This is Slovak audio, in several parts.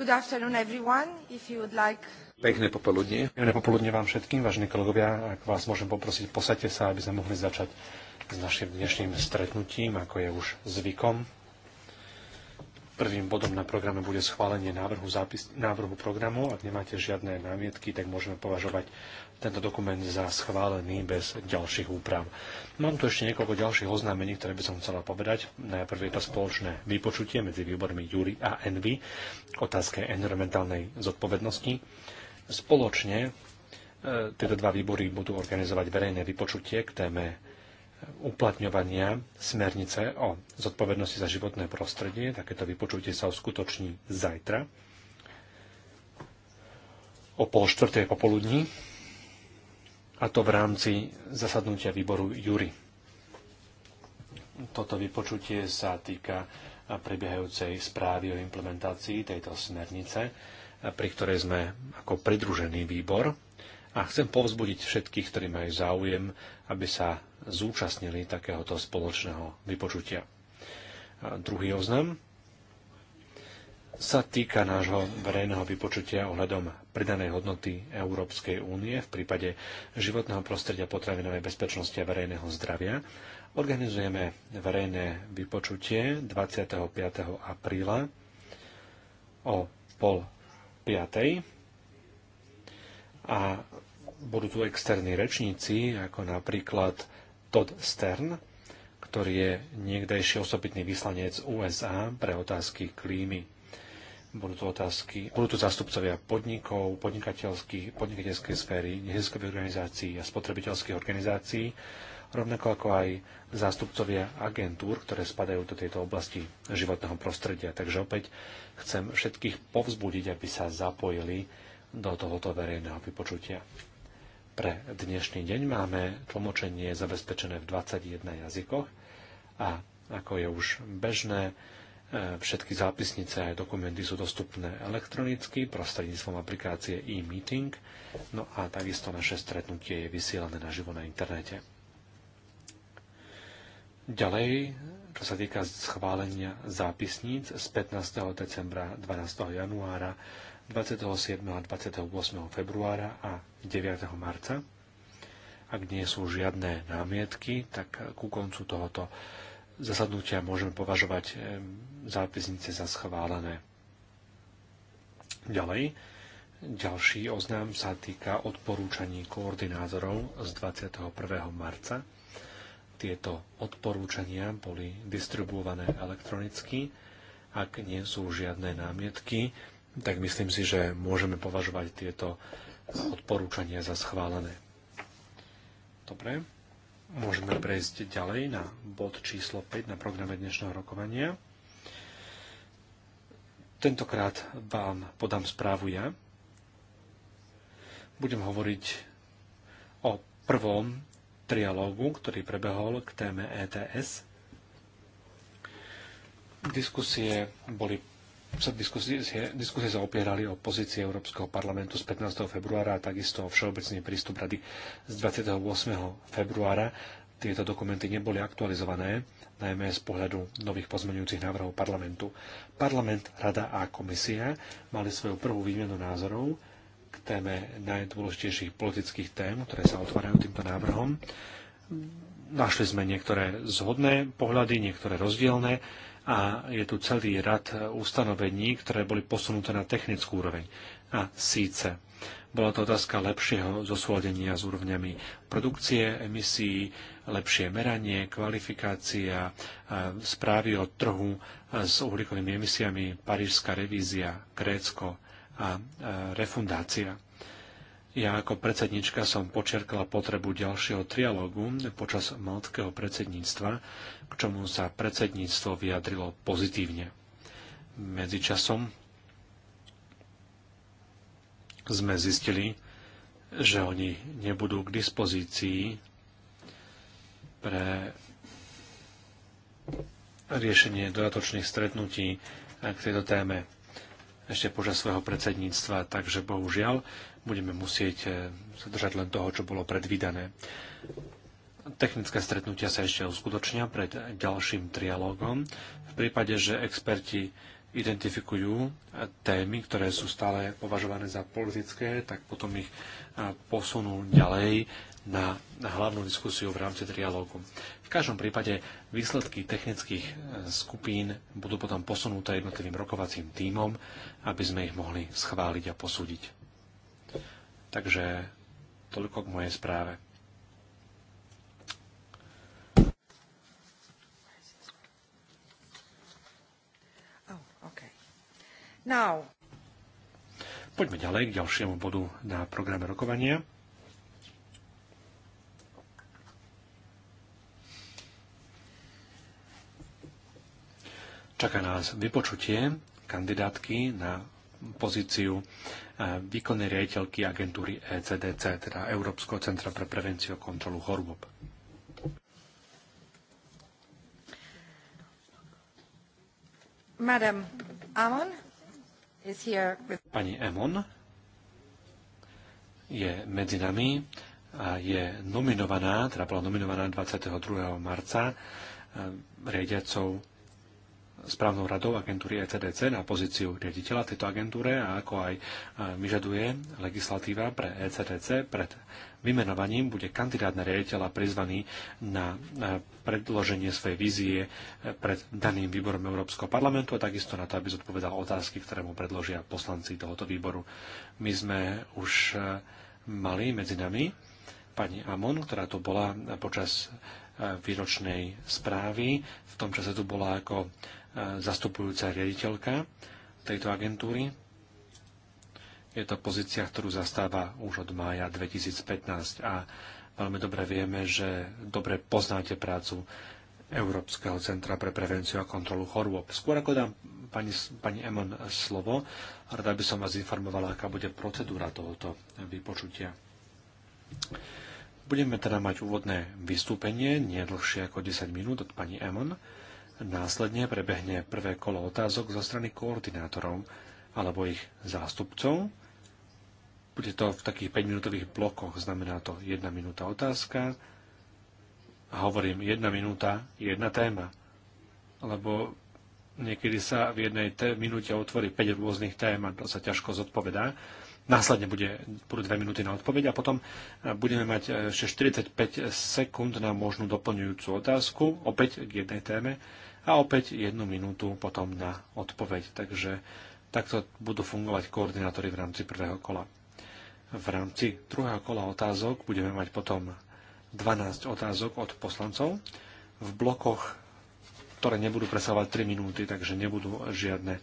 Good afternoon everyone, if you would like... Pekné popoludne. Pekné popoludne vám všetkým, vážení kolegovia. Ak vás môžem poprosiť, posaďte sa, aby sme mohli začať s našim dnešným stretnutím, ako je už zvykom. Prvým bodom na programe bude schválenie návrhu, zápis, návrhu programu. Ak nemáte žiadne námietky, tak môžeme považovať tento dokument za schválený bez ďalších úprav. Mám tu ešte niekoľko ďalších oznámení, ktoré by som chcela povedať. Najprv je to spoločné vypočutie medzi výbormi Júri a Envy otázke environmentálnej zodpovednosti. Spoločne e, tieto dva výbory budú organizovať verejné vypočutie k téme uplatňovania smernice o zodpovednosti za životné prostredie. Takéto vypočutie sa uskutoční zajtra o pol štvrtej popoludní a to v rámci zasadnutia výboru Jury. Toto vypočutie sa týka prebiehajúcej správy o implementácii tejto smernice, pri ktorej sme ako pridružený výbor a chcem povzbudiť všetkých, ktorí majú záujem, aby sa zúčastnili takéhoto spoločného vypočutia. A druhý oznam sa týka nášho verejného vypočutia ohľadom pridanej hodnoty Európskej únie v prípade životného prostredia potravinovej bezpečnosti a verejného zdravia. Organizujeme verejné vypočutie 25. apríla o pol piatej a budú tu externí rečníci, ako napríklad Todd Stern, ktorý je niekdejší osobitný vyslanec USA pre otázky klímy. Budú tu otázky, budú tu zástupcovia podnikov, podnikateľskej sféry, neziskových organizácií a spotrebiteľských organizácií, rovnako ako aj zástupcovia agentúr, ktoré spadajú do tejto oblasti životného prostredia. Takže opäť chcem všetkých povzbudiť, aby sa zapojili do tohoto verejného vypočutia. Pre dnešný deň máme tlmočenie zabezpečené v 21 jazykoch a ako je už bežné, e, všetky zápisnice a dokumenty sú dostupné elektronicky prostredníctvom aplikácie e-meeting, no a takisto naše stretnutie je vysielané naživo na internete. Ďalej, čo sa týka schválenia zápisníc z 15. decembra, 12. januára, 27. a 28. februára a 9. marca. Ak nie sú žiadne námietky, tak ku koncu tohoto zasadnutia môžeme považovať eh, zápisnice za schválené. Ďalej, ďalší oznám sa týka odporúčaní koordinátorov z 21. marca. Tieto odporúčania boli distribuované elektronicky. Ak nie sú žiadne námietky, tak myslím si, že môžeme považovať tieto odporúčania za schválené. Dobre, môžeme prejsť ďalej na bod číslo 5 na programe dnešného rokovania. Tentokrát vám podám správu ja. Budem hovoriť o prvom trialógu, ktorý prebehol k téme ETS. Diskusie boli sa diskusie, diskusie sa opierali o pozície Európskeho parlamentu z 15. februára a takisto o všeobecný prístup rady z 28. februára. Tieto dokumenty neboli aktualizované, najmä z pohľadu nových pozmenujúcich návrhov parlamentu. Parlament, rada a komisia mali svoju prvú výmenu názorov k téme najdôležitejších politických tém, ktoré sa otvárajú týmto návrhom. Našli sme niektoré zhodné pohľady, niektoré rozdielne a je tu celý rad e, ustanovení, ktoré boli posunuté na technickú úroveň. A síce bola to otázka lepšieho zosúladenia s úrovňami produkcie emisí, lepšie meranie, kvalifikácia, e, správy o trhu e, s uhlíkovými emisiami, parížská revízia, Grécko a refundácia. Ja ako predsednička som počerkala potrebu ďalšieho trialógu počas maltského predsedníctva, k čomu sa predsedníctvo vyjadrilo pozitívne. Medzičasom sme zistili, že oni nebudú k dispozícii pre riešenie dodatočných stretnutí k tejto téme ešte počas svojho predsedníctva, takže bohužiaľ budeme musieť sa držať len toho, čo bolo predvídané. Technické stretnutia sa ešte uskutočnia pred ďalším trialógom. V prípade, že experti identifikujú e, témy, ktoré sú stále považované za politické, tak potom ich e, posunú ďalej na hlavnú diskusiu v rámci trialógu. V každom prípade výsledky technických e, skupín budú potom posunuté jednotlivým rokovacím tímom, aby sme ich mohli schváliť a posúdiť. Takže toľko k mojej správe. Now. Poďme ďalej k ďalšiemu bodu na programe rokovania. Čaká nás vypočutie kandidátky na pozíciu eh, výkonnej riaditeľky agentúry ECDC, teda Európskeho centra pre prevenciu a kontrolu chorôb. Madam Amon, Pani Emon je medzi nami a je nominovaná, teda bola nominovaná 22. marca eh, riadiacou správnou radou agentúry ECDC na pozíciu riaditeľa tejto agentúre a ako aj e, vyžaduje legislatíva pre ECDC pred vymenovaním bude kandidát na riaditeľa prizvaný na e, predloženie svojej vízie e, pred daným výborom Európskeho parlamentu a takisto na to, aby zodpovedal otázky, ktoré mu predložia poslanci tohoto výboru. My sme už mali medzi nami pani Amon, ktorá tu bola počas výročnej správy. V tom čase tu bola ako zastupujúca riaditeľka tejto agentúry. Je to pozícia, ktorú zastáva už od mája 2015 a veľmi dobre vieme, že dobre poznáte prácu Európskeho centra pre prevenciu a kontrolu chorôb. Skôr ako dám pani, pani Emon slovo, rada by som vás informovala, aká bude procedúra tohoto vypočutia. Budeme teda mať úvodné vystúpenie, nie dlhšie ako 10 minút od pani Emon Následne prebehne prvé kolo otázok zo strany koordinátorov alebo ich zástupcov. Bude to v takých 5-minútových blokoch, znamená to 1 minúta otázka a hovorím 1 minúta, jedna téma. Lebo niekedy sa v jednej minúte otvorí 5 rôznych tém a to sa ťažko zodpovedá. Následne bude, budú 2 minúty na odpoveď a potom eh, budeme mať eh, ešte 45 sekúnd na možnú doplňujúcu otázku, opäť k jednej téme a opäť jednu minútu potom na odpoveď. Takže takto budú fungovať koordinátory v rámci prvého kola. V rámci druhého kola otázok budeme mať potom 12 otázok od poslancov v blokoch, ktoré nebudú presávať 3 minúty, takže nebudú žiadne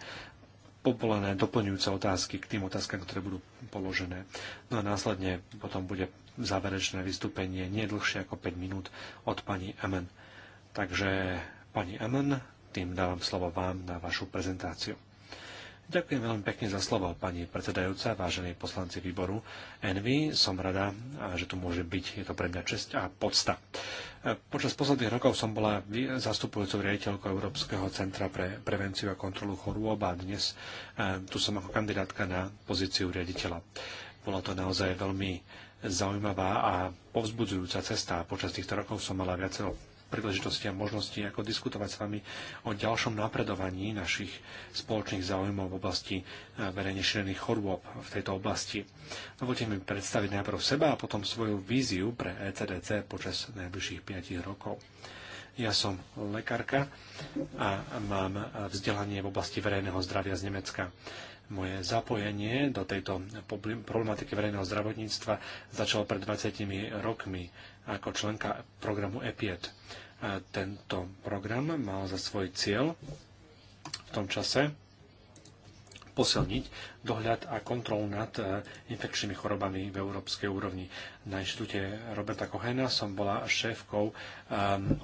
povolené doplňujúce otázky k tým otázkam, ktoré budú položené. No a následne potom bude záverečné vystúpenie nie dlhšie ako 5 minút od pani Amen. Takže Pani Amen, tým dávam slovo vám na vašu prezentáciu. Ďakujem veľmi pekne za slovo, pani predsedajúca, vážení poslanci výboru Envy. Som rada, že tu môže byť. Je to pre mňa česť a podsta. Počas posledných rokov som bola zastupujúcou riaditeľkou Európskeho centra pre prevenciu a kontrolu chorôb a dnes eh, tu som ako kandidátka na pozíciu riaditeľa. Bola to naozaj veľmi zaujímavá a povzbudzujúca cesta. Počas týchto rokov som mala viacero príležitosti a možnosti, ako diskutovať s vami o ďalšom napredovaní našich spoločných záujmov v oblasti e, verejne šírených chorôb v tejto oblasti. Dovolte mi predstaviť najprv seba a potom svoju víziu pre ECDC počas najbližších 5 rokov. Ja som lekárka a mám vzdelanie v oblasti verejného zdravia z Nemecka. Moje zapojenie do tejto problematiky verejného zdravotníctva začalo pred 20 rokmi ako členka programu EPIET. Tento program mal za svoj cieľ v tom čase posilniť dohľad a kontrolu nad e, infekčnými chorobami v európskej úrovni. Na inštitúte Roberta Kohena som bola šéfkou e,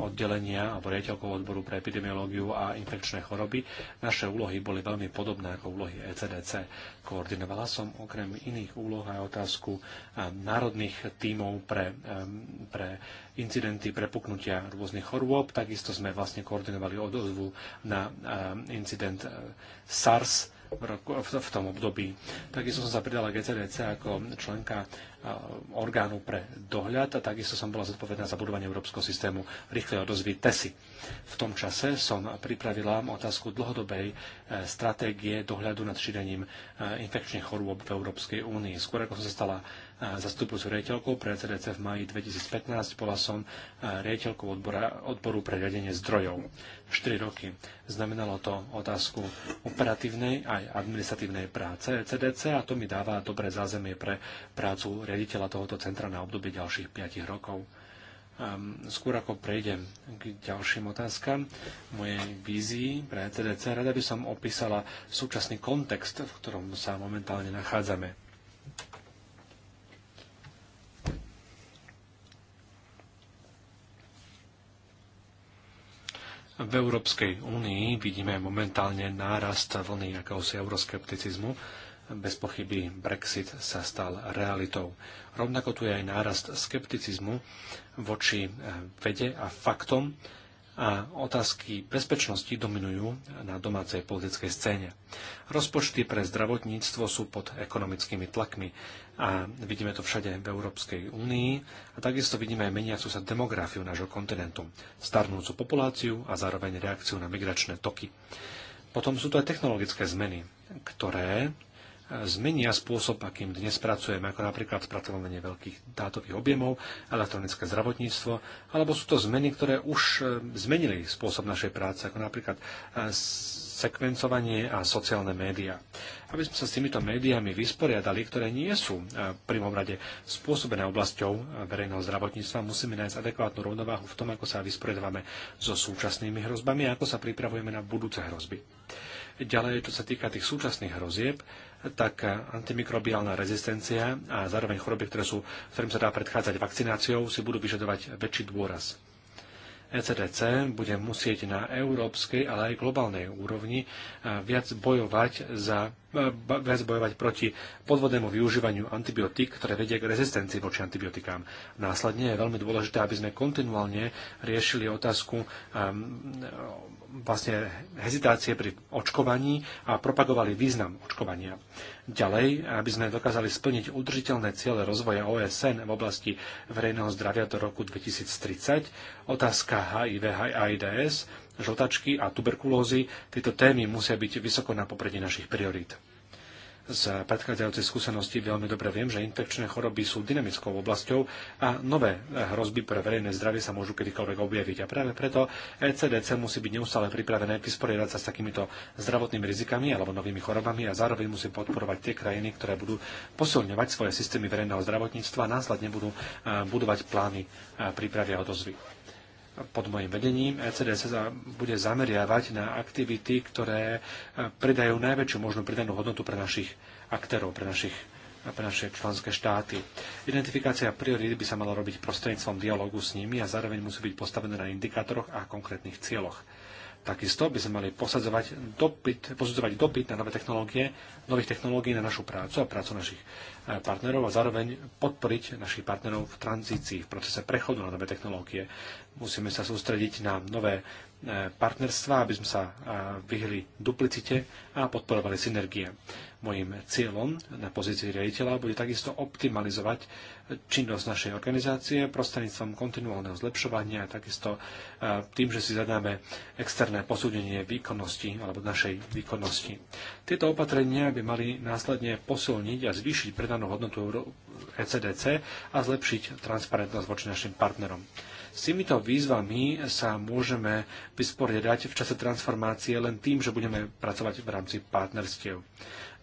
oddelenia alebo riaditeľkou odboru pre epidemiológiu a infekčné choroby. Naše úlohy boli veľmi podobné ako úlohy ECDC. Koordinovala som okrem iných úloh aj otázku e, národných tímov pre, pre incidenty prepuknutia rôznych chorôb. Takisto sme vlastne koordinovali odozvu na incident SARS roku, v tom období. Takisto som sa pridala GCDC e ako členka orgánu pre dohľad a takisto som bola zodpovedná za budovanie európskeho systému rýchlej odozvy TESI. V tom čase som pripravila otázku dlhodobej e, stratégie dohľadu nad šírením e, infekčných chorôb v Európskej únii. Skôr ako som sa stala zastupujúcou riaditeľkou pre CDC v maji 2015, bola som riaditeľkou odboru pre riadenie zdrojov. 4 roky. Znamenalo to otázku operatívnej aj administratívnej práce CDC a to mi dáva dobré zázemie pre prácu riaditeľa tohoto centra na obdobie ďalších 5 rokov. Ehm, skôr ako prejdem k ďalším otázkam, mojej vízii pre CDC rada by som opísala súčasný kontext, v ktorom sa momentálne nachádzame. V Európskej únii vidíme momentálne nárast vlny akéhosi euroskepticizmu. Bez pochyby Brexit sa stal realitou. Rovnako tu je aj nárast skepticizmu voči eh, vede a faktom, a otázky bezpečnosti dominujú na domácej politickej scéne. Rozpočty pre zdravotníctvo sú pod ekonomickými tlakmi a vidíme to všade v Európskej únii a takisto vidíme aj meniacu sa demografiu nášho kontinentu, starnúcu populáciu a zároveň reakciu na migračné toky. Potom sú to aj technologické zmeny, ktoré zmenia spôsob, akým dnes pracujeme, ako napríklad spracovanie veľkých dátových objemov, elektronické zdravotníctvo, alebo sú to zmeny, ktoré už e, zmenili spôsob našej práce, ako napríklad e, sekvencovanie a sociálne médiá. Aby sme sa s týmito médiami vysporiadali, ktoré nie sú e, v prvom rade spôsobené oblasťou verejného zdravotníctva, musíme nájsť adekvátnu rovnováhu v tom, ako sa vysporiadávame so súčasnými hrozbami a ako sa pripravujeme na budúce hrozby. Ďalej, čo sa týka tých súčasných hrozieb, tak antimikrobiálna rezistencia a zároveň choroby, ktoré sú, ktorým sa dá predchádzať vakcináciou, si budú vyžadovať väčší dôraz. ECDC bude musieť na európskej, ale aj globálnej úrovni viac bojovať za viac bojovať proti podvodnému využívaniu antibiotík, ktoré vedie k rezistencii voči antibiotikám. Následne je veľmi dôležité, aby sme kontinuálne riešili otázku um, vlastne hezitácie pri očkovaní a propagovali význam očkovania. Ďalej, aby sme dokázali splniť udržiteľné ciele rozvoja OSN v oblasti verejného zdravia do roku 2030, otázka HIV a AIDS žltačky a tuberkulózy, tieto témy musia byť vysoko na popredí našich priorít. Z predchádzajúcej skúsenosti veľmi dobre viem, že infekčné choroby sú dynamickou oblasťou a nové hrozby pre verejné zdravie sa môžu kedykoľvek objaviť. A práve preto ECDC musí byť neustále pripravené vysporiadať sa s takýmito zdravotnými rizikami alebo novými chorobami a zároveň musí podporovať tie krajiny, ktoré budú posilňovať svoje systémy verejného zdravotníctva a následne budú eh, budovať plány eh, prípravy a odozvy pod mojim vedením ECD sa bude zameriavať na aktivity, ktoré e, pridajú najväčšiu možnú pridanú hodnotu pre našich aktérov, pre našich pre naše členské štáty. Identifikácia priorít by sa mala robiť prostredníctvom dialogu s nimi a zároveň musí byť postavená na indikátoroch a konkrétnych cieľoch. Takisto by sme mali posadzovať dopyt, posudzovať dopyt na nové technológie, nových technológií na našu prácu a prácu našich eh, partnerov a zároveň podporiť našich partnerov v tranzícii, v procese prechodu na nové technológie. Musíme sa sústrediť na nové eh, partnerstva, aby sme sa eh, vyhli duplicite a podporovali synergie. Mojím cieľom na pozícii riaditeľa bude takisto optimalizovať činnosť našej organizácie prostredníctvom kontinuálneho zlepšovania a takisto e, tým, že si zadáme externé posúdenie výkonnosti alebo našej výkonnosti. Tieto opatrenia by mali následne posilniť a zvýšiť predanú hodnotu ECDC e a zlepšiť transparentnosť voči našim partnerom. S týmito výzvami sa môžeme vysporiadať v čase transformácie len tým, že budeme pracovať v rámci partnerstiev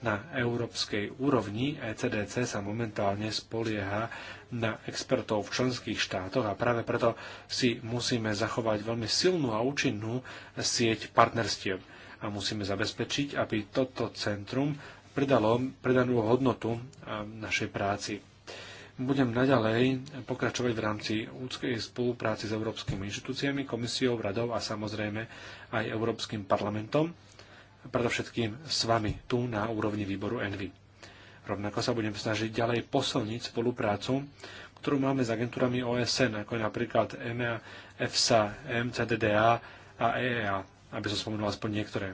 na európskej úrovni ECDC sa momentálne spolieha na expertov v členských štátoch a práve preto si musíme zachovať veľmi silnú a účinnú sieť partnerstiev a musíme zabezpečiť, aby toto centrum pridalo pridanú hodnotu našej práci. Budem naďalej pokračovať v rámci úzkej spolupráci s európskymi inštitúciami, komisiou, radou a samozrejme aj Európskym parlamentom predovšetkým s vami tu na úrovni výboru Envy. Rovnako sa budem snažiť ďalej posilniť spoluprácu, ktorú máme s agentúrami OSN, ako je napríklad EMEA, EFSA, MCDDA a EEA, e e e aby som spomenul aspoň niektoré.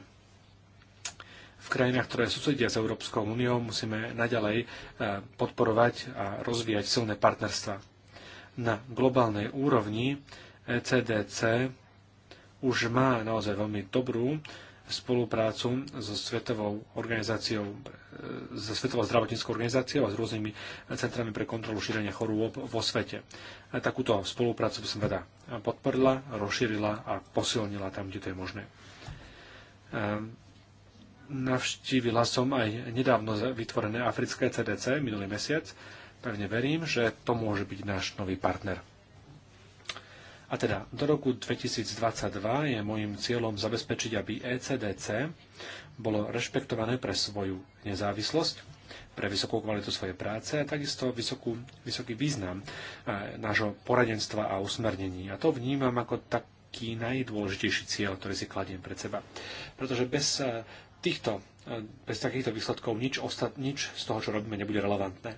V krajinách, ktoré susedia s Európskou úniou, musíme naďalej podporovať a rozvíjať silné partnerstva. Na globálnej úrovni ECDC už má naozaj veľmi dobrú spoluprácu so Svetovou organizáciou, e, so Svetovou zdravotníckou organizáciou a s rôznymi centrami pre kontrolu šírenia chorôb vo svete. A takúto spoluprácu by som teda podporila, rozšírila a posilnila tam, kde to je možné. E, navštívila som aj nedávno vytvorené africké CDC minulý mesiac. Pevne verím, že to môže byť náš nový partner. A teda do roku 2022 je môjim cieľom zabezpečiť, aby ECDC bolo rešpektované pre svoju nezávislosť, pre vysokú kvalitu svojej práce a takisto vysokú, vysoký význam eh, nášho poradenstva a usmernení. A to vnímam ako taký najdôležitejší cieľ, ktorý si kladiem pred seba. Pretože bez eh, týchto eh, bez takýchto výsledkov nič, osta- nič z toho, čo robíme, nebude relevantné.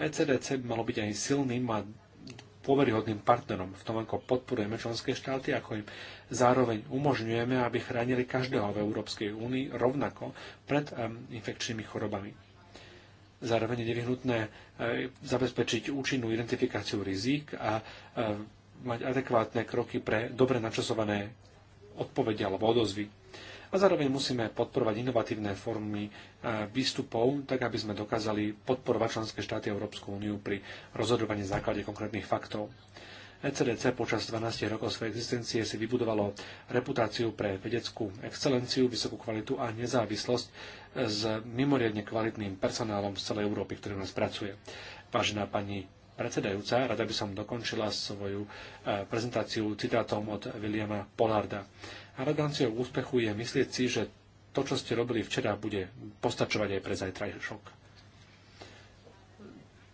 ECDC by malo byť aj silným a dôveryhodným partnerom v tom, ako podporujeme členské štáty, ako im zároveň umožňujeme, aby chránili každého v Európskej únii rovnako pred infekčnými chorobami. Zároveň je nevyhnutné zabezpečiť účinnú identifikáciu rizík a mať adekvátne kroky pre dobre načasované odpovede alebo odozvy a zároveň musíme podporovať inovatívne formy e, výstupov, tak aby sme dokázali podporovať členské štáty Európsku úniu pri rozhodovaní základe konkrétnych faktov. ECDC počas 12 rokov svojej existencie si vybudovalo reputáciu pre vedeckú excelenciu, vysokú kvalitu a nezávislosť s mimoriadne kvalitným personálom z celej Európy, ktorý u nás pracuje. Vážená pani predsedajúca, rada by som dokončila svoju e, prezentáciu citátom od Williama Polarda. Aroganciou úspechu je myslieť si, že to, čo ste robili včera, bude postačovať aj pre zajtrajšok.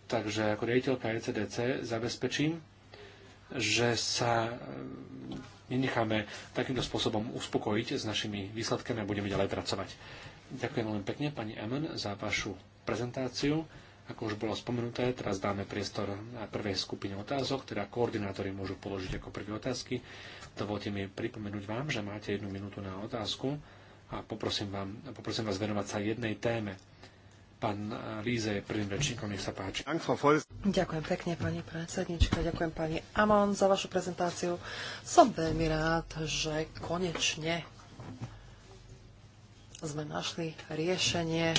Takže ako riaditeľka ECDC zabezpečím, že sa eh, nenecháme takýmto spôsobom uspokojiť s našimi výsledkami a budeme ďalej pracovať. Ďakujem veľmi pekne, pani Emen, za vašu prezentáciu. Ako už bolo spomenuté, teraz dáme priestor na prvej skupine otázok, teda koordinátori môžu položiť ako prvé otázky. Dovolte mi pripomenúť vám, že máte jednu minútu na otázku a poprosím, vám, poprosím vás venovať sa jednej téme. Pán Líze je prvým rečníkom, nech sa páči. Ďakujem pekne, pani predsednička, ďakujem pani Amon za vašu prezentáciu. Som veľmi rád, že konečne sme našli riešenie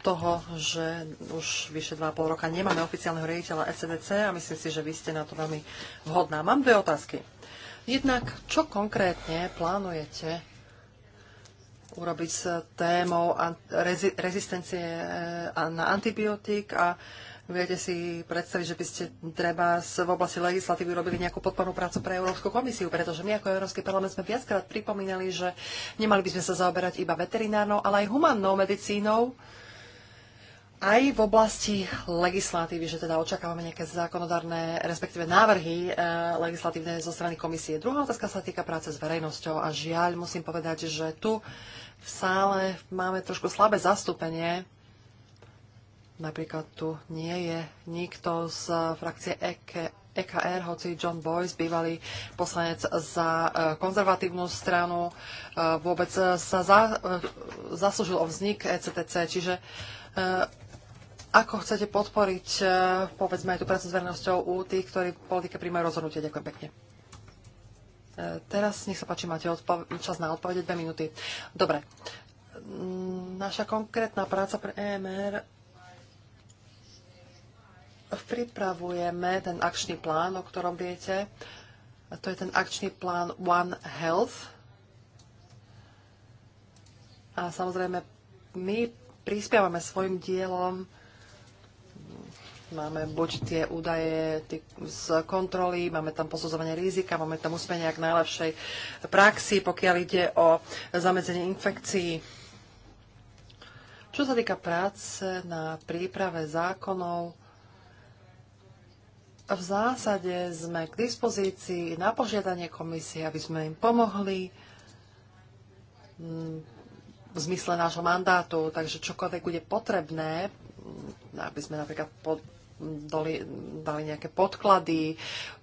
toho, že už vyše 2,5 roka nemáme oficiálneho riaditeľa ECDC a myslím si, že vy ste na to veľmi vhodná. Mám dve otázky. Jednak, čo konkrétne plánujete urobiť s témou rezistencie eh, na antibiotík a viete si predstaviť, že by ste treba v oblasti legislatívy robili nejakú podpornú prácu pre Európsku komisiu, pretože my ako Európsky parlament sme viackrát pripomínali, že nemali by sme sa zaoberať iba veterinárnou, ale aj humannou medicínou, aj v oblasti legislatívy, že teda očakávame nejaké zákonodárne, respektíve návrhy e, legislatívne zo strany komisie. Druhá otázka sa týka práce s verejnosťou a žiaľ musím povedať, že tu v sále máme trošku slabé zastúpenie. Napríklad tu nie je nikto z frakcie EK, EKR, hoci John Boyce, bývalý poslanec za e, konzervatívnu stranu, e, vôbec sa za, e, zaslúžil o vznik ECTC. Čiže ako chcete podporiť, e, povedzme, aj tú prácu s verejnosťou u tých, ktorí v politike príjmajú rozhodnutie? Ďakujem pekne. E, teraz, nech sa páči, máte čas na odpovede, dve minúty. Dobre. Mm, naša konkrétna práca pre EMR pripravujeme ten akčný plán, o ktorom viete. To je ten akčný plán One Health. A samozrejme, my prispievame svojim dielom Máme buď tie údaje z kontroly, máme tam posudzovanie rizika, máme tam usmenia k najlepšej praxi, pokiaľ ide o zamedzenie infekcií. Čo sa týka práce na príprave zákonov, v zásade sme k dispozícii na požiadanie komisie, aby sme im pomohli mm, v zmysle nášho mandátu, takže čokoľvek bude potrebné, mm, aby sme napríklad dali, dali nejaké podklady,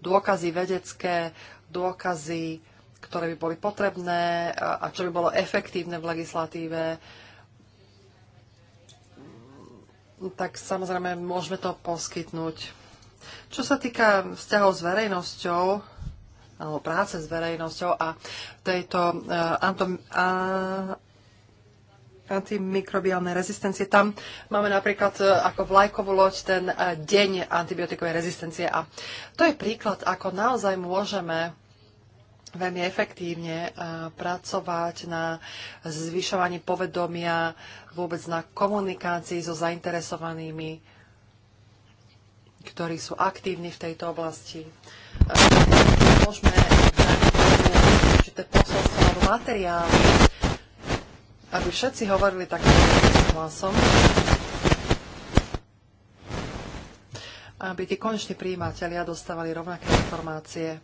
dôkazy vedecké, dôkazy, ktoré by boli potrebné a čo by bolo efektívne v legislatíve tak samozrejme môžeme to poskytnúť. Čo sa týka vzťahov s verejnosťou, alebo práce s verejnosťou a tejto uh, antimikrobiálnej rezistencie. Tam máme napríklad e, ako vlajkovú loď ten e, deň antibiotikovej rezistencie. A to je príklad, ako naozaj môžeme veľmi efektívne e, pracovať na zvyšovaní povedomia, vôbec na komunikácii so zainteresovanými, ktorí sú aktívni v tejto oblasti. Môžeme určité posolstvo alebo materiály, aby všetci hovorili takým hlasom, aby tí konečne príjimatelia dostávali rovnaké informácie.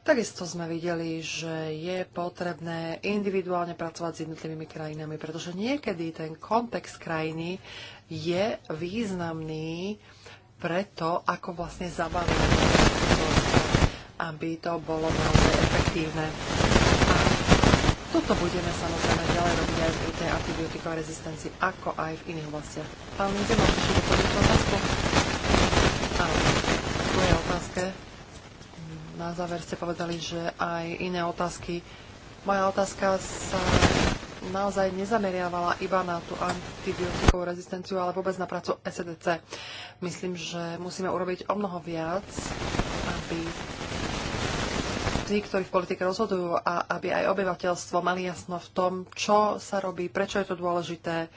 Takisto sme videli, že je potrebné individuálne pracovať s jednotlivými krajinami, pretože niekedy ten kontext krajiny je významný preto, ako vlastne zabavíme aby to bolo naozaj efektívne. Toto budeme samozrejme ďalej robiť aj pri tej antibiotikovej rezistencii, ako aj v iných oblastiach. Pán Linde, máte ešte doplňujúcu otázku? Áno, k mojej otázke. Na záver ste povedali, že aj iné otázky. Moja otázka sa naozaj nezameriavala iba na tú antibiotikovú rezistenciu, ale vôbec na prácu SEDC. Myslím, že musíme urobiť o mnoho viac, aby tí, ktorí v politike rozhodujú a aby aj obyvateľstvo mali jasno v tom, čo sa robí, prečo je to dôležité.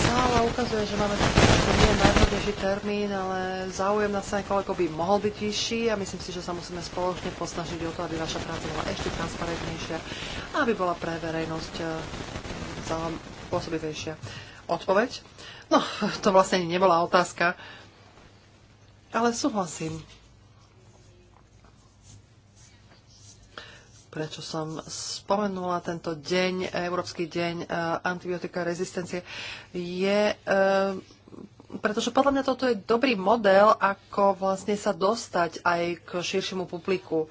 Sála ukazuje, že máme to nie najvhodnejší termín, ale záujem na strane kolegov by mohol byť vyšší a myslím si, že sa musíme spoločne posnažiť o to, aby vaša práca bola ešte transparentnejšia a aby bola pre verejnosť pôsobivejšia. Eh, Odpoveď? No, to vlastne nebola otázka ale súhlasím. prečo som spomenula tento deň, eh, Európsky deň eh, antibiotika rezistencie, je, eh, pretože podľa mňa toto je dobrý model, ako vlastne sa dostať aj k širšiemu publiku.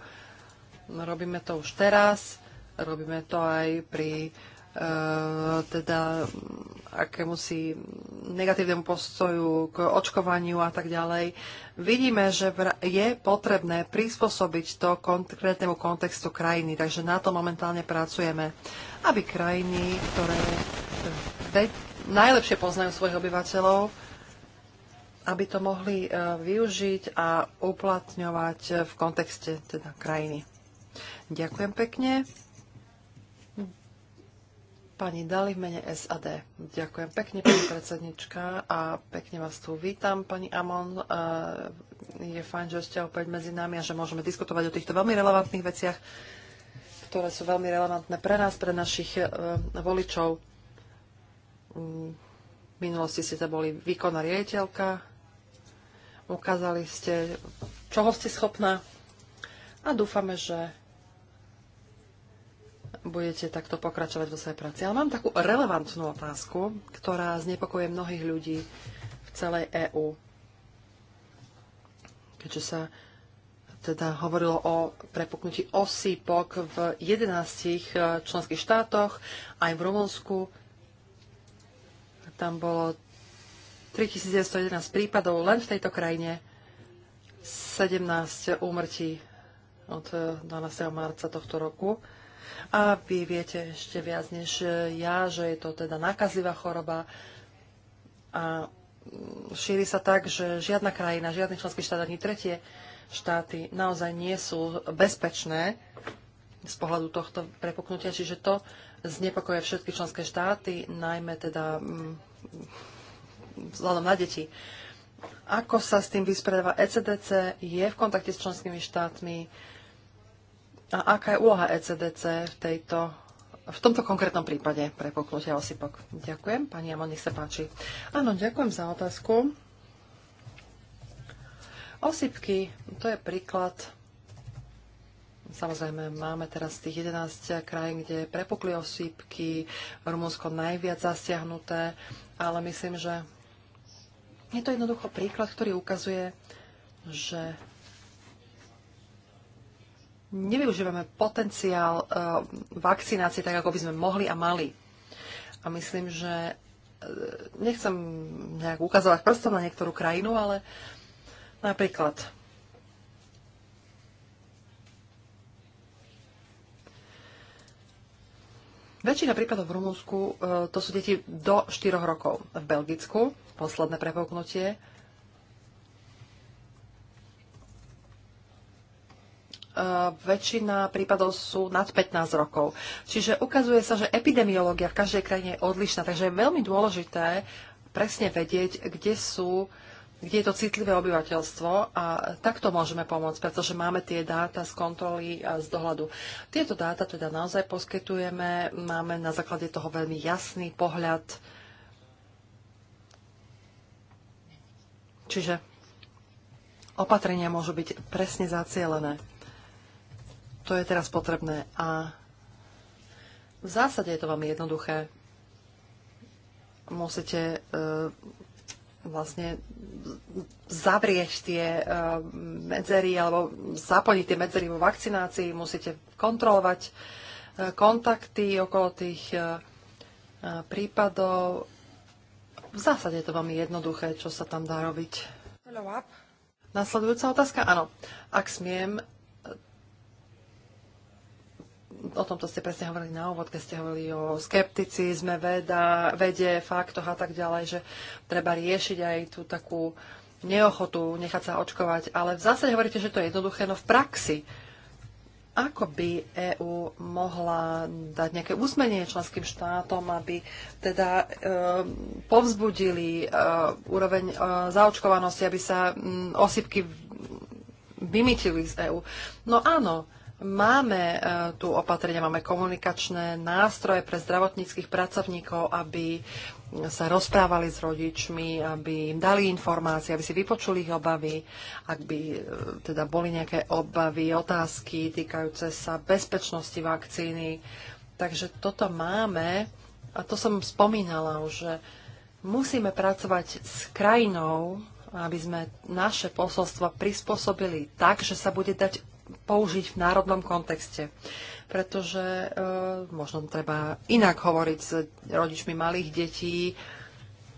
Robíme to už teraz, robíme to aj pri uh, E, teda akémusi negatívnemu postoju k očkovaniu a tak ďalej. Vidíme, že je potrebné prispôsobiť to konkrétnemu kontextu krajiny, takže na to momentálne pracujeme, aby krajiny, ktoré najlepšie poznajú svojich obyvateľov, aby to mohli e, využiť a uplatňovať v kontexte teda krajiny. Ďakujem pekne. Pani Dali v mene SAD. Ďakujem pekne, pani predsednička, a pekne vás tu vítam, pani Amon. E, je fajn, že ste opäť medzi nami a že môžeme diskutovať o týchto veľmi relevantných veciach, ktoré sú veľmi relevantné pre nás, pre našich e, voličov. Mm, v minulosti ste to boli výkonná riaditeľka, ukázali ste, čoho ste schopná a dúfame, že budete takto pokračovať vo svojej práci. Ale mám takú relevantnú otázku, ktorá znepokojuje mnohých ľudí v celej EÚ. Keďže sa teda hovorilo o prepuknutí osýpok v 11 eh, členských štátoch, aj v Rumunsku. Tam bolo 3911 prípadov len v tejto krajine, 17 úmrtí od 12. Eh, marca tohto roku. A vy viete ešte viac než ja, že je to teda nakazlivá choroba a šíri sa tak, že žiadna krajina, žiadny členský štát ani tretie štáty naozaj nie sú bezpečné z pohľadu tohto prepuknutia, čiže to znepokoje všetky členské štáty, najmä teda mm, vzhľadom na deti. Ako sa s tým vysporiadáva ECDC? Je v kontakte s členskými štátmi? A aká je úloha ECDC v, tejto, v tomto konkrétnom prípade pre poklutia osypok? Ďakujem. Pani Jamon, nech sa páči. Áno, ďakujem za otázku. Osypky, to je príklad. Samozrejme, máme teraz tých 11 krajín, kde prepukli osýpky, Rumunsko najviac zasiahnuté, ale myslím, že je to jednoducho príklad, ktorý ukazuje, že nevyužívame potenciál eh, vakcinácie tak, ako by sme mohli a mali. A myslím, že eh, nechcem nejak ukazovať prstom na niektorú krajinu, ale napríklad Väčšina prípadov v Rumúnsku eh, to sú deti do 4 rokov. V Belgicku posledné prepoknutie Eh, väčšina prípadov sú nad 15 rokov. Čiže ukazuje sa, že epidemiológia v každej krajine je odlišná, takže je veľmi dôležité presne vedieť, kde sú kde je to citlivé obyvateľstvo a takto môžeme pomôcť, pretože máme tie dáta z kontroly a z dohľadu. Tieto dáta teda naozaj poskytujeme, máme na základe toho veľmi jasný pohľad. Čiže opatrenia môžu byť presne zacielené. To je teraz potrebné a v zásade je to veľmi jednoduché. Musíte uh, vlastne zavrieť tie uh, medzery alebo zaplniť tie medzery vo vakcinácii, musíte kontrolovať uh, kontakty okolo tých uh, prípadov. V zásade je to veľmi jednoduché, čo sa tam dá robiť. Nasledujúca otázka? Áno. Ak smiem, o tomto ste presne hovorili na úvod, keď ste hovorili o skepticizme, veda, vede, faktoch a tak ďalej, že treba riešiť aj tú takú neochotu nechať sa očkovať. Ale v zásade hovoríte, že to je jednoduché, no v praxi. Ako by EÚ mohla dať nejaké úsmenie členským štátom, aby teda e, povzbudili e, úroveň e, zaočkovanosti, aby sa m, mm, osypky vymytili z EÚ? No áno, Máme e, tu opatrenia, máme komunikačné nástroje pre zdravotníckých pracovníkov, aby sa rozprávali s rodičmi, aby im dali informácie, aby si vypočuli ich obavy, ak by e, teda boli nejaké obavy, otázky týkajúce sa bezpečnosti vakcíny. Takže toto máme a to som spomínala už, že musíme pracovať s krajinou, aby sme naše posolstvo prispôsobili tak, že sa bude dať použiť v národnom kontexte. Pretože e, možno treba inak hovoriť s rodičmi malých detí,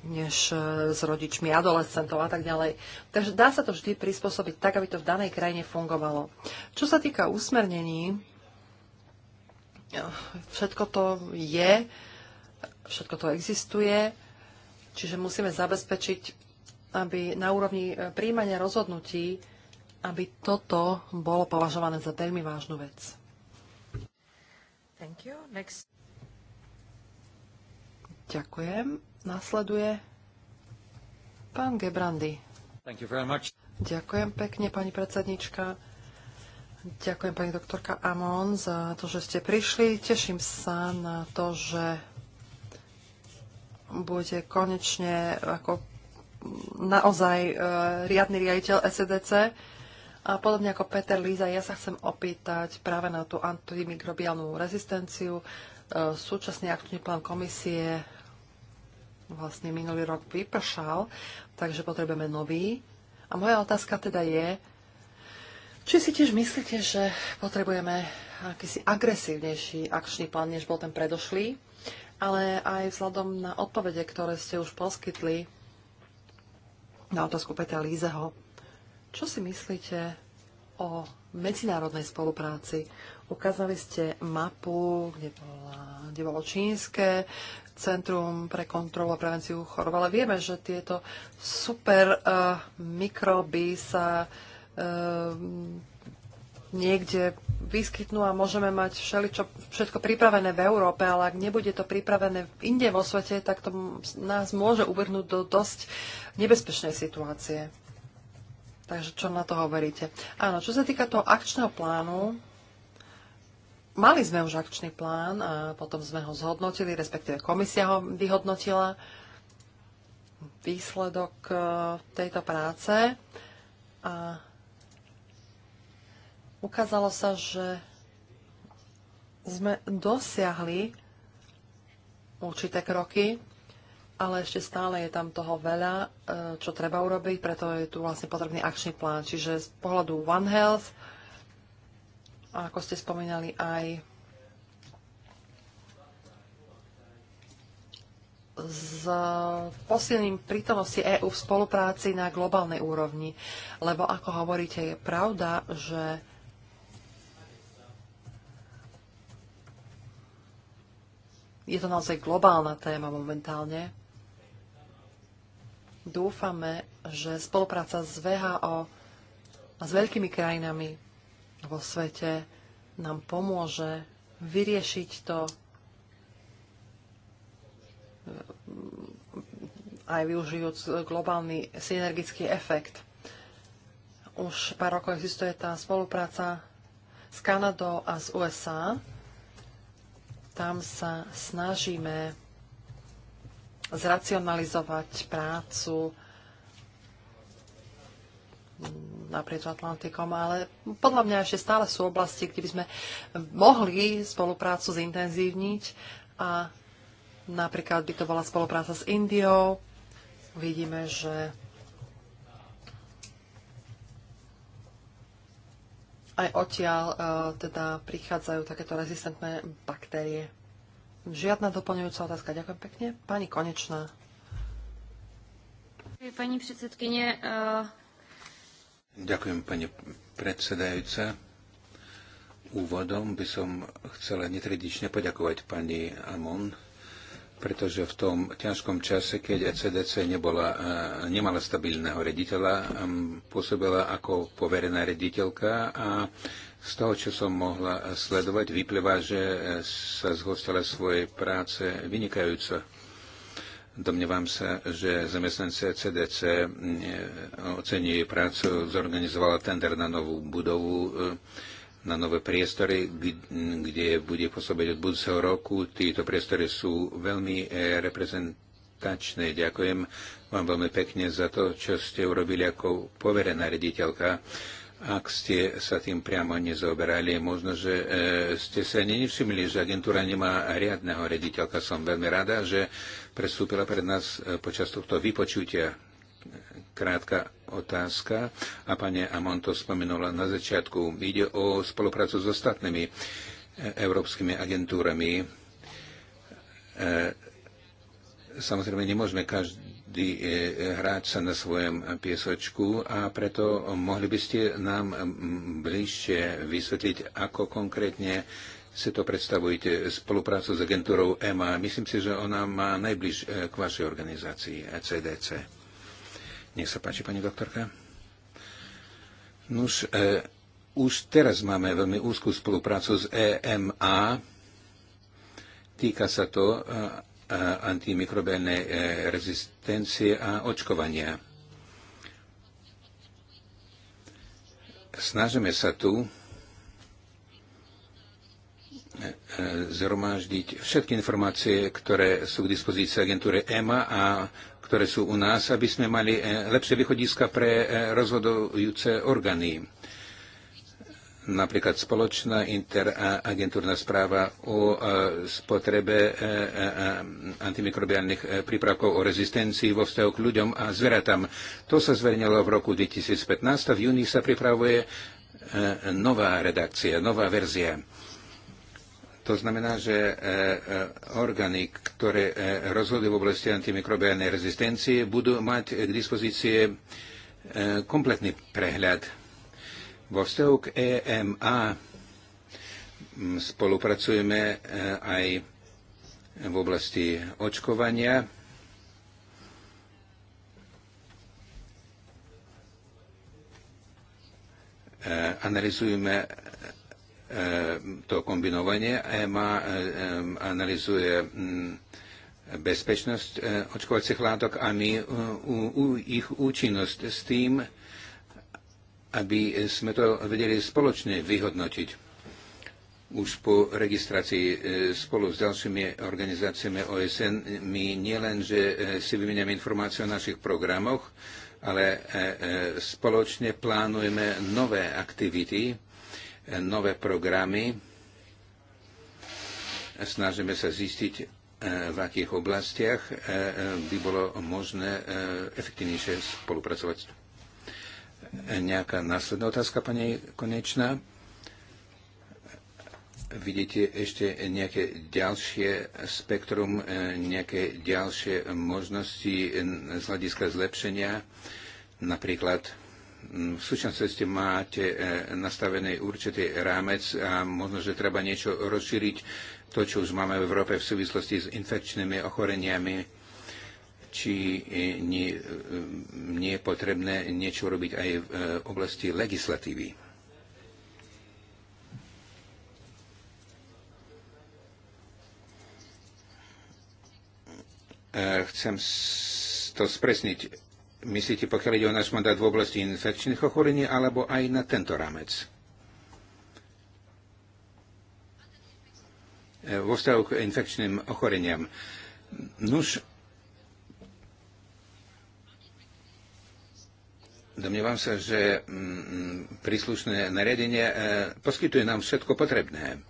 než e, s rodičmi adolescentov a tak ďalej. Takže dá sa to vždy prispôsobiť tak, aby to v danej krajine fungovalo. Čo sa týka usmernení, e, všetko to je, všetko to existuje, čiže musíme zabezpečiť, aby na úrovni e, príjmania rozhodnutí aby toto bolo považované za veľmi vážnu vec. Thank you. Next. Ďakujem. Nasleduje pán Gebrandy. Thank you very much. Ďakujem pekne, pani predsednička. Ďakujem pani doktorka Amon za to, že ste prišli. Teším sa na to, že bude konečne ako naozaj e, riadny riaditeľ SEDC. A podobne ako Peter Líza, ja sa chcem opýtať práve na tú antimikrobiálnu rezistenciu. E, súčasný akčný plán komisie vlastne minulý rok vypršal, takže potrebujeme nový. A moja otázka teda je, či si tiež myslíte, že potrebujeme akýsi agresívnejší akčný plán, než bol ten predošlý, ale aj vzhľadom na odpovede, ktoré ste už poskytli na otázku Petra Lízeho, čo si myslíte o medzinárodnej spolupráci? Ukázali ste mapu, kde, bola, kde bolo čínske centrum pre kontrolu a prevenciu chorob, ale vieme, že tieto super uh, mikroby sa uh, niekde vyskytnú a môžeme mať všeličo, všetko pripravené v Európe, ale ak nebude to pripravené inde vo svete, tak to nás môže uvrhnúť do dosť nebezpečnej situácie. Takže čo na to hovoríte? Áno, čo sa týka toho akčného plánu, mali sme už akčný plán a potom sme ho zhodnotili, respektíve komisia ho vyhodnotila. Výsledok e, tejto práce a ukázalo sa, že sme dosiahli určité kroky ale ešte stále je tam toho veľa, e, čo treba urobiť, preto je tu vlastne potrebný akčný plán. Čiže z pohľadu One Health, a ako ste spomínali aj s posilným prítomnosti EÚ v spolupráci na globálnej úrovni. Lebo ako hovoríte, je pravda, že je to naozaj globálna téma momentálne. Dúfame, že spolupráca s VHO a s veľkými krajinami vo svete nám pomôže vyriešiť to eh, aj využijúc globálny synergický efekt. Už pár rokov existuje tá spolupráca s Kanadou a s USA. Tam sa snažíme zracionalizovať prácu naprieč Atlantikom, ale podľa mňa ešte stále sú oblasti, kde by sme mohli spoluprácu zintenzívniť a napríklad by to bola spolupráca s Indiou. Vidíme, že aj odtiaľ e, teda prichádzajú takéto rezistentné baktérie. Žiadna doplňujúca otázka. Ďakujem pekne. Pani Konečná. Pani predsedkynie. Uh... Ďakujem, pani predsedajúca. Úvodom by som chcela netredične poďakovať pani Amon, pretože v tom ťažkom čase, keď ECDC nebola, e, nemala stabilného rediteľa, pôsobila ako poverená rediteľka a z toho, čo som mohla sledovať, vyplýva, že sa zhostala svojej práce vynikajúco. Domnievam sa, že zamestnance CDC eh, ocení jej prácu, zorganizovala tender na novú budovu, eh, na nové priestory, kde bude pôsobiť od budúceho roku. Títo priestory sú veľmi eh, reprezentačné. Ďakujem vám veľmi pekne za to, čo ste urobili ako poverená rediteľka ak ste sa tým priamo nezoberali, možno, že e, ste sa ani nevšimli, že agentúra nemá riadneho rediteľka. Som veľmi rada, že prestúpila pred nás e, počas tohto vypočutia krátka otázka a pani Amonto spomenula na začiatku. Ide o spoluprácu s ostatnými e, európskymi agentúrami. E, samozrejme, nemôžeme každý vždy e, hrať sa na svojom piesočku a preto mohli by ste nám bližšie vysvetliť, ako konkrétne si to predstavujete, spoluprácu s agentúrou EMA. Myslím si, že ona má najbliž e, k vašej organizácii ECDC. Nech sa páči, pani doktorka. Nuž, e, už teraz máme veľmi úzkú spoluprácu s EMA. Týka sa to e, antimikrobené e, rezistencie a očkovania. Snažíme sa tu e, e, zhromaždiť všetky informácie, ktoré sú k dispozícii agentúre EMA a ktoré sú u nás, aby sme mali lepšie východiska pre rozhodujúce orgány napríklad spoločná interagentúrna správa o e, spotrebe e, e, antimikrobiálnych prípravkov o rezistencii vo vzťahu k ľuďom a zveratám. To sa zverejnilo v roku 2015 a v júni sa pripravuje nová redakcia, nová verzia. To znamená, že orgány, ktoré rozhodujú v oblasti antimikrobiálnej rezistencie, budú mať k dispozície kompletný prehľad vo vzťahu k EMA mm, spolupracujeme e, aj v oblasti očkovania. E, analizujeme e, to kombinovanie. EMA analizuje mm, bezpečnosť očkovacích látok a my ich účinnosť s tým, aby sme to vedeli spoločne vyhodnotiť už po registrácii e, spolu s ďalšími organizáciami OSN my nielen, že e, si vymeniame informácie o našich programoch, ale e, spoločne plánujeme nové aktivity, nové programy. Snažíme sa zistiť, v akých oblastiach by bolo možné efektívnejšie spolupracovať nejaká následná otázka, pani Konečná? Vidíte ešte nejaké ďalšie spektrum, e, nejaké ďalšie možnosti e, z hľadiska zlepšenia? Napríklad v súčasnosti máte e, nastavený určitý rámec a možno, že treba niečo rozšíriť to, čo už máme v Európe v súvislosti s infekčnými ochoreniami či e, nie, e, nie je potrebné niečo robiť aj v e, oblasti legislatívy. Chcem to spresniť. Myslíte, pokiaľ ide o náš mandát v oblasti infekčných ochorení, alebo aj na tento rámec? Vo vzťahu k infekčným ochoreniam. Nuž, Domnievam sa, že mm, príslušné nariadenie e, poskytuje nám všetko potrebné.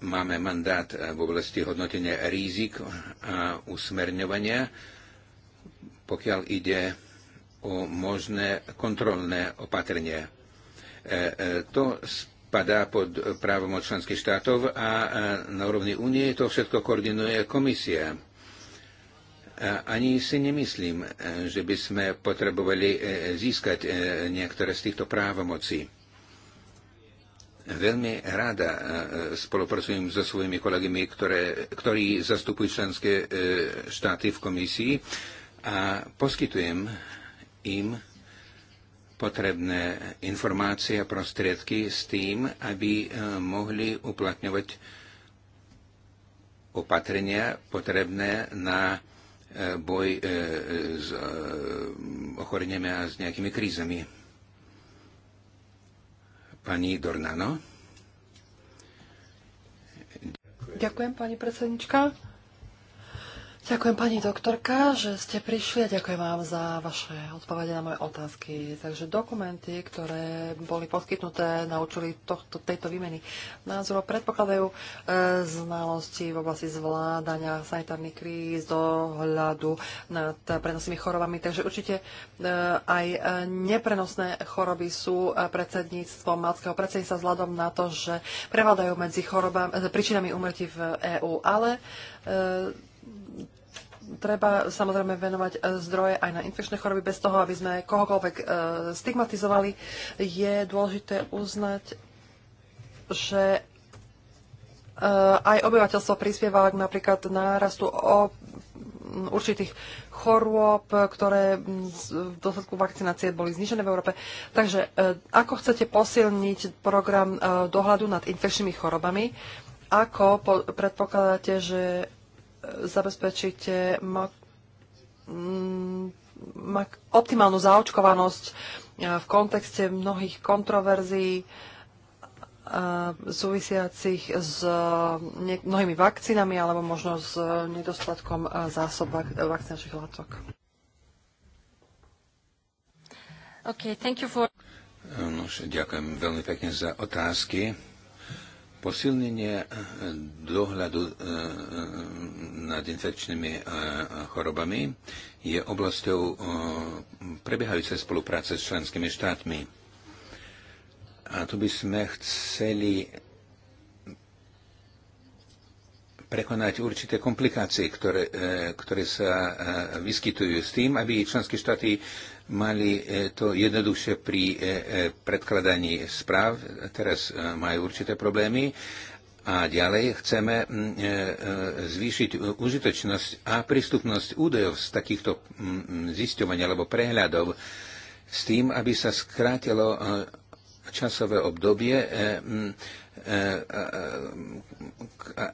Máme mandát e, v oblasti hodnotenia rizik a usmerňovania, pokiaľ ide o možné kontrolné opatrenie. E, to spadá pod právom členských štátov a na úrovni únie to všetko koordinuje komisia ani si nemyslím, e, že by sme potrebovali e, získať e, niektoré z týchto právomocí. Veľmi rada spolupracujem so svojimi kolegami, ktoré, ktorí zastupujú členské štáty v komisii a poskytujem im potrebné informácie a prostriedky s tým, aby mohli uplatňovať opatrenia potrebné na boj e, e, s e, ochoreniami a s nejakými krízami. Pani Dornano. Ďakujem, pani predsednička. Ďakujem pani doktorka, že ste prišli a ďakujem vám za vaše odpovede na moje otázky. Takže dokumenty, ktoré boli poskytnuté na účely tohto, tejto výmeny názorov, predpokladajú e, znalosti v oblasti zvládania sanitárnych kríz, dohľadu nad prenosnými chorobami. Takže určite e, aj neprenosné choroby sú predsedníctvom malského predsedníctva vzhľadom na to, že prevádajú medzi chorobami, e, príčinami úmrtí v EÚ. Ale e, treba samozrejme venovať e, zdroje aj na infekčné choroby bez toho, aby sme kohokoľvek e, stigmatizovali. Je dôležité uznať, že e, aj obyvateľstvo prispieva k napríklad nárastu o určitých chorôb, ktoré v dôsledku vakcinácie boli znižené v Európe. Takže ako chcete posilniť program dohľadu nad infekčnými chorobami? Ako predpokladáte, že zabezpečíte optimálnu zaočkovanosť e, v kontexte mnohých kontroverzií e, súvisiacich s e, mnohými vakcínami alebo možno s nedostatkom zásob vak- vakcinačných látok. Okay, thank you for... No, ďakujem veľmi pekne za otázky. Posilnenie eh, dohľadu eh, eh, nad infekčnými chorobami je oblasťou prebiehajúcej spolupráce s členskými štátmi. A tu by sme chceli prekonať určité komplikácie, ktoré, ktoré sa vyskytujú s tým, aby členské štáty mali e, to jednoduchšie pri e, e, predkladaní správ, teraz majú určité problémy a ďalej chceme mm, zvýšiť užitočnosť a prístupnosť údajov z takýchto mm, zisťovaní alebo prehľadov s tým, aby sa skrátilo časové obdobie, mm,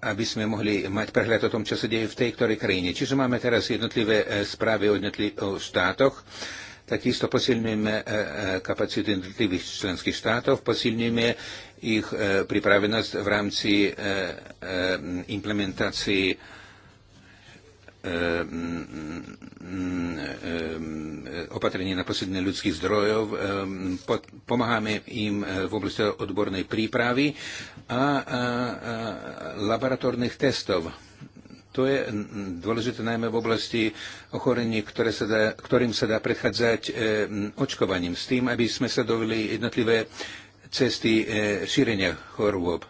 aby sme mohli mať prehľad o tom, čo sa deje v tej ktorej krajine. Čiže máme teraz jednotlivé správy o, jednotlivých štátoch Takisto posilňujeme e, e, kapacity jednotlivých členských štátov, posilňujeme ich e, pripravenosť v rámci implementácii opatrenie na posledné ľudských zdrojov, pomáhame im v oblasti odbornej prípravy a laboratórnych testov to je dôležité najmä v oblasti ochorení, ktoré sa dá, ktorým sa dá predchádzať e, očkovaním, s tým, aby sme sa dovili jednotlivé cesty e, šírenia chorôb.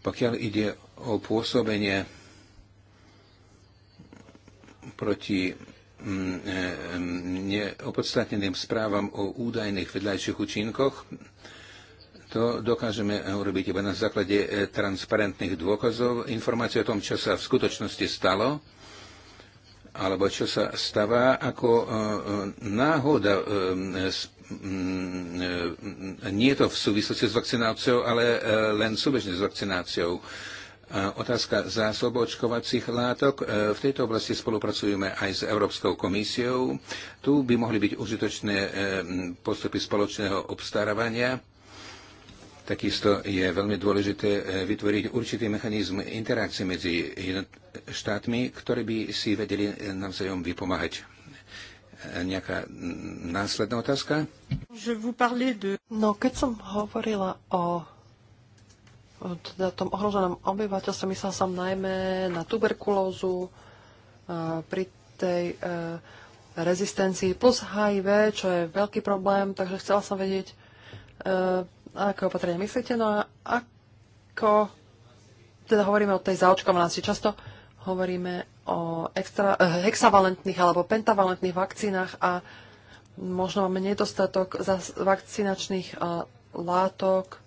Pokiaľ ide o pôsobenie proti e, neopodstatneným správam o údajných vedľajších účinkoch, to dokážeme urobiť iba na základe e, transparentných dôkazov, informácie o tom, čo sa v skutočnosti stalo, alebo čo sa stáva ako e, e, náhoda. Mm, nie je to v súvislosti s vakcináciou, ale len súbežne s vakcináciou. Otázka zásob očkovacích látok. V tejto oblasti spolupracujeme aj s Európskou komisiou. Tu by mohli byť užitočné postupy spoločného obstarávania Takisto je veľmi dôležité eh, vytvoriť určitý mechanizm interakcie medzi štátmi, ktoré by si vedeli eh, navzájom vypomáhať. Eh, nejaká mm, následná otázka? No, keď som hovorila o teda tom ohroženom obyvateľstve, myslel som najmä na tuberkulózu, pri tej rezistencii plus HIV, čo je veľký problém, takže chcela som vedieť, aké opatrenia myslíte, no a ako teda hovoríme o tej zaočkovanosti. Často hovoríme o extra, eh, hexavalentných alebo pentavalentných vakcínach a možno máme nedostatok vakcinačných eh, látok,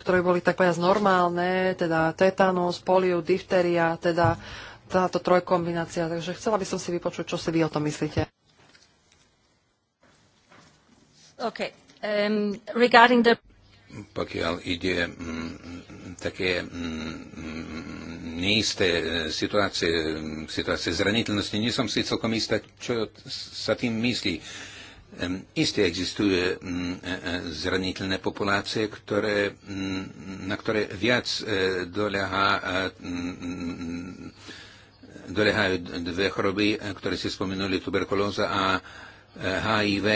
ktoré boli tak povedať normálne, teda tetanus, poliu, difteria, teda táto trojkombinácia. Takže chcela by som si vypočuť, čo si vy o tom myslíte. OK. Um, regarding the pokiaľ ide mm, mm, také mm, neisté e, situácie, situácie zraniteľnosti, nie som si celkom istá, čo sa tým myslí. Isté existuje e, e, zraniteľné populácie, ktoré, na ktoré viac doľahá doľahajú dve choroby, ktoré si spomenuli, tuberkulóza a HIV.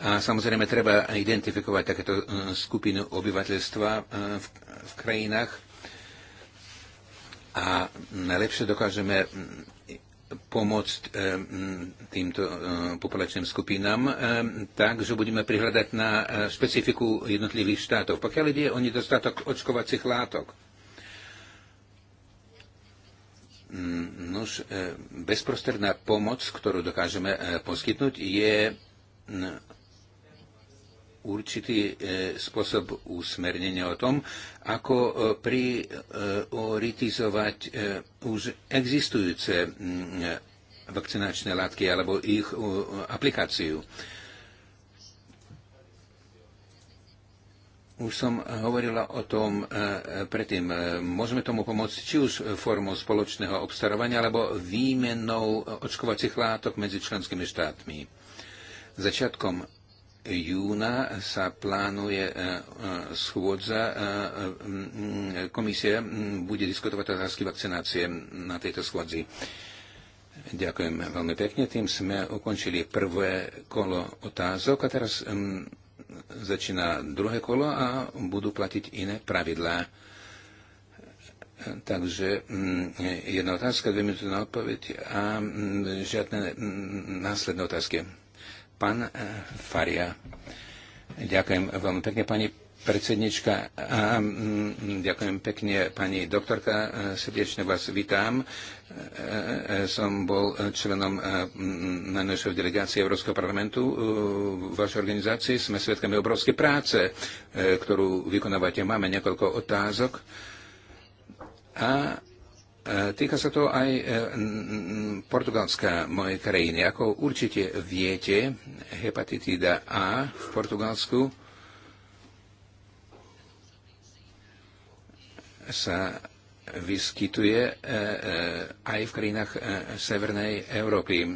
A samozrejme treba identifikovať takéto e, skupinu obyvateľstva e, v, v krajinách a najlepšie dokážeme pomôcť e, týmto populačným skupinám tak, že budeme prihľadať na špecifiku jednotlivých štátov. Pokiaľ ide o nedostatok očkovacích látok, Mm, nož, e, bezprostredná pomoc, ktorú dokážeme e, poskytnúť, je mm, určitý e, spôsob usmernenia o tom, ako prioritizovať už existujúce mm, vakcinačné látky alebo ich aplikáciu. Už som hovorila o tom e, predtým. E, môžeme tomu pomôcť či už formou spoločného obstarovania alebo výmenou očkovacích látok medzi členskými štátmi. Začiatkom júna sa plánuje e, schôdza. Komisia bude diskutovať otázky vakcinácie na tejto schôdzi. Ďakujem veľmi pekne. Tým sme ukončili prvé kolo otázok a teraz začína druhé kolo a budú platiť iné pravidlá. Takže mm, jedna otázka, dve minúty na odpoveď a mm, žiadne mm, následné otázky. Pán eh, Faria, ďakujem veľmi pekne, pani predsednička. A, mm, mm, ďakujem pekne, pani doktorka. E, srdečne vás vítam. E, e, som bol členom mm, najnovšej delegácie Európskeho parlamentu v vašej organizácii. Sme svedkami obrovskej práce, ktorú vykonávate. Máme niekoľko otázok. A Týka sa to aj Portugalska, mojej krajiny. Ako určite viete, hepatitída A v Portugalsku sa vyskytuje e, e, aj v krajinách e, Severnej Európy.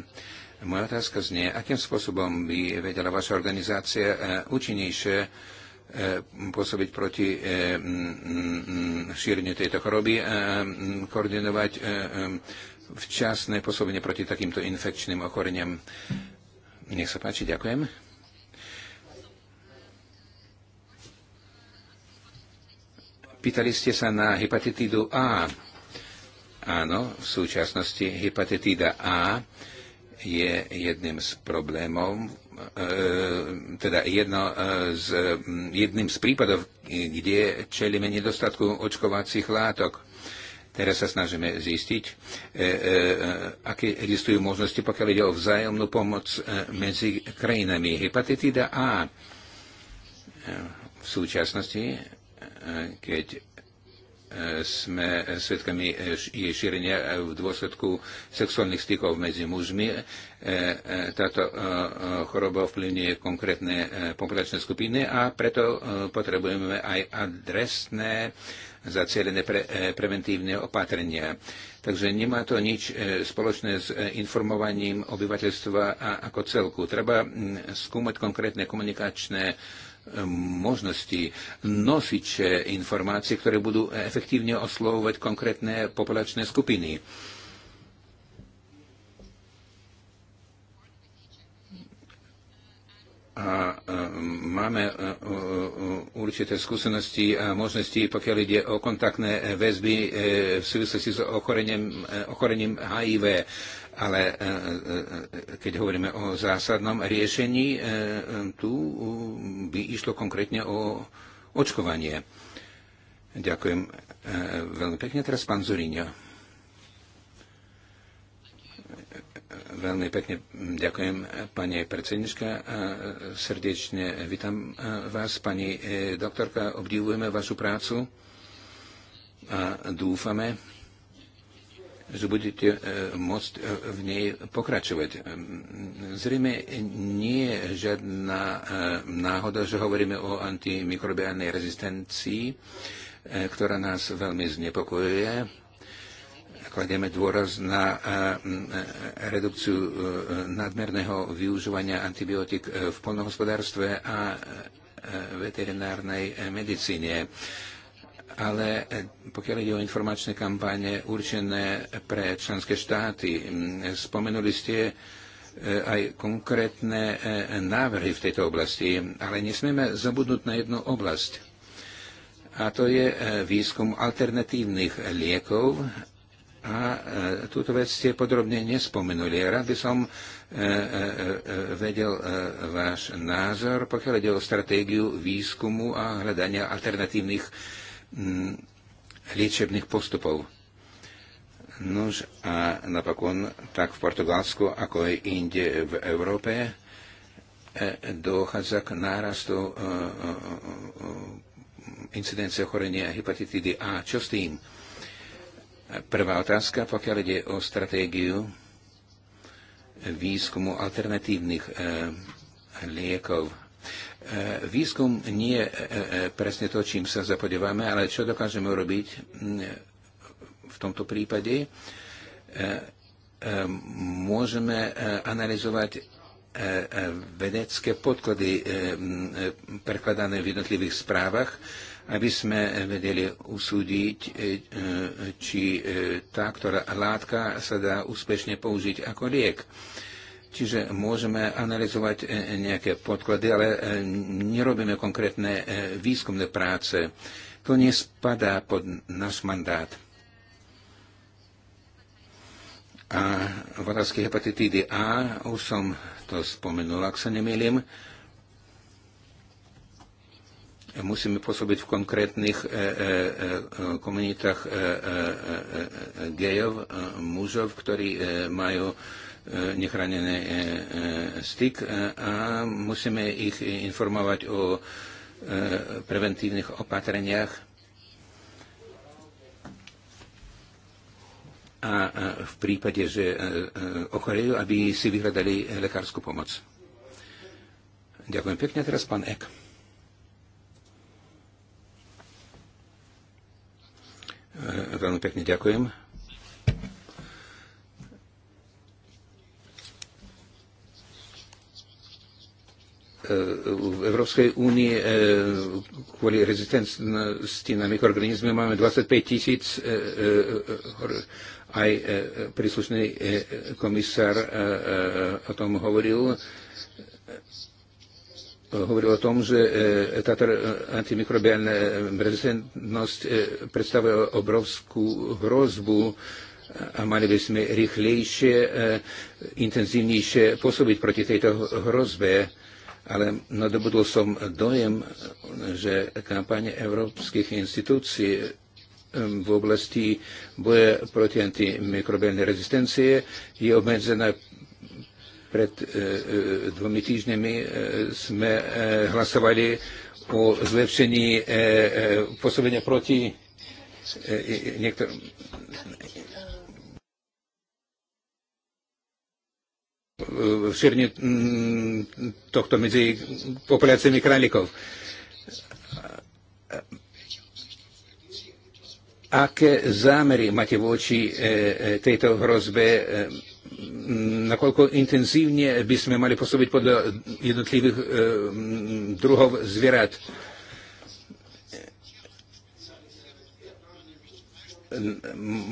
Moja otázka znie, akým spôsobom by vedela vaša organizácia účinnejšie pôsobiť proti šíreniu tejto choroby, koordinovať včasné pôsobenie proti takýmto infekčným ochoreniam. Nech sa páči, ďakujem. Pýtali ste sa na hepatitídu A. Áno, v súčasnosti hepatitída A je jedným z problémov, e, teda jedno e, z, jedným z prípadov, kde čelíme nedostatku očkovacích látok. Teraz sa snažíme zistiť, e, aké existujú možnosti, pokiaľ ide o vzájomnú pomoc medzi krajinami. Hepatitída A v súčasnosti keď e, sme svetkami e, jej šírenia e, v dôsledku sexuálnych stykov medzi mužmi. Táto choroba ovplyvňuje konkrétne populačné skupiny a preto potrebujeme aj adresné zacielené pre, preventívne opatrenia. Takže nemá to nič spoločné s informovaním obyvateľstva ako celku. Treba skúmať konkrétne komunikačné možnosti nosiť informácie, ktoré budú efektívne oslovovať konkrétne populačné skupiny. a e, máme e, e, určité skúsenosti a možnosti, pokiaľ ide o kontaktné väzby v súvislosti s ochorením HIV. Ale e, e, e, keď hovoríme o zásadnom riešení, tu by išlo konkrétne o očkovanie. Ďakujem veľmi pekne. Teraz pán Zuriňo. Veľmi pekne ďakujem, pani predsednička. Srdečne vítam vás, pani doktorka. Obdivujeme vašu prácu a dúfame, že budete e, môcť e, v nej pokračovať. Zrejme nie je žiadna e, náhoda, že hovoríme o antimikrobiálnej rezistencii, ktorá nás veľmi znepokojuje. Kladieme dôraz na redukciu nadmerného využívania antibiotík v polnohospodárstve a veterinárnej medicíne ale eh, pokiaľ ide o informačné kampáne určené pre členské štáty, mm, spomenuli ste eh, aj konkrétne eh, návrhy v tejto oblasti, ale nesmieme zabudnúť na jednu oblasť. A to je výskum alternatívnych liekov. A túto vec ste podrobne nespomenuli. Rád by som vedel váš názor, pokiaľ ide o stratégiu výskumu a hľadania alternatívnych liekov Mm, liečebných postupov. Nož a napokon tak v Portugalsku, ako aj inde v Európe, e, dochádza k nárastu e, e, incidencie ochorenia hepatitidy A. Čo s tým? Prvá otázka, pokiaľ ide o stratégiu výskumu alternatívnych liekov E, výskum nie je e, e, presne to, čím sa zapodeváme, ale čo dokážeme urobiť v tomto prípade, môžeme analyzovať vedecké podklady prekladané v jednotlivých správach, aby sme vedeli usúdiť, či tá, ktorá látka sa dá úspešne použiť ako liek. Čiže môžeme analyzovať e, e, nejaké podklady, ale e, nerobíme konkrétne výskumné práce. To nespadá pod náš mandát. A v otázke hepatitídy A, už som to spomenul, ak sa nemýlim, musíme pôsobiť v konkrétnych e, e, e, komunitách e, e, e, gejov, e, mužov, ktorí e, majú E, nechránené e, e, styk a musíme ich informovať o preventívnych opatreniach a v prípade, že ochorejú, aby si vyhľadali lekárskú pomoc. Ďakujem pekne. Teraz pán Ek. Veľmi pekne ďakujem. v Európskej únii e, kvôli rezistentnosti na mikroorganizmy máme 25 tisíc e, e, aj príslušný komisár o tom hovoril hovoril o tom, že táto antimikrobiálna rezistentnosť predstavuje obrovskú hrozbu a mali by sme rýchlejšie, intenzívnejšie pôsobiť proti tejto hrozbe ale nadobudol som dojem, že kampane európskych inštitúcií v oblasti boja proti antimikrobiálnej rezistencie je obmedzená pred e, e, dvomi týždňami e, sme e, hlasovali o zlepšení e, e, pôsobenia proti e, e niektorým šírenie mm, tohto medzi populáciami králikov. Aké zámery máte voči e, e, tejto hrozbe? E, nakoľko intenzívne by sme mali pôsobiť podľa jednotlivých druhov zvierat?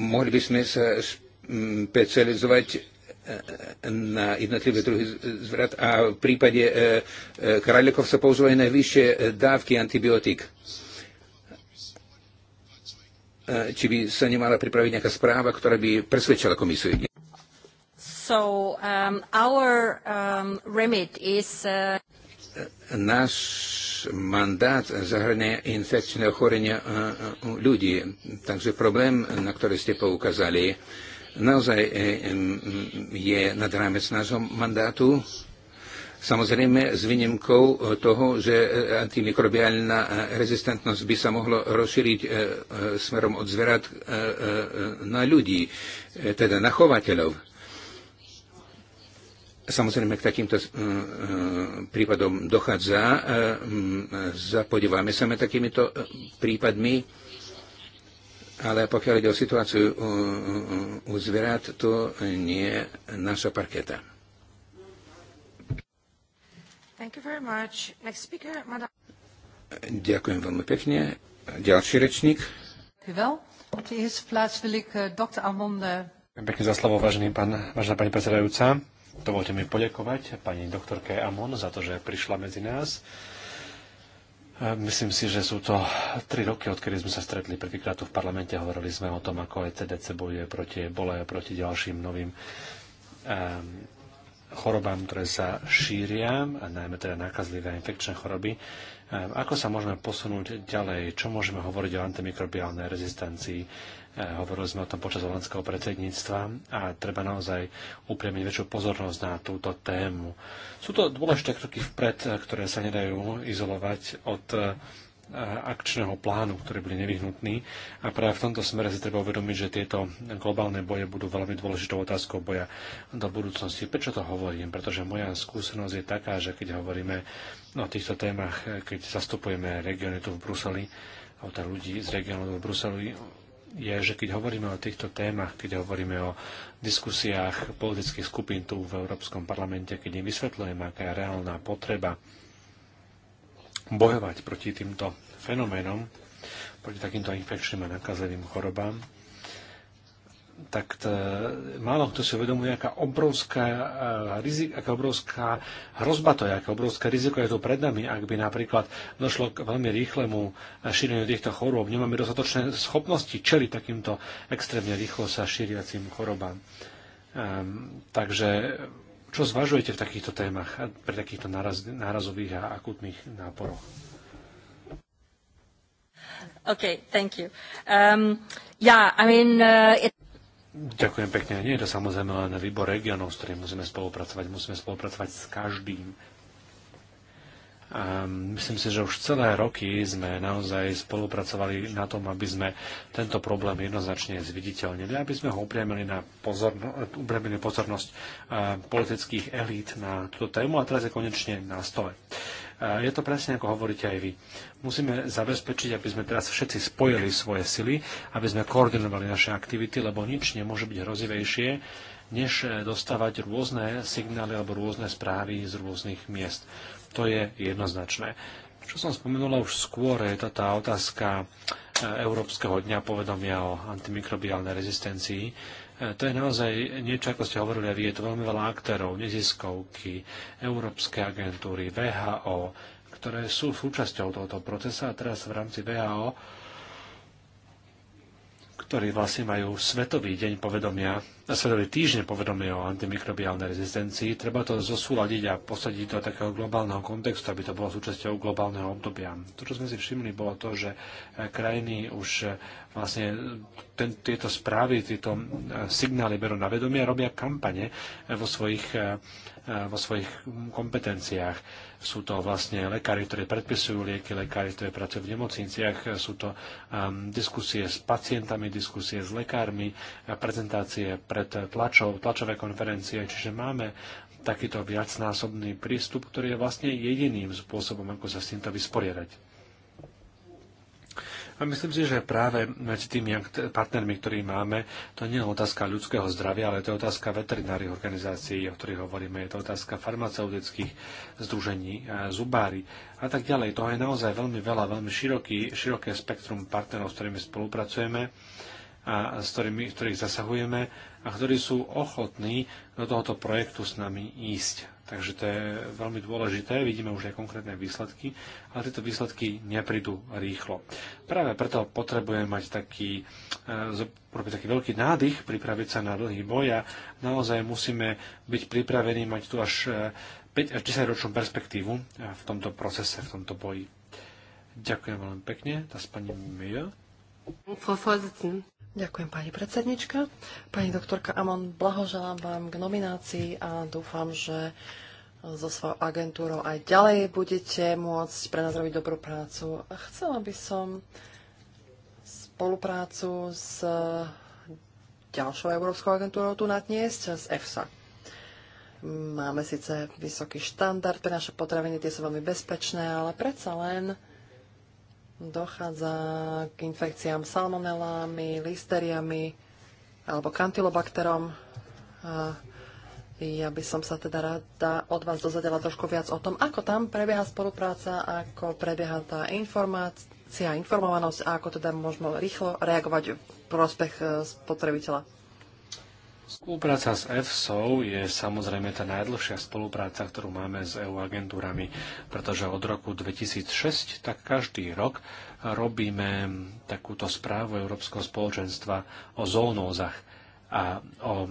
Mohli by sme sa špecializovať na jednotlivé druhy zvrat a v prípade e, e, kráľikov sa používajú najvyššie e, dávky antibiotík. Či by sa nemala pripraviť nejaká správa, ktorá by presvedčala komisiu? So, um, our, um, remit is, uh... Náš mandát zahrania infekčné ochorenia ľudí. Takže problém, na ktorý ste poukázali, uh, naozaj eh, je nad rámec nášho mandátu. Samozrejme, s výnimkou eh, toho, že eh, antimikrobiálna rezistentnosť by sa mohla rozšíriť smerom od zverat na ľudí, teda na chovateľov. Samozrejme, k takýmto prípadom dochádza. Zapodívame sa takýmito prípadmi ale pokiaľ ide o situáciu u, u, u zvierat, to nie je naša parketa. Thank you very much. Next speaker, madame. Ďakujem veľmi pekne. Ďalší rečník. Eh, eh, Ďakujem pekne za slovo, vážený pán, vážená pani predsedajúca. Dovolte mi poďakovať pani doktorke Amon za to, že prišla medzi nás Myslím si, že sú to tri roky, odkedy sme sa stretli prvýkrát tu v parlamente. Hovorili sme o tom, ako ECDC CDC bojuje proti ebole a proti ďalším novým ehm, chorobám, ktoré sa šíria, a najmä teda nákazlivé a infekčné choroby. Ehm, ako sa môžeme posunúť ďalej? Čo môžeme hovoriť o antimikrobiálnej rezistencii? Hovorili sme o tom počas holandského predsedníctva a treba naozaj upriamiť väčšiu pozornosť na túto tému. Sú to dôležité kroky vpred, eh, ktoré sa nedajú izolovať od eh, akčného plánu, ktorý boli nevyhnutný. A práve v tomto smere si treba uvedomiť, že tieto globálne boje budú veľmi dôležitou otázkou boja do budúcnosti. Prečo to hovorím? Pretože moja skúsenosť je taká, že keď hovoríme o týchto témach, eh, keď zastupujeme regióny tu v Bruseli, alebo teda ľudí z regiónu v Bruseli, je, že keď hovoríme o týchto témach, keď hovoríme o diskusiách politických skupín tu v Európskom parlamente, keď im vysvetľujeme, aká je reálna potreba bojovať proti týmto fenoménom, proti takýmto infekčným a nakazeným chorobám, tak to, málo kto si uvedomuje, aká obrovská, eh, rizik, aká obrovská hrozba to je, aká obrovská riziko je to pred nami, ak by napríklad došlo k veľmi rýchlemu eh, šíreniu týchto chorôb. Nemáme dostatočné schopnosti čeliť takýmto extrémne rýchlo sa šíriacim chorobám. Um, takže čo zvažujete v takýchto témach, eh, pri takýchto náraz, nárazových a akutných náporoch? Okay, thank you. Um, ehm, yeah, I mean, uh, it... Ďakujem pekne. Nie je to samozrejme len výbor regionov, s ktorým musíme spolupracovať. Musíme spolupracovať s každým. A myslím si, že už celé roky sme naozaj spolupracovali na tom, aby sme tento problém jednoznačne zviditeľnili, aby sme ho upriamili na pozorno, upriamili pozornosť politických elít na túto tému a teraz je konečne na stole. Je to presne ako hovoríte aj vy. Musíme zabezpečiť, aby sme teraz všetci spojili svoje sily, aby sme koordinovali naše aktivity, lebo nič nemôže byť hrozivejšie, než e, dostávať rôzne signály alebo rôzne správy z rôznych miest. To je jednoznačné. Čo som spomenula už skôr, je to tá otázka e, Európskeho dňa povedomia o antimikrobiálnej rezistencii E, to je naozaj niečo, ako ste hovorili, a vy je to veľmi veľa aktérov, neziskovky, európske agentúry, VHO, ktoré sú súčasťou tohoto procesa a teraz v rámci VHO ktorí vlastne majú Svetový deň povedomia, Svetový týždeň povedomia o antimikrobiálnej rezistencii. Treba to zosúľadiť a posadiť do takého globálneho kontextu, aby to bolo súčasťou globálneho obdobia. To, čo sme si všimli, bolo to, že eh, krajiny už eh, vlastne ten, tieto správy, tieto eh, signály berú na vedomie a robia kampane vo svojich, vo svojich mm, kompetenciách sú to vlastne lekári, ktorí predpisujú lieky, lekári, ktorí pracujú v nemocniciach, sú to um, diskusie s pacientami, diskusie s lekármi, prezentácie pred tlačov, tlačové konferencie, čiže máme takýto viacnásobný prístup, ktorý je vlastne jediným spôsobom, ako sa s týmto vysporiadať. A myslím si, že práve medzi tými partnermi, ktorí máme, to nie je otázka ľudského zdravia, ale to je otázka veterinárnych organizácií, o ktorých hovoríme, je to otázka farmaceutických združení, e, zubári a tak ďalej. To je naozaj veľmi veľa, veľmi široký, široké spektrum partnerov, s ktorými spolupracujeme a s ktorými, ktorých zasahujeme a ktorí sú ochotní do tohoto projektu s nami ísť. Takže to je veľmi dôležité, vidíme už aj konkrétne výsledky, ale tieto výsledky neprídu rýchlo. Práve preto potrebujeme mať taký, e, taký veľký nádych, pripraviť sa na dlhý boj a naozaj musíme byť pripravení mať tu až 5 eh, až 10 ročnú perspektívu eh, v tomto procese, v tomto boji. Ďakujem veľmi pekne. Tá s pani Ďakujem pani predsednička. Pani doktorka Amon, blahoželám vám k nominácii a dúfam, že so svojou agentúrou aj ďalej budete môcť pre nás robiť dobrú prácu. Chcela by som spoluprácu s ďalšou Európskou agentúrou tu nadniesť, z EFSA. Máme síce vysoký štandard pre naše potraviny, tie sú veľmi bezpečné, ale predsa len dochádza k infekciám salmonelami, listeriami alebo kantilobakterom. A ja by som sa teda rada od vás dozvedela trošku viac o tom, ako tam prebieha spolupráca, ako prebieha tá informácia, informovanosť a ako teda možno rýchlo reagovať v prospech e, spotrebiteľa. Spolupráca s EFSO je samozrejme tá najdlhšia spolupráca, ktorú máme s EU agentúrami, pretože od roku 2006 tak každý rok robíme takúto správu Európskeho spoločenstva o zoonózach a o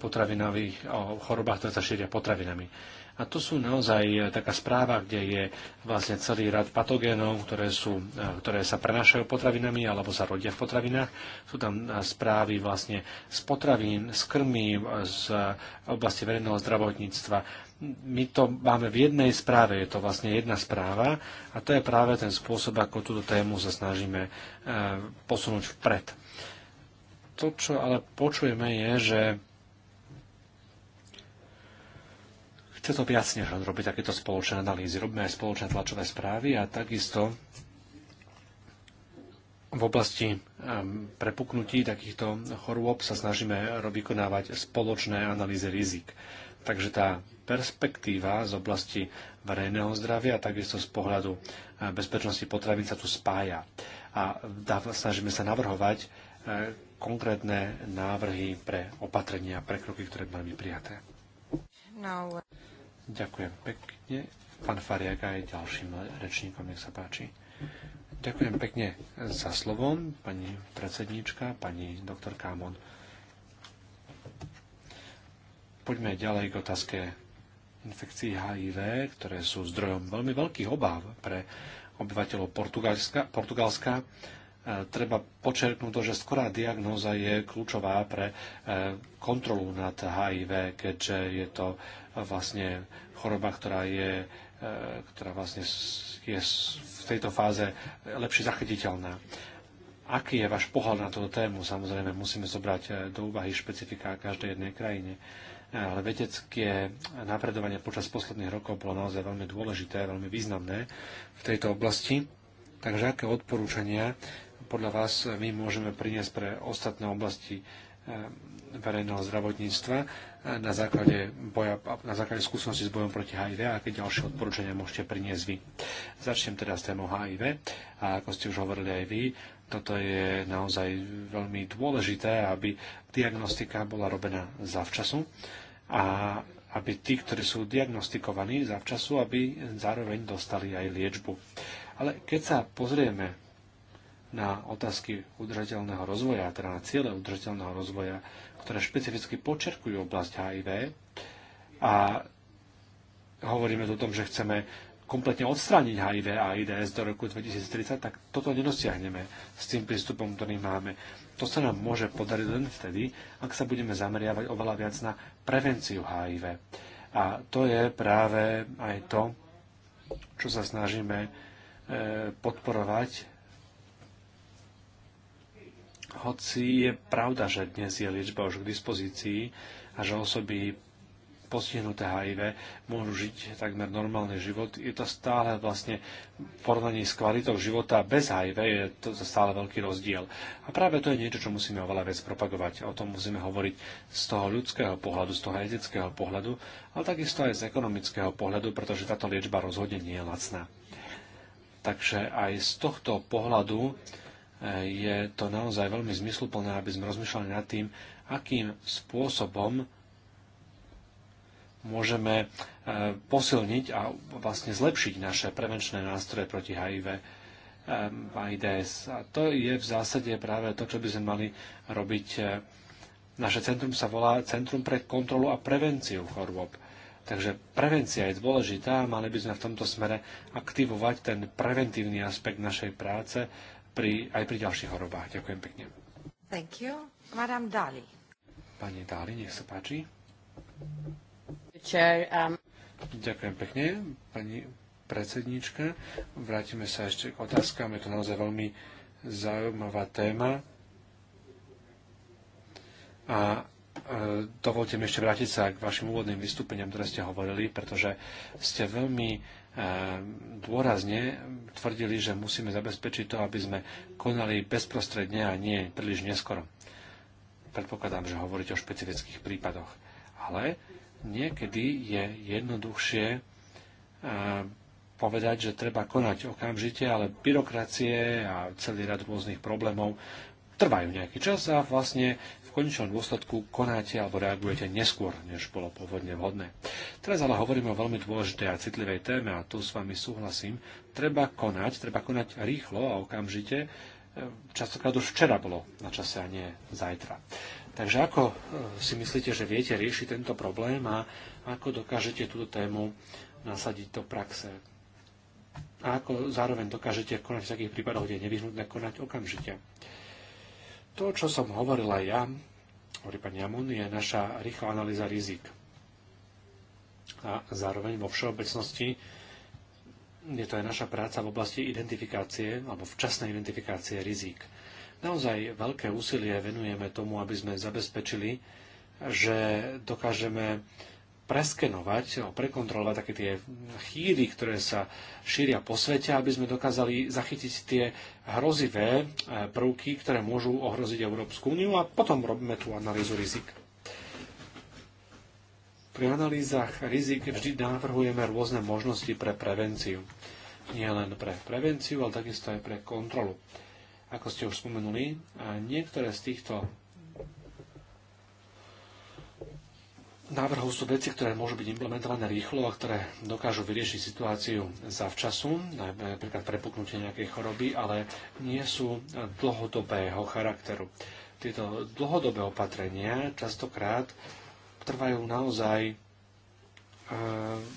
potravinových o chorobách, ktoré sa šíria potravinami. A to sú naozaj e, taká správa, kde je vlastne celý rad patogénov, ktoré, sú, e, ktoré sa prenášajú potravinami alebo sa rodia v potravinách. Sú tam e, správy vlastne z potravín, z krmí, z oblasti verejného zdravotníctva. My to máme v jednej správe, je to vlastne jedna správa a to je práve ten spôsob, ako túto tému sa snažíme posunúť vpred. To, čo ale počujeme, je, že Chce to viac, než len robiť takéto spoločné analýzy. Robíme aj spoločné tlačové správy a takisto v oblasti ehm, prepuknutí takýchto chorôb sa snažíme vykonávať spoločné analýzy rizik. Takže tá perspektíva z oblasti verejného zdravia a takisto z pohľadu eh, bezpečnosti potravín sa tu spája. A snažíme sa navrhovať eh, konkrétne návrhy pre opatrenia, pre kroky, ktoré by mali byť prijaté. No. Ďakujem pekne. Pán Fariak je ďalším rečníkom, nech sa páči. Ďakujem pekne za slovo, pani predsedníčka, pani doktor Kámon. Poďme ďalej k otázke infekcií HIV, ktoré sú zdrojom veľmi veľkých obáv pre obyvateľov Portugalska, Portugalska treba počerknúť to, že skorá diagnóza je kľúčová pre e, kontrolu nad HIV, keďže je to vlastne choroba, ktorá je e, ktorá vlastne je v tejto fáze lepšie zachytiteľná. Aký je váš pohľad na túto tému? Samozrejme, musíme zobrať e, do úvahy špecifika každej jednej krajine ale vedecké napredovanie počas posledných rokov bolo naozaj veľmi dôležité, veľmi významné v tejto oblasti. Takže aké odporúčania podľa vás my môžeme priniesť pre ostatné oblasti eh, verejného zdravotníctva eh, na základe, boja, na základe skúsenosti s bojom proti HIV a aké ďalšie odporúčania môžete priniesť vy. Začnem teda s témou HIV a ako ste už hovorili aj vy, toto je naozaj veľmi dôležité, aby diagnostika bola robená zavčasu a aby tí, ktorí sú diagnostikovaní zavčasu, aby zároveň dostali aj liečbu. Ale keď sa pozrieme na otázky udržateľného rozvoja, teda na ciele udržateľného rozvoja, ktoré špecificky počerkujú oblasť HIV a hovoríme o tom, že chceme kompletne odstrániť HIV a IDS do roku 2030, tak toto nedosiahneme s tým prístupom, ktorý máme. To sa nám môže podariť len vtedy, ak sa budeme zameriavať oveľa viac na prevenciu HIV. A to je práve aj to, čo sa snažíme e, podporovať hoci je pravda, že dnes je liečba už k dispozícii a že osoby postihnuté HIV môžu žiť takmer normálny život, je to stále vlastne v porovnaní s kvalitou života bez HIV je to stále veľký rozdiel. A práve to je niečo, čo musíme oveľa viac propagovať. O tom musíme hovoriť z toho ľudského pohľadu, z toho etického pohľadu, ale takisto aj z ekonomického pohľadu, pretože táto liečba rozhodne nie je lacná. Takže aj z tohto pohľadu je to naozaj veľmi zmysluplné, aby sme rozmýšľali nad tým, akým spôsobom môžeme e, posilniť a vlastne zlepšiť naše prevenčné nástroje proti HIV e, a IDS. A to je v zásade práve to, čo by sme mali robiť. E, naše centrum sa volá Centrum pre kontrolu a prevenciu chorôb. Takže prevencia je dôležitá a mali by sme v tomto smere aktivovať ten preventívny aspekt našej práce, pri, aj pri ďalších chorobách. Ďakujem pekne. Thank you. Madame Dali. Pani Dali, nech sa páči. Chair, um... Ďakujem pekne, pani predsedníčka. Vrátime sa ešte k otázkam. Je to naozaj veľmi zaujímavá téma. A e, dovolte mi ešte vrátiť sa k vašim úvodným vystúpeniam, ktoré ste hovorili, pretože ste veľmi dôrazne tvrdili, že musíme zabezpečiť to, aby sme konali bezprostredne a nie príliš neskoro. Predpokladám, že hovoríte o špecifických prípadoch. Ale niekedy je jednoduchšie eh, povedať, že treba konať okamžite, ale byrokracie a celý rad rôznych problémov trvajú nejaký čas a vlastne konečnom dôsledku konáte alebo reagujete neskôr, než bolo pôvodne vhodné. Teraz ale hovoríme o veľmi dôležitej a citlivej téme a tu s vami súhlasím. Treba konať, treba konať rýchlo a okamžite. E, častokrát už včera bolo na čase a nie zajtra. Takže ako e, si myslíte, že viete riešiť tento problém a ako dokážete túto tému nasadiť do praxe? A ako zároveň dokážete konať v takých prípadoch, kde je nevyhnutné konať okamžite? To, čo som hovorila ja, hovorí pani Amun, je naša rýchla analýza rizik. A zároveň vo všeobecnosti je to aj naša práca v oblasti identifikácie alebo včasnej identifikácie rizik. Naozaj veľké úsilie venujeme tomu, aby sme zabezpečili, že dokážeme preskenovať, prekontrolovať také tie chýry, ktoré sa šíria po svete, aby sme dokázali zachytiť tie hrozivé e, prvky, ktoré môžu ohroziť Európsku úniu a potom robíme tú analýzu rizik. Pri analýzach rizik vždy navrhujeme rôzne možnosti pre prevenciu. Nie len pre prevenciu, ale takisto aj pre kontrolu. Ako ste už spomenuli, niektoré z týchto návrhov sú veci, ktoré môžu byť implementované rýchlo a ktoré dokážu vyriešiť situáciu zavčasu, najmä napríklad prepuknutie nejakej choroby, ale nie sú dlhodobého charakteru. Tieto dlhodobé opatrenia častokrát trvajú naozaj e,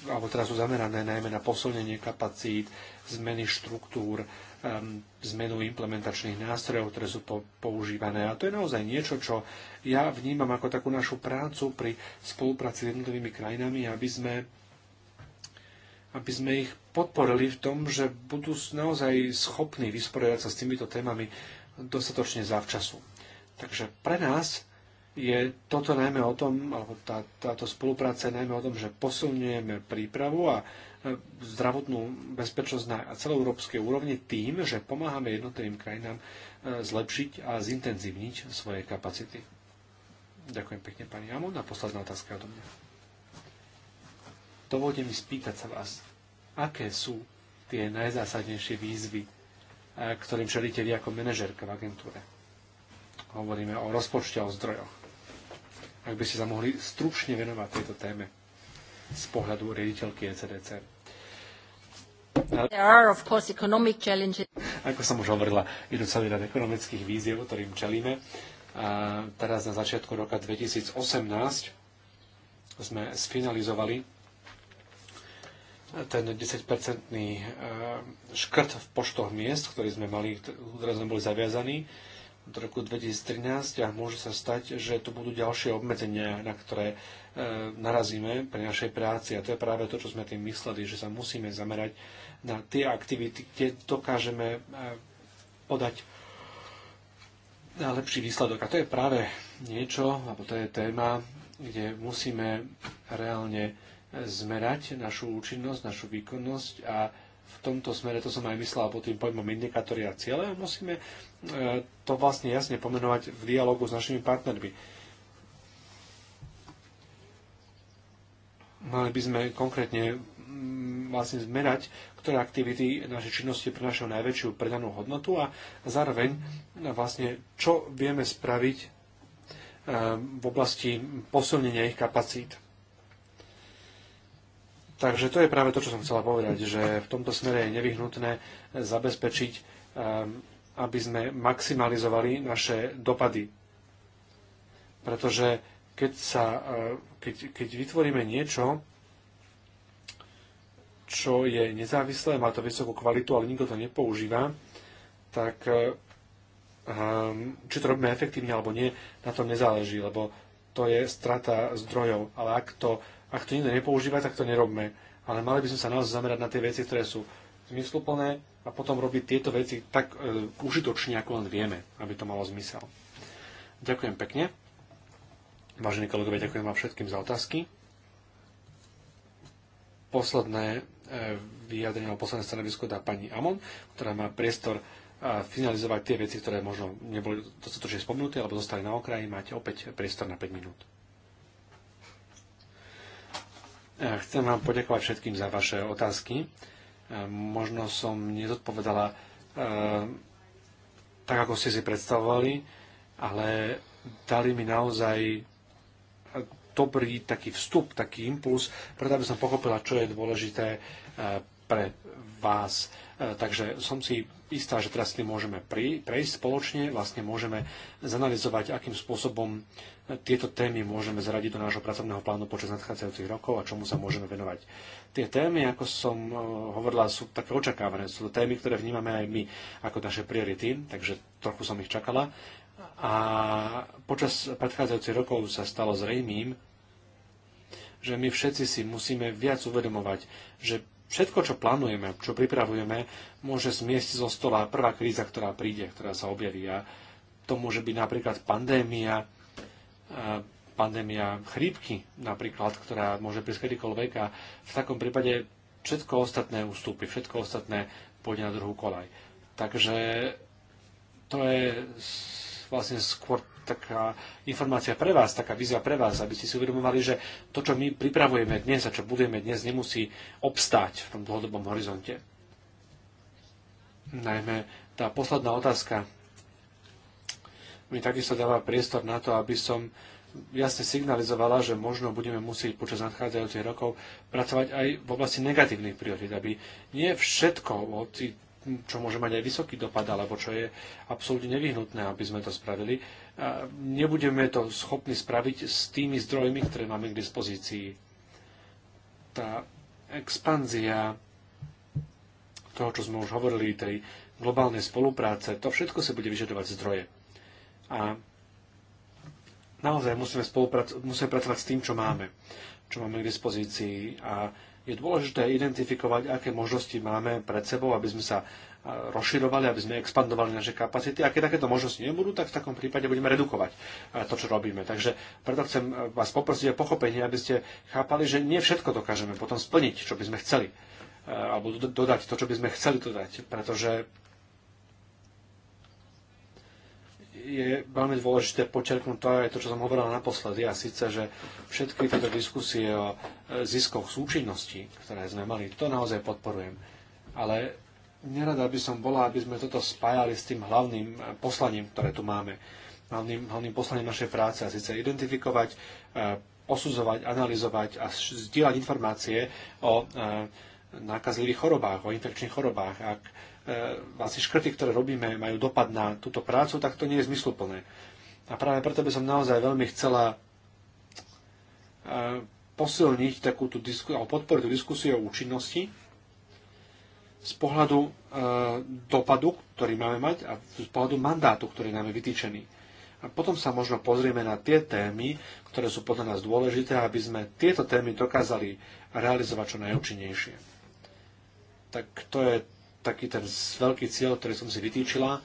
alebo teraz sú zamerané najmä na posilnenie kapacít, zmeny štruktúr, Um, zmenu implementačných nástrojov, ktoré sú používané. A to je naozaj niečo, čo ja vnímam ako takú našu prácu pri spolupráci s jednotlivými krajinami, aby sme, aby sme ich podporili v tom, že budú naozaj schopní vysporiadať sa s týmito témami dostatočne zavčasu. Takže pre nás je toto najmä o tom, alebo tá, táto spolupráca je najmä o tom, že posilňujeme prípravu a zdravotnú bezpečnosť na celoeurópskej úrovni tým, že pomáhame jednotlivým krajinám e, zlepšiť a zintenzívniť svoje kapacity. Ďakujem pekne, pani Jamon. A posledná otázka odo mňa. Dovolte mi spýtať sa vás, aké sú tie najzásadnejšie výzvy, e, ktorým čelíte vy ako manažérka v agentúre? Hovoríme o rozpočte a o zdrojoch. Ak by ste sa mohli stručne venovať tejto téme z pohľadu riaditeľky ECDC. Ako som už hovorila, idú celý rad ekonomických víziev, ktorým čelíme. A teraz na začiatku roka 2018 sme sfinalizovali ten 10-percentný e, škrt v poštoch miest, ktorý sme mali, ktoré sme boli zaviazaní od roku 2013 a môže sa stať, že tu budú ďalšie obmedzenia, na ktoré e, narazíme pri našej práci. A to je práve to, čo sme tým mysleli, že sa musíme zamerať na tie aktivity, kde dokážeme e, podať lepší výsledok. A to je práve niečo, alebo to je téma, kde musíme reálne e, zmerať našu účinnosť, našu výkonnosť a v tomto smere, to som aj myslel pod tým pojmom indikátory a cieľe, a musíme e, to vlastne jasne pomenovať v dialogu s našimi partnermi. Mali by sme konkrétne vlastne zmerať, ktoré aktivity našej činnosti prinášajú najväčšiu predanú hodnotu a zároveň no, vlastne čo vieme spraviť eh, v oblasti posilnenia ich kapacít. Takže to je práve to, čo som chcela povedať, že v tomto smere je nevyhnutné zabezpečiť, eh, aby sme maximalizovali naše dopady. Pretože keď, sa, eh, keď, keď vytvoríme niečo, čo je nezávislé, má to vysokú kvalitu, ale nikto to nepoužíva, tak eh, hm, či to robíme efektívne alebo nie, na tom nezáleží, lebo to je strata zdrojov. Ale ak to, ak to nikto nepoužíva, tak to nerobme. Ale mali by sme sa naozaj zamerať na tie veci, ktoré sú zmysluplné a potom robiť tieto veci tak e, užitočne, ako len vieme, aby to malo zmysel. Ďakujem pekne. Vážení kolegovia, ďakujem vám všetkým za otázky. Posledné E, vyjadrenie o posledné stanovisko dá pani Amon, ktorá má priestor e, finalizovať tie veci, ktoré možno neboli dostatočne spomnuté alebo zostali na okraji. Máte opäť priestor na 5 minút. E, chcem vám poďakovať všetkým za vaše otázky. Možno som nezodpovedala tak, ako ste si predstavovali, ale dali mi naozaj dobrý taký vstup, taký impuls, preto aby som pochopila, čo je dôležité e, pre vás. E, takže som si istá, že teraz s tým môžeme prejsť spoločne, vlastne môžeme zanalizovať, akým spôsobom e, tieto témy môžeme zradiť do nášho pracovného plánu počas nadchádzajúcich rokov a čomu sa môžeme venovať. Tie témy, ako som hovorila, sú také očakávané. Sú to témy, ktoré vnímame aj my ako naše priority, takže trochu som ich čakala. A počas predchádzajúcich rokov sa stalo zrejmým, že my všetci si musíme viac uvedomovať, že všetko, čo plánujeme, čo pripravujeme, môže zmiesť zo stola prvá kríza, ktorá príde, ktorá sa objaví. A to môže byť napríklad pandémia, pandémia chrípky napríklad, ktorá môže prísť kedykoľvek a v takom prípade všetko ostatné ústupy, všetko ostatné pôjde na druhú kolaj. Takže to je vlastne skôr taká informácia pre vás, taká vízia pre vás, aby ste si uvedomovali, že to, čo my pripravujeme dnes a čo budujeme dnes, nemusí obstáť v tom dlhodobom horizonte. Najmä tá posledná otázka mi takisto dáva priestor na to, aby som jasne signalizovala, že možno budeme musieť počas nadchádzajúcich rokov pracovať aj v oblasti negatívnych priorít, aby nie všetko, čo môže mať aj vysoký dopad, alebo čo je absolútne nevyhnutné, aby sme to spravili, nebudeme to schopní spraviť s tými zdrojmi, ktoré máme k dispozícii. Tá expanzia toho, čo sme už hovorili, tej globálnej spolupráce, to všetko si bude vyžadovať zdroje. A naozaj musíme, spoluprac- musíme pracovať s tým, čo máme, čo máme k dispozícii a je dôležité identifikovať, aké možnosti máme pred sebou, aby sme sa rozširovali, aby sme expandovali naše kapacity. A keď takéto možnosti nebudú, tak v takom prípade budeme redukovať eh, to, čo robíme. Takže preto chcem eh, vás poprosiť o pochopenie, aby ste chápali, že nie všetko dokážeme potom splniť, čo by sme chceli eh, alebo dodať to, čo by sme chceli dodať, pretože je veľmi dôležité počerknúť to aj to, čo som hovoril naposledy, a síce, že všetky tieto diskusie o ziskoch súčinnosti, ktoré sme mali, to naozaj podporujem. Ale nerada by som bola, aby sme toto spájali s tým hlavným eh, poslaním, ktoré tu máme. Hlavným, hlavným poslaním našej práce a síce identifikovať, eh, posudzovať, analyzovať a zdieľať informácie o eh, nákazlivých chorobách, o infekčných chorobách. Ak vlastne škrty, ktoré robíme, majú dopad na túto prácu, tak to nie je zmysluplné. A práve preto by som naozaj veľmi chcela posilniť takúto diskusiu, podporiť tú diskusiu o účinnosti z pohľadu e, dopadu, ktorý máme mať a z pohľadu mandátu, ktorý nám je vytýčený. A potom sa možno pozrieme na tie témy, ktoré sú podľa nás dôležité, aby sme tieto témy dokázali realizovať čo najúčinnejšie. Tak to je taký ten veľký cieľ, ktorý som si vytýčila,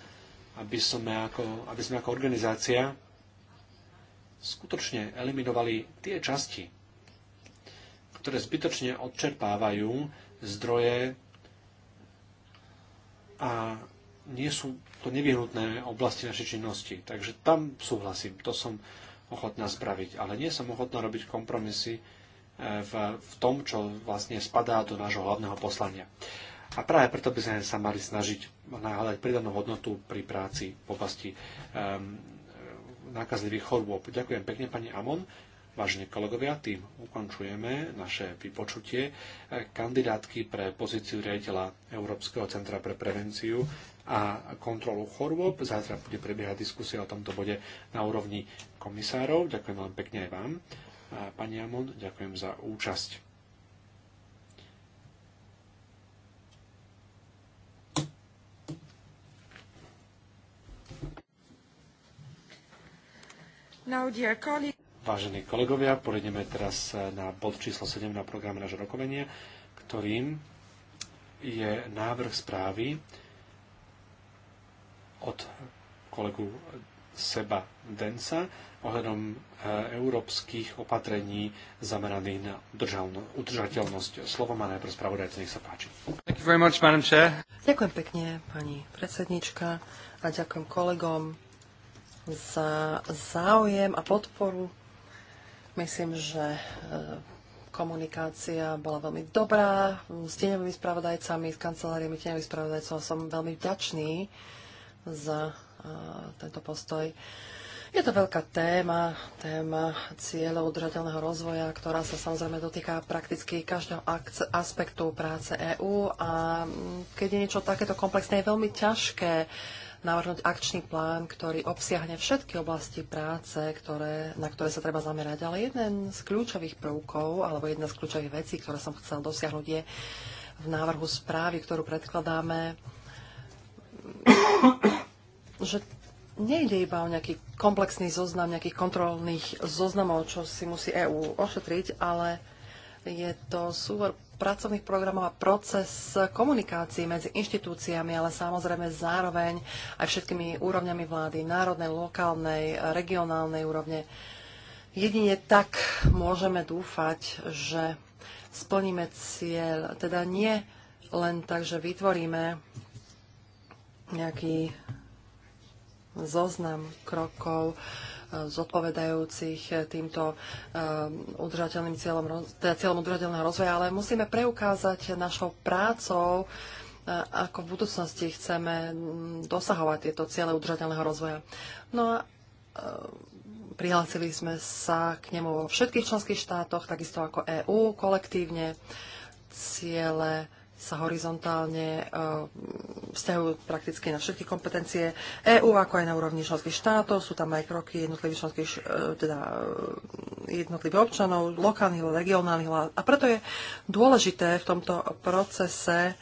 aby sme ako, aby sme ako organizácia skutočne eliminovali tie časti, ktoré zbytočne odčerpávajú zdroje a nie sú to nevyhnutné oblasti našej činnosti. Takže tam súhlasím, to som ochotná spraviť. Ale nie som ochotná robiť kompromisy e, v, v tom, čo vlastne spadá do nášho hlavného poslania. A práve preto by sme sa mali snažiť nahľadať pridanú hodnotu pri práci v oblasti um, nákazlivých chorôb. Ďakujem pekne, pani Amon. Vážení kolegovia, tým ukončujeme naše vypočutie kandidátky pre pozíciu riaditeľa Európskeho centra pre prevenciu a kontrolu chorôb. Zajtra bude prebiehať diskusia o tomto bode na úrovni komisárov. Ďakujem veľmi pekne aj vám. Pani Amon, ďakujem za účasť. Now, dear colleagues. Vážení kolegovia, pôjdeme teraz e, na bod číslo 7 na programe nášho rokovania, ktorým je návrh správy od kolegu Seba Densa ohľadom e, európskych opatrení zameraných na udržateľnosť. Slovo má najprv spravodajca, nech sa páči. Much, ďakujem pekne, pani predsednička, a ďakujem kolegom za záujem a podporu Myslím, že e, komunikácia bola veľmi dobrá s tieňovými spravodajcami, s kanceláriami tieňových spravodajcov som veľmi vďačný za e, tento postoj. Je to veľká téma, téma cieľov udržateľného rozvoja, ktorá sa samozrejme dotýka prakticky každého aspektu práce EÚ a keď je niečo takéto komplexné, je veľmi ťažké navrhnúť akčný plán, ktorý obsiahne všetky oblasti práce, ktoré, na ktoré sa treba zamerať. Ale jeden z kľúčových prvkov, alebo jedna z kľúčových vecí, ktoré som chcel dosiahnuť, je v návrhu správy, ktorú predkladáme, že nejde iba o nejaký komplexný zoznam nejakých kontrolných zoznamov, čo si musí EÚ ošetriť, ale je to súbor pracovných programov a proces komunikácií medzi inštitúciami, ale samozrejme zároveň aj všetkými úrovňami vlády, národnej, lokálnej, regionálnej úrovne. Jedine tak môžeme dúfať, že splníme cieľ, teda nie len tak, že vytvoríme nejaký zoznam krokov, zodpovedajúcich eh, týmto eh, udržateľným cieľom, teda cieľom udržateľného rozvoja, ale musíme preukázať našou prácou, eh, ako v budúcnosti chceme mm, dosahovať tieto ciele udržateľného rozvoja. No a prihlásili sme sa k nemu vo všetkých členských štátoch, takisto ako EÚ kolektívne. Ciele sa horizontálne eh, vzťahujú prakticky na všetky kompetencie EÚ, ako aj na úrovni členských štátov. Sú tam aj kroky jednotlivých členských, eh, teda eh, jednotlivých občanov, lokálnych, regionálnych vlád. A preto je dôležité v tomto procese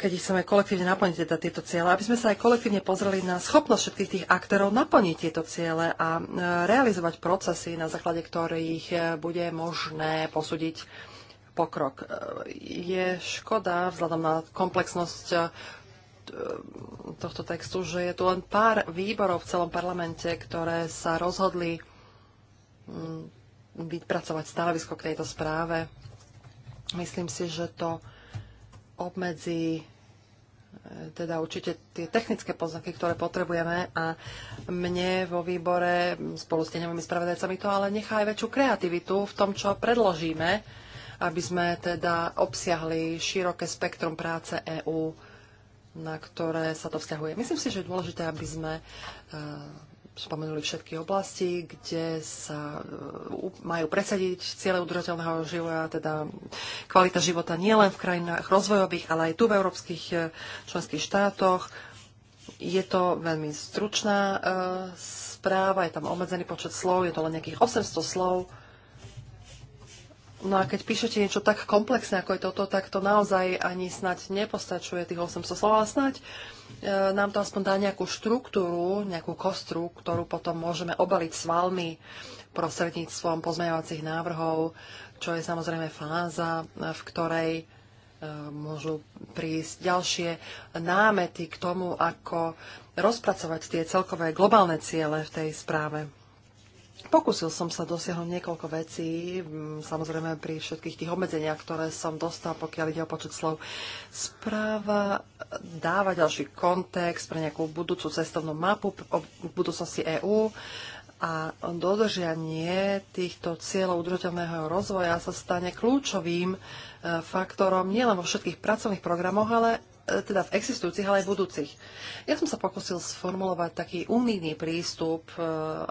keď chceme kolektívne naplniť teda tieto ciele, aby sme sa aj kolektívne pozreli na schopnosť všetkých tých aktérov naplniť tieto ciele a realizovať procesy, na základe ktorých bude možné posúdiť pokrok. E, je škoda, vzhľadom na komplexnosť e, tohto textu, že je tu len pár výborov v celom parlamente, ktoré sa rozhodli mm, vypracovať stanovisko k tejto správe. Myslím si, že to obmedzí e, teda určite tie technické poznaky, ktoré potrebujeme a mne vo výbore spolu s teňovými spravodajcami to ale nechá aj väčšiu kreativitu v tom, čo predložíme aby sme teda obsiahli široké spektrum práce EÚ, na ktoré sa to vzťahuje. Myslím si, že je dôležité, aby sme e, spomenuli všetky oblasti, kde sa e, majú presadiť cieľe udržateľného života, teda kvalita života nielen v krajinách rozvojových, ale aj tu v európskych e, členských štátoch. Je to veľmi stručná správa, je tam obmedzený počet slov, je to len nejakých 800 slov. No a keď píšete niečo tak komplexné, ako je toto, tak to naozaj ani snať nepostačuje tých 800 slov, ale snať e, nám to aspoň dá nejakú štruktúru, nejakú kostru, ktorú potom môžeme obaliť svalmi prostredníctvom pozmeňovacích návrhov, čo je samozrejme fáza, e, v ktorej e, môžu prísť ďalšie námety k tomu, ako rozpracovať tie celkové globálne ciele v tej správe. Pokúsil som sa dosiahnuť niekoľko vecí, samozrejme pri všetkých tých obmedzeniach, ktoré som dostal, pokiaľ ide o počet slov. Správa dáva ďalší kontext pre nejakú budúcu cestovnú mapu o budúcnosti EÚ a dodržanie týchto cieľov udržateľného rozvoja sa stane kľúčovým e, faktorom nielen vo všetkých pracovných programoch, ale teda v existujúcich, ale aj v budúcich. Ja som sa pokusil sformulovať taký unijný prístup, e,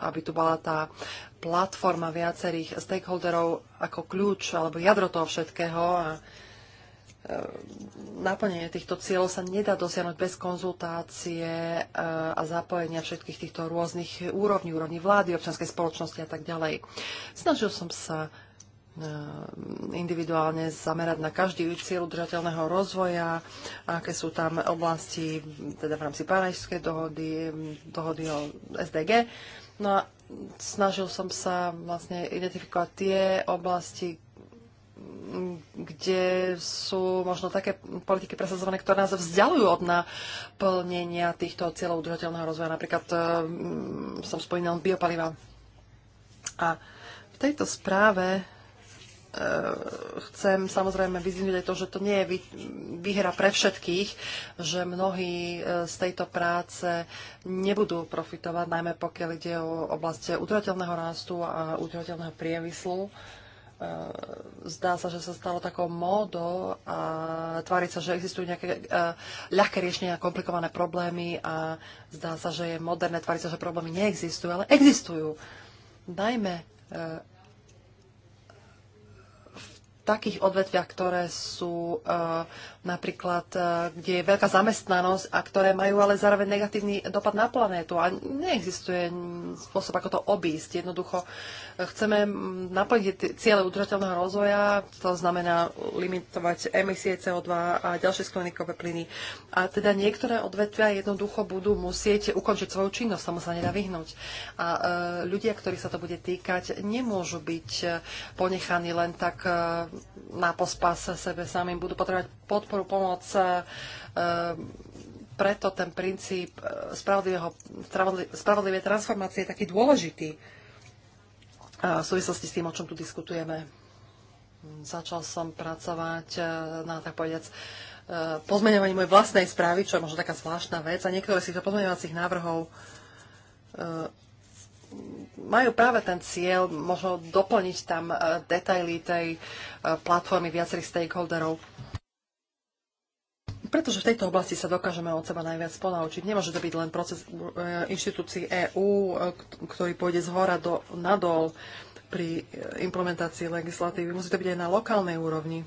aby tu bola tá platforma viacerých stakeholderov ako kľúč alebo jadro toho všetkého a e, naplnenie týchto cieľov sa nedá dosiahnuť bez konzultácie e, a zapojenia všetkých týchto rôznych úrovní, úrovní vlády, občianskej spoločnosti a tak ďalej. Snažil som sa E, individuálne zamerať na každý cieľ udržateľného rozvoja, aké sú tam oblasti, teda v rámci Parajskej dohody, dohody o SDG. No a snažil som sa vlastne identifikovať tie oblasti, kde sú možno také politiky presadzované, ktoré nás vzdialujú od naplnenia týchto cieľov udržateľného rozvoja. Napríklad e, som spomínal biopaliva. A v tejto správe Eh, chcem samozrejme vyzvinúť aj to, že to nie je výhra pre všetkých, že mnohí eh, z tejto práce nebudú profitovať, najmä pokiaľ ide o oblasti udržateľného rástu a udržateľného priemyslu. Eh, zdá sa, že sa stalo takou módou a tvári sa, že existujú nejaké ľahké riešenia, komplikované problémy a zdá sa, že je moderné tvári sa, že problémy neexistujú, ale existujú. Najmä takých odvetviach, ktoré sú eh, napríklad, e, kde je veľká zamestnanosť a ktoré majú ale zároveň negatívny dopad na planétu. A neexistuje spôsob, ako to obísť. Jednoducho e, chceme naplniť cieľe udržateľného rozvoja, to znamená limitovať emisie CO2 a ďalšie skleníkové plyny. A teda niektoré odvetvia jednoducho budú musieť ukončiť svoju činnosť, tomu sa nedá vyhnúť. A e, ľudia, ktorých sa to bude týkať, nemôžu byť ponechaní len tak na pospas sebe samým, budú potrebovať podporu podporu, pomoc. E, e, preto ten princíp e, spravodlivej transformácie je taký dôležitý v súvislosti s tým, o čom tu diskutujeme. Začal som pracovať na, tak povedať, pozmeňovaní mojej vlastnej správy, čo je možno taká zvláštna vec. A niektoré z týchto pozmeňovacích návrhov majú práve ten cieľ možno doplniť tam detaily tej platformy viacerých stakeholderov pretože v tejto oblasti sa dokážeme od seba najviac ponaučiť. Nemôže to byť len proces e, inštitúcií EÚ, e, ktorý pôjde z hora do, nadol pri e, implementácii legislatívy. Musí to byť aj na lokálnej úrovni.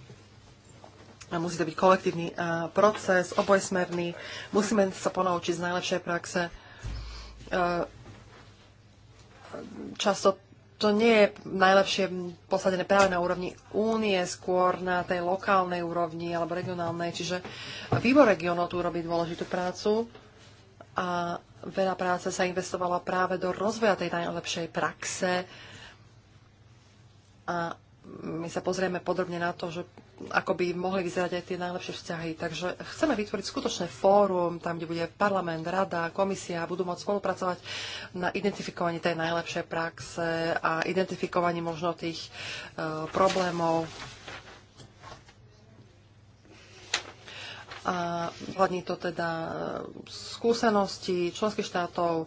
A musí to byť kolektívny proces, obojsmerný. Musíme sa ponaučiť z najlepšej praxe. Často to nie je najlepšie posadené práve na úrovni únie, skôr na tej lokálnej úrovni alebo regionálnej. Čiže výbor regionov tu robí dôležitú prácu a veľa práce sa investovala práve do rozvoja tej najlepšej praxe. A my sa pozrieme podrobne na to, že ako by mohli vyzerať aj tie najlepšie vzťahy. Takže chceme vytvoriť skutočné fórum, tam, kde bude parlament, rada, komisia, budú môcť spolupracovať na identifikovaní tej najlepšej praxe a identifikovaní možno tých e, problémov. A hľadní to teda e, skúsenosti členských štátov, e,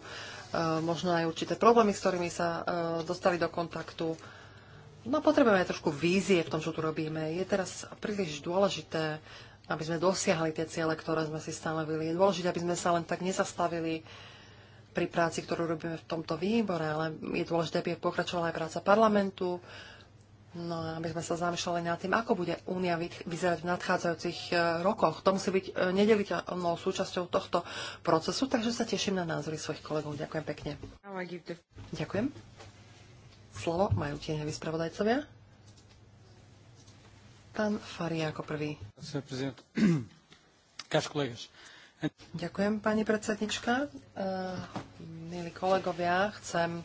možno aj určité problémy, s ktorými sa e, dostali do kontaktu No potrebujeme aj trošku vízie v tom, čo tu robíme. Je teraz príliš dôležité, aby sme dosiahli tie ciele, ktoré sme si stanovili. Je dôležité, aby sme sa len tak nezastavili pri práci, ktorú robíme v tomto výbore, ale je dôležité, aby pokračovala aj práca parlamentu, No a aby sme sa zamýšľali nad tým, ako bude únia vyzerať v nadchádzajúcich e, rokoch. To musí byť e, nedeliteľnou súčasťou tohto procesu, takže sa teším na názory svojich kolegov. Ďakujem pekne. Ďakujem slovo majú tieňoví spravodajcovia. Pán Fari ako prvý. Ďakujem, pani predsednička. Eh, milí kolegovia, chcem eh,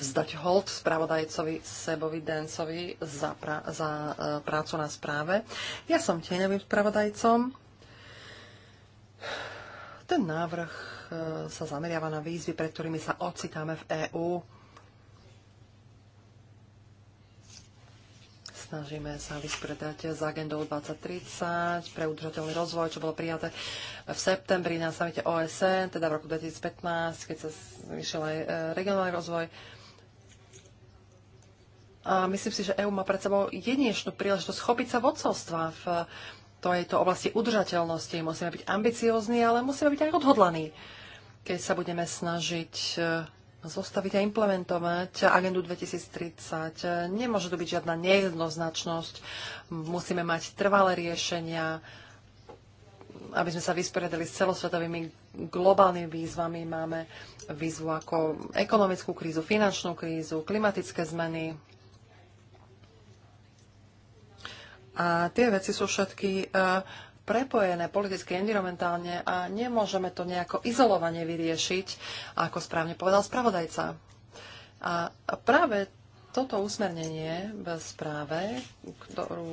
vzdať hold spravodajcovi Sebovi Dencovi za, pra- za eh, prácu na správe. Ja som tieňovým spravodajcom. Ten návrh sa zameriava na výzvy, pred ktorými sa ocitáme v EÚ snažíme sa vyspredať s agendou 2030 pre udržateľný rozvoj, čo bolo prijaté v septembri na samite OSN, teda v roku 2015, keď sa vyšiel aj e, regionálny rozvoj. A myslím si, že EÚ má pred sebou jedinečnú príležitosť chopiť sa vodcovstva v tejto oblasti udržateľnosti. Musíme byť ambiciózni, ale musíme byť aj odhodlaní, keď sa budeme snažiť e, zostaviť a implementovať agendu 2030. Nemôže to byť žiadna nejednoznačnosť. Musíme mať trvalé riešenia, aby sme sa vysporiadali s celosvetovými globálnymi výzvami. Máme výzvu ako ekonomickú krízu, finančnú krízu, klimatické zmeny. A tie veci sú všetky uh, prepojené politicky, environmentálne a nemôžeme to nejako izolovane vyriešiť, ako správne povedal spravodajca. A práve toto usmernenie v správe, ktorú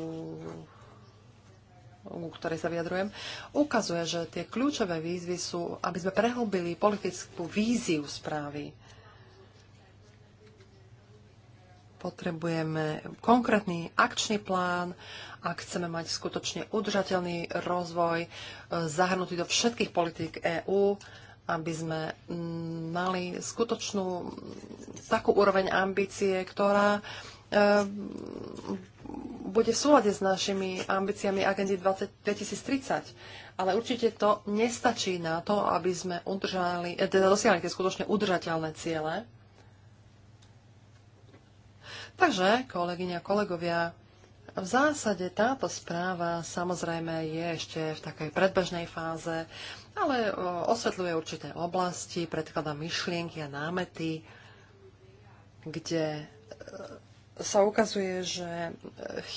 u ktorej sa vyjadrujem, ukazuje, že tie kľúčové výzvy sú, aby sme prehlbili politickú víziu správy. Potrebujeme konkrétny akčný plán ak chceme mať skutočne udržateľný rozvoj e, zahrnutý do všetkých politík EÚ, aby sme mali skutočnú takú úroveň ambície, ktorá e, bude v súlade s našimi ambíciami agendy 2030. Ale určite to nestačí na to, aby sme udržali, e, teda dosiahli tie skutočne udržateľné ciele. Takže, kolegyňa, kolegovia, v zásade táto správa samozrejme je ešte v takej predbežnej fáze, ale osvetľuje určité oblasti, predkladá myšlienky a námety, kde e, sa ukazuje, že e,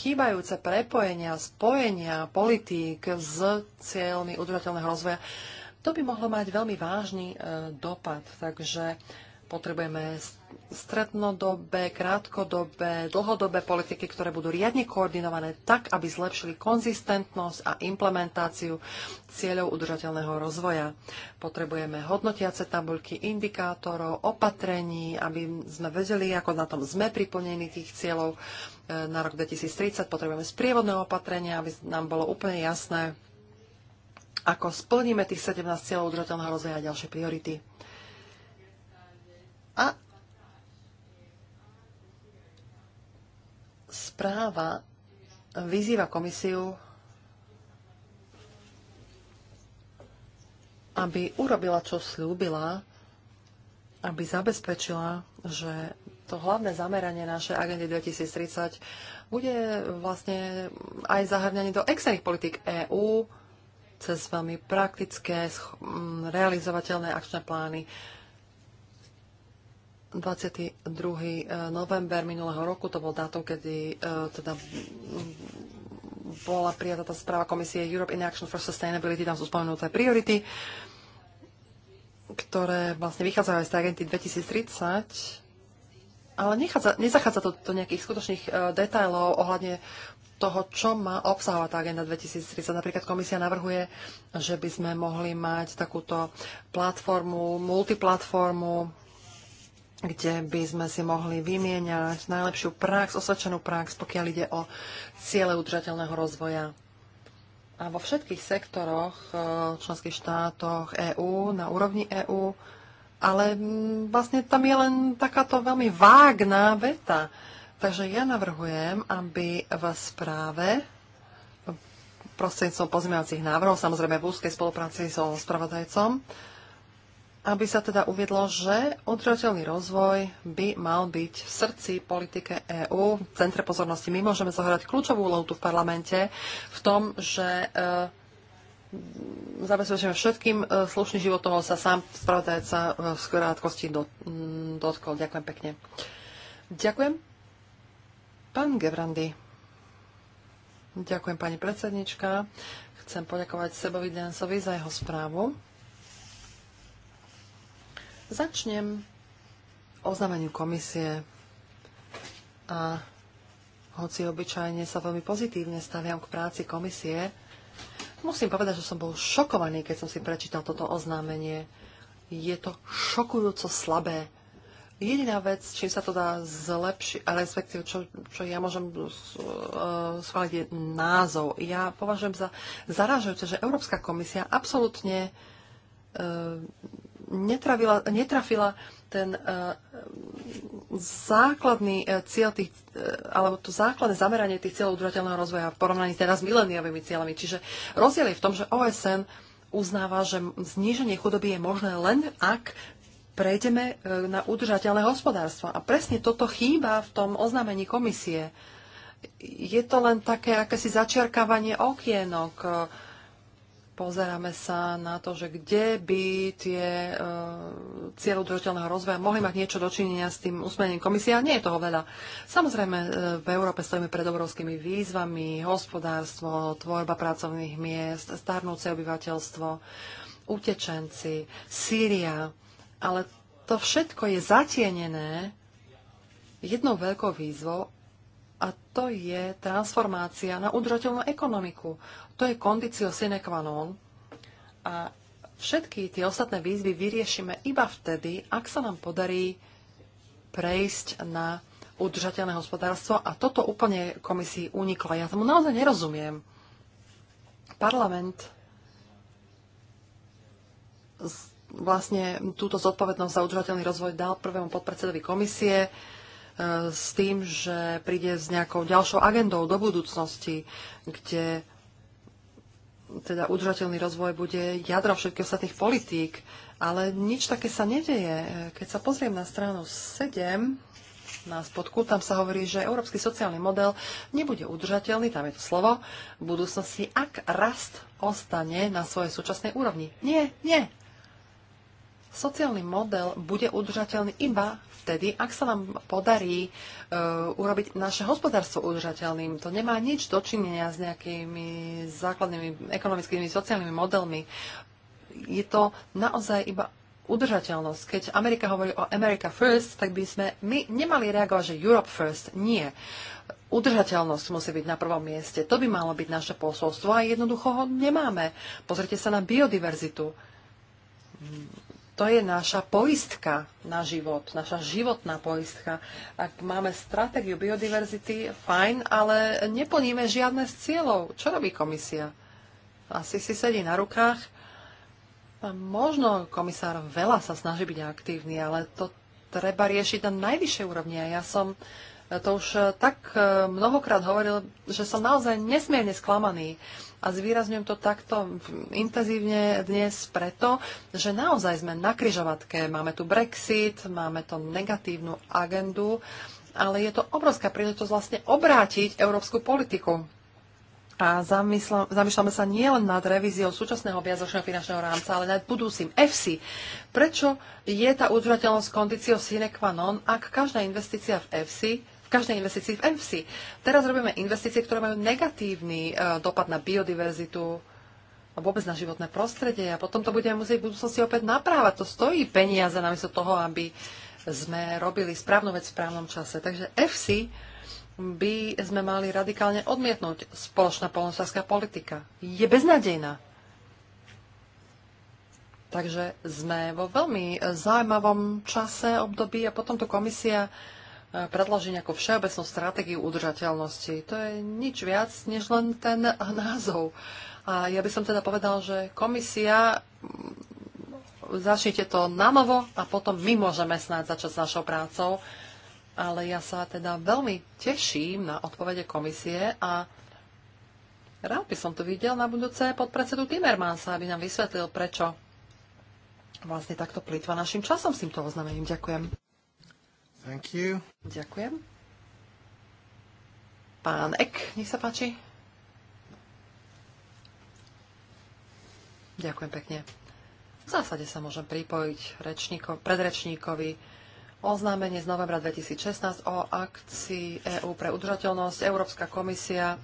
chýbajúce prepojenia, spojenia politík s cieľmi udržateľného rozvoja, to by mohlo mať veľmi vážny e, dopad. Takže potrebujeme strednodobé, krátkodobé, dlhodobé politiky, ktoré budú riadne koordinované tak, aby zlepšili konzistentnosť a implementáciu cieľov udržateľného rozvoja. Potrebujeme hodnotiace tabuľky, indikátorov, opatrení, aby sme vedeli, ako na tom sme priplnení tých cieľov e, na rok 2030. Potrebujeme sprievodné opatrenia, aby nám bolo úplne jasné, ako splníme tých 17 cieľov udržateľného rozvoja a ďalšie priority. A správa vyzýva komisiu, aby urobila, čo slúbila, aby zabezpečila, že to hlavné zameranie našej agendy 2030 bude vlastne aj zahrňanie do externých politik EÚ cez veľmi praktické, realizovateľné akčné plány 22. E, november minulého roku, to bol dátum, kedy e, teda bola prijatá tá správa komisie Europe in Action for Sustainability, tam sú spomenuté priority, ktoré vlastne vychádzajú aj z agenty 2030, ale nechádza, nezachádza to do nejakých skutočných e, detailov ohľadne toho, čo má obsahovať tá agenda 2030. Napríklad komisia navrhuje, že by sme mohli mať takúto platformu, multiplatformu, kde by sme si mohli vymieňať najlepšiu prax, osvedčenú prax, pokiaľ ide o ciele udržateľného rozvoja. A vo všetkých sektoroch, e, členských štátoch EÚ, na úrovni EÚ, ale vlastne tam je len takáto veľmi vágná veta. Takže ja navrhujem, aby v správe prostredníctvom pozmeňovacích návrhov, samozrejme v úzkej spolupráci so spravodajcom, aby sa teda uviedlo, že udržateľný rozvoj by mal byť v srdci politike EÚ, v centre pozornosti. My môžeme zohrať kľúčovú úlohu tu v parlamente v tom, že e, zabezpečujeme všetkým slušným e, slušný život, toho sa sám spravodajca e, v skrátkosti do, dotkol. Ďakujem pekne. Ďakujem. Pán Gevrandy. Ďakujem pani predsednička. Chcem poďakovať Sebovi Densovi za jeho správu Začnem oznámeniu komisie a hoci obyčajne sa veľmi pozitívne staviam k práci komisie, musím povedať, že som bol šokovaný, keď som si prečítal toto oznámenie. Je to šokujúco slabé. Jediná vec, čím sa to dá zlepšiť, respektíve čo, čo ja môžem e, schváliť, je názov. Ja považujem za zaražujúce, že Európska komisia absolútne e, netravila, netrafila ten e, základný e, cieľ tých, e, alebo to základné zameranie tých cieľov udržateľného rozvoja v porovnaní teda s mileniovými cieľami. Čiže rozdiel je v tom, že OSN uznáva, že zníženie chudoby je možné len ak prejdeme na udržateľné hospodárstvo. A presne toto chýba v tom oznámení komisie. Je to len také akési začiarkávanie okienok, Pozeráme sa na to, že kde by tie e, cieľ udržateľného rozvoja mohli mať niečo dočinenia s tým usmerením komisie, nie je toho veľa. Samozrejme, e, v Európe stojíme pred obrovskými výzvami, hospodárstvo, tvorba pracovných miest, starnúce obyvateľstvo, utečenci, Sýria, ale to všetko je zatienené jednou veľkou výzvou a to je transformácia na udržateľnú ekonomiku. To je kondicio sine qua non. A všetky tie ostatné výzvy vyriešime iba vtedy, ak sa nám podarí prejsť na udržateľné hospodárstvo a toto úplne komisii uniklo. Ja tomu naozaj nerozumiem. Parlament vlastne túto zodpovednosť za udržateľný rozvoj dal prvému podpredsedovi komisie e, s tým, že príde s nejakou ďalšou agendou do budúcnosti, kde teda udržateľný rozvoj bude jadro všetkých ostatných politík, ale nič také sa nedeje. Keď sa pozriem na stranu 7, na spodku, tam sa hovorí, že európsky sociálny model nebude udržateľný, tam je to slovo, v budúcnosti, ak rast ostane na svojej súčasnej úrovni. Nie, nie, Sociálny model bude udržateľný iba vtedy, ak sa nám podarí e, urobiť naše hospodárstvo udržateľným. To nemá nič dočinenia s nejakými základnými ekonomickými, sociálnymi modelmi. Je to naozaj iba udržateľnosť. Keď Amerika hovorí o America First, tak by sme my nemali reagovať, že Europe First. Nie. Udržateľnosť musí byť na prvom mieste. To by malo byť naše posolstvo a jednoducho ho nemáme. Pozrite sa na biodiverzitu to je naša poistka na život, naša životná poistka. Ak máme stratégiu biodiverzity, fajn, ale neplníme žiadne z cieľov. Čo robí komisia? Asi si sedí na rukách. A možno komisár veľa sa snaží byť aktívny, ale to treba riešiť na najvyššej úrovni. A ja som uh, to už eh, tak eh, mnohokrát hovoril, že som naozaj nesmierne sklamaný. A zvýrazňujem to takto intenzívne dnes preto, že naozaj sme na kryžovatke. Máme tu Brexit, máme tu negatívnu agendu, ale je to obrovská príležitosť vlastne obrátiť európsku politiku. A zamýšľame sa nielen nad revíziou súčasného viazočného finančného rámca, ale nad budúcim EFSI. Prečo je tá udržateľnosť kondíciou sine qua non, ak každá investícia v EFSI každej investícii v EMSI. Teraz robíme investície, ktoré majú negatívny e, dopad na biodiverzitu a vôbec na životné prostredie a potom to budeme musieť v budúcnosti opäť naprávať. To stojí peniaze namiesto toho, aby sme robili správnu vec v správnom čase. Takže FC by sme mali radikálne odmietnúť. Spoločná polnospodárska politika je beznadejná. Takže sme vo veľmi e, zaujímavom čase, období a potom to komisia predloží nejakú všeobecnú stratégiu udržateľnosti. To je nič viac, než len ten názov. A ja by som teda povedal, že komisia mm, začnite to na novo a potom my môžeme snáď začať s našou prácou. Ale ja sa teda veľmi teším na odpovede komisie a rád by som to videl na budúce podpredsedu Timmermansa, aby nám vysvetlil, prečo vlastne takto plýtva našim časom s týmto oznamením. Ďakujem. Thank you. Ďakujem. Pán Ek, nech sa páči. Ďakujem pekne. V zásade sa môžem pripojiť rečníko, predrečníkovi oznámenie z novembra 2016 o akcii EÚ pre udržateľnosť. Európska komisia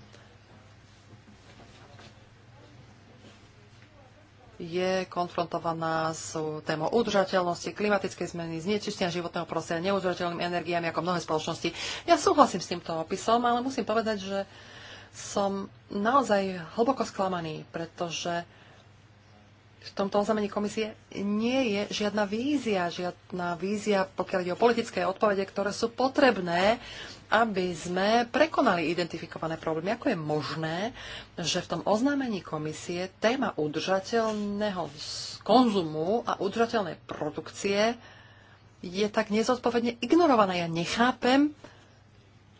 je konfrontovaná s témou udržateľnosti, klimatickej zmeny, znečistenia životného prostredia, neudržateľnými energiami ako mnohé spoločnosti. Ja súhlasím s týmto opisom, ale musím povedať, že som naozaj hlboko sklamaný, pretože v tomto oznámení komisie nie je žiadna vízia, žiadna vízia, pokiaľ ide o politické odpovede, ktoré sú potrebné aby sme prekonali identifikované problémy. Ako je možné, že v tom oznámení komisie téma udržateľného konzumu a udržateľnej produkcie je tak nezodpovedne ignorovaná. Ja nechápem,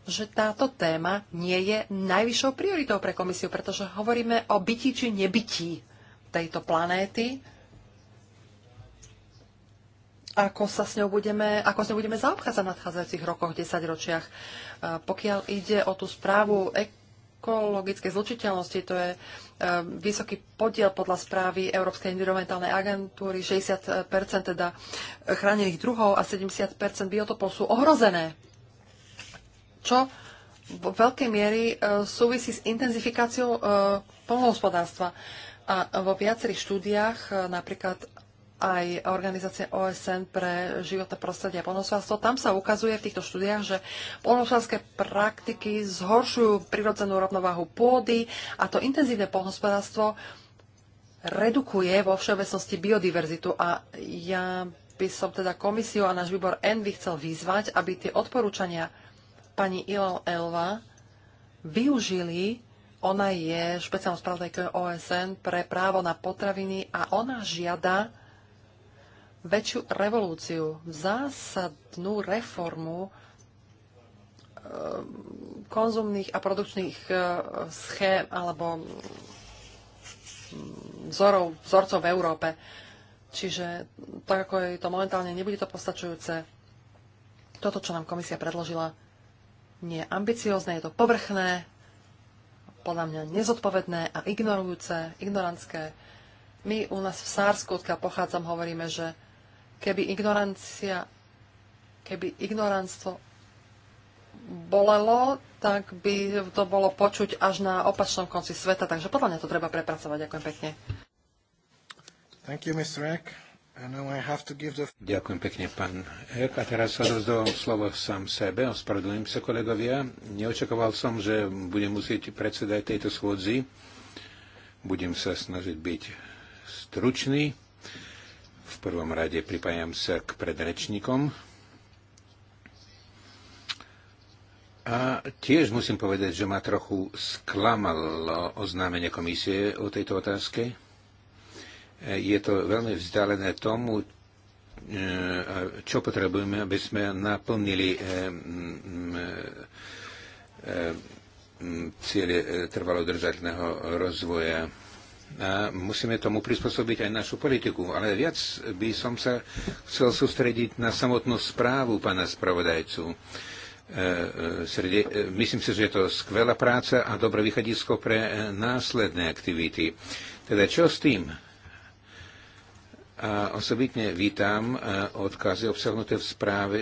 že táto téma nie je najvyššou prioritou pre komisiu, pretože hovoríme o byti či nebytí tejto planéty ako sa s ňou budeme, ako s ňou budeme zaobchádzať v nadchádzajúcich rokoch, desaťročiach. E, pokiaľ ide o tú správu ekologickej zlučiteľnosti, to je e, vysoký podiel podľa správy Európskej environmentálnej agentúry, 60 teda e, chránených druhov a 70 biotopov sú ohrozené. Čo v veľkej miery súvisí s intenzifikáciou polnohospodárstva. A vo viacerých štúdiách, napríklad aj organizácia OSN pre životné prostredie a polnohospodárstvo. Tam sa ukazuje v týchto štúdiách, že polnohospodárske praktiky zhoršujú prirodzenú rovnováhu pôdy a to intenzívne polnohospodárstvo redukuje vo všeobecnosti biodiverzitu a ja by som teda komisiu a náš výbor Envy chcel vyzvať, aby tie odporúčania pani Ilal Elva využili ona je špeciálnou spravodajkou OSN pre právo na potraviny a ona žiada väčšiu revolúciu, zásadnú reformu eh, konzumných a produkčných eh, schém alebo mm, vzorov, vzorcov v Európe. Čiže tak, ako je to momentálne, nebude to postačujúce. Toto, čo nám komisia predložila, nie je ambiciózne, je to povrchné, podľa mňa nezodpovedné a ignorujúce, ignorantské. My u nás v Sársku, odkiaľ pochádzam, hovoríme, že Keby ignorancia, keby ignoranstvo bolelo, tak by to bolo počuť až na opačnom konci sveta. Takže podľa mňa to treba prepracovať. Ďakujem pekne. Thank you, Mr. Eck. I have to give the... Ďakujem pekne, pán Ek. A teraz sa rozdávam slovo sám sebe. Ospravedlňujem sa, kolegovia. Neočakoval som, že budem musieť predsedať tejto schôdzi. Budem sa snažiť byť stručný prvom rade pripájam sa k predrečníkom. A tiež musím povedať, že ma trochu sklamalo oznámenie komisie o tejto otázke. Je to veľmi vzdialené tomu, e, čo potrebujeme, aby sme naplnili e, e, cieľe trvalo rozvoja musíme tomu prispôsobiť aj našu politiku. Ale viac by som sa chcel sústrediť na samotnú správu pána spravodajcu. E, e, e, myslím si, že je to skvelá práca a dobré východisko pre následné aktivity. Teda čo s tým? A osobitne vítam odkazy obsahnuté v správe,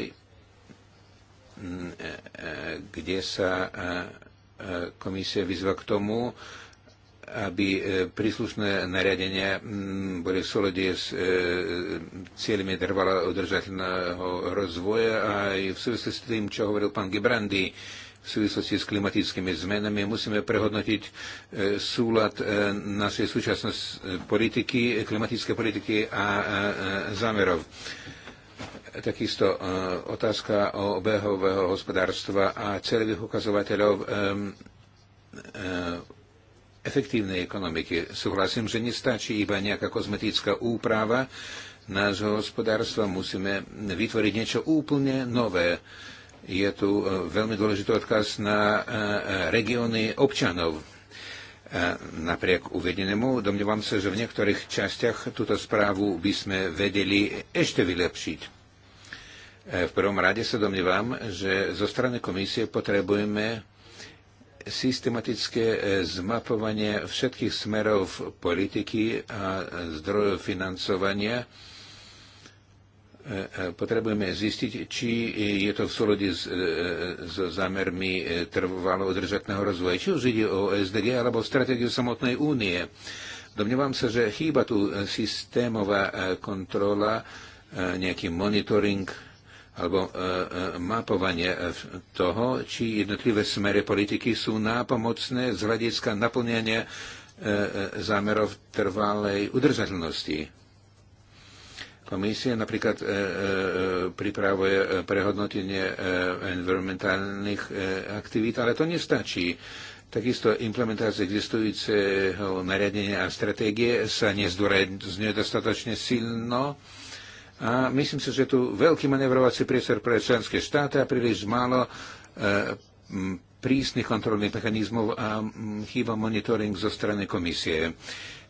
kde sa komisia vyzva k tomu, aby e, príslušné nariadenia mm, boli v súlade s e, cieľmi trvalo udržateľného rozvoja a aj v súvislosti s tým, čo hovoril pán Gibrandy, v súvislosti s klimatickými zmenami musíme prehodnotiť e, súlad našej súčasnosti politiky, klimatické politiky a zámerov. Takisto otázka o obehového hospodárstva a celých ukazovateľov efektívnej ekonomiky. Súhlasím, že nestačí iba nejaká kozmetická úprava nášho hospodárstva. Musíme vytvoriť niečo úplne nové. Je tu e, veľmi dôležitý odkaz na e, regióny občanov. E, napriek uvedenému, domnievam sa, že v niektorých častiach túto správu by sme vedeli ešte vylepšiť. V prvom rade sa domnievam, že zo strany komisie potrebujeme systematické e, zmapovanie všetkých smerov politiky a zdrojov financovania. E, e, potrebujeme zistiť, či je to v súlade s, s zámermi trvalo održatného rozvoja, či už ide o SDG alebo stratégiu samotnej únie. Domnievam sa, že chýba tu systémová kontrola, nejaký monitoring alebo e, e, mapovanie e, toho, či jednotlivé smery politiky sú nápomocné z hľadiska naplňania zámerov trvalej udržateľnosti. Komisia napríklad e, e, pripravuje prehodnotenie e, environmentálnych e, aktivít, ale to nestačí. Takisto implementácia existujúceho nariadenia a stratégie sa nezdôrazňuje dostatočne silno. E, a myslím si, že tu veľký manevrovací priestor pre členské štáty a príliš málo e, prísnych kontrolných mechanizmov a chýba monitoring zo strany komisie.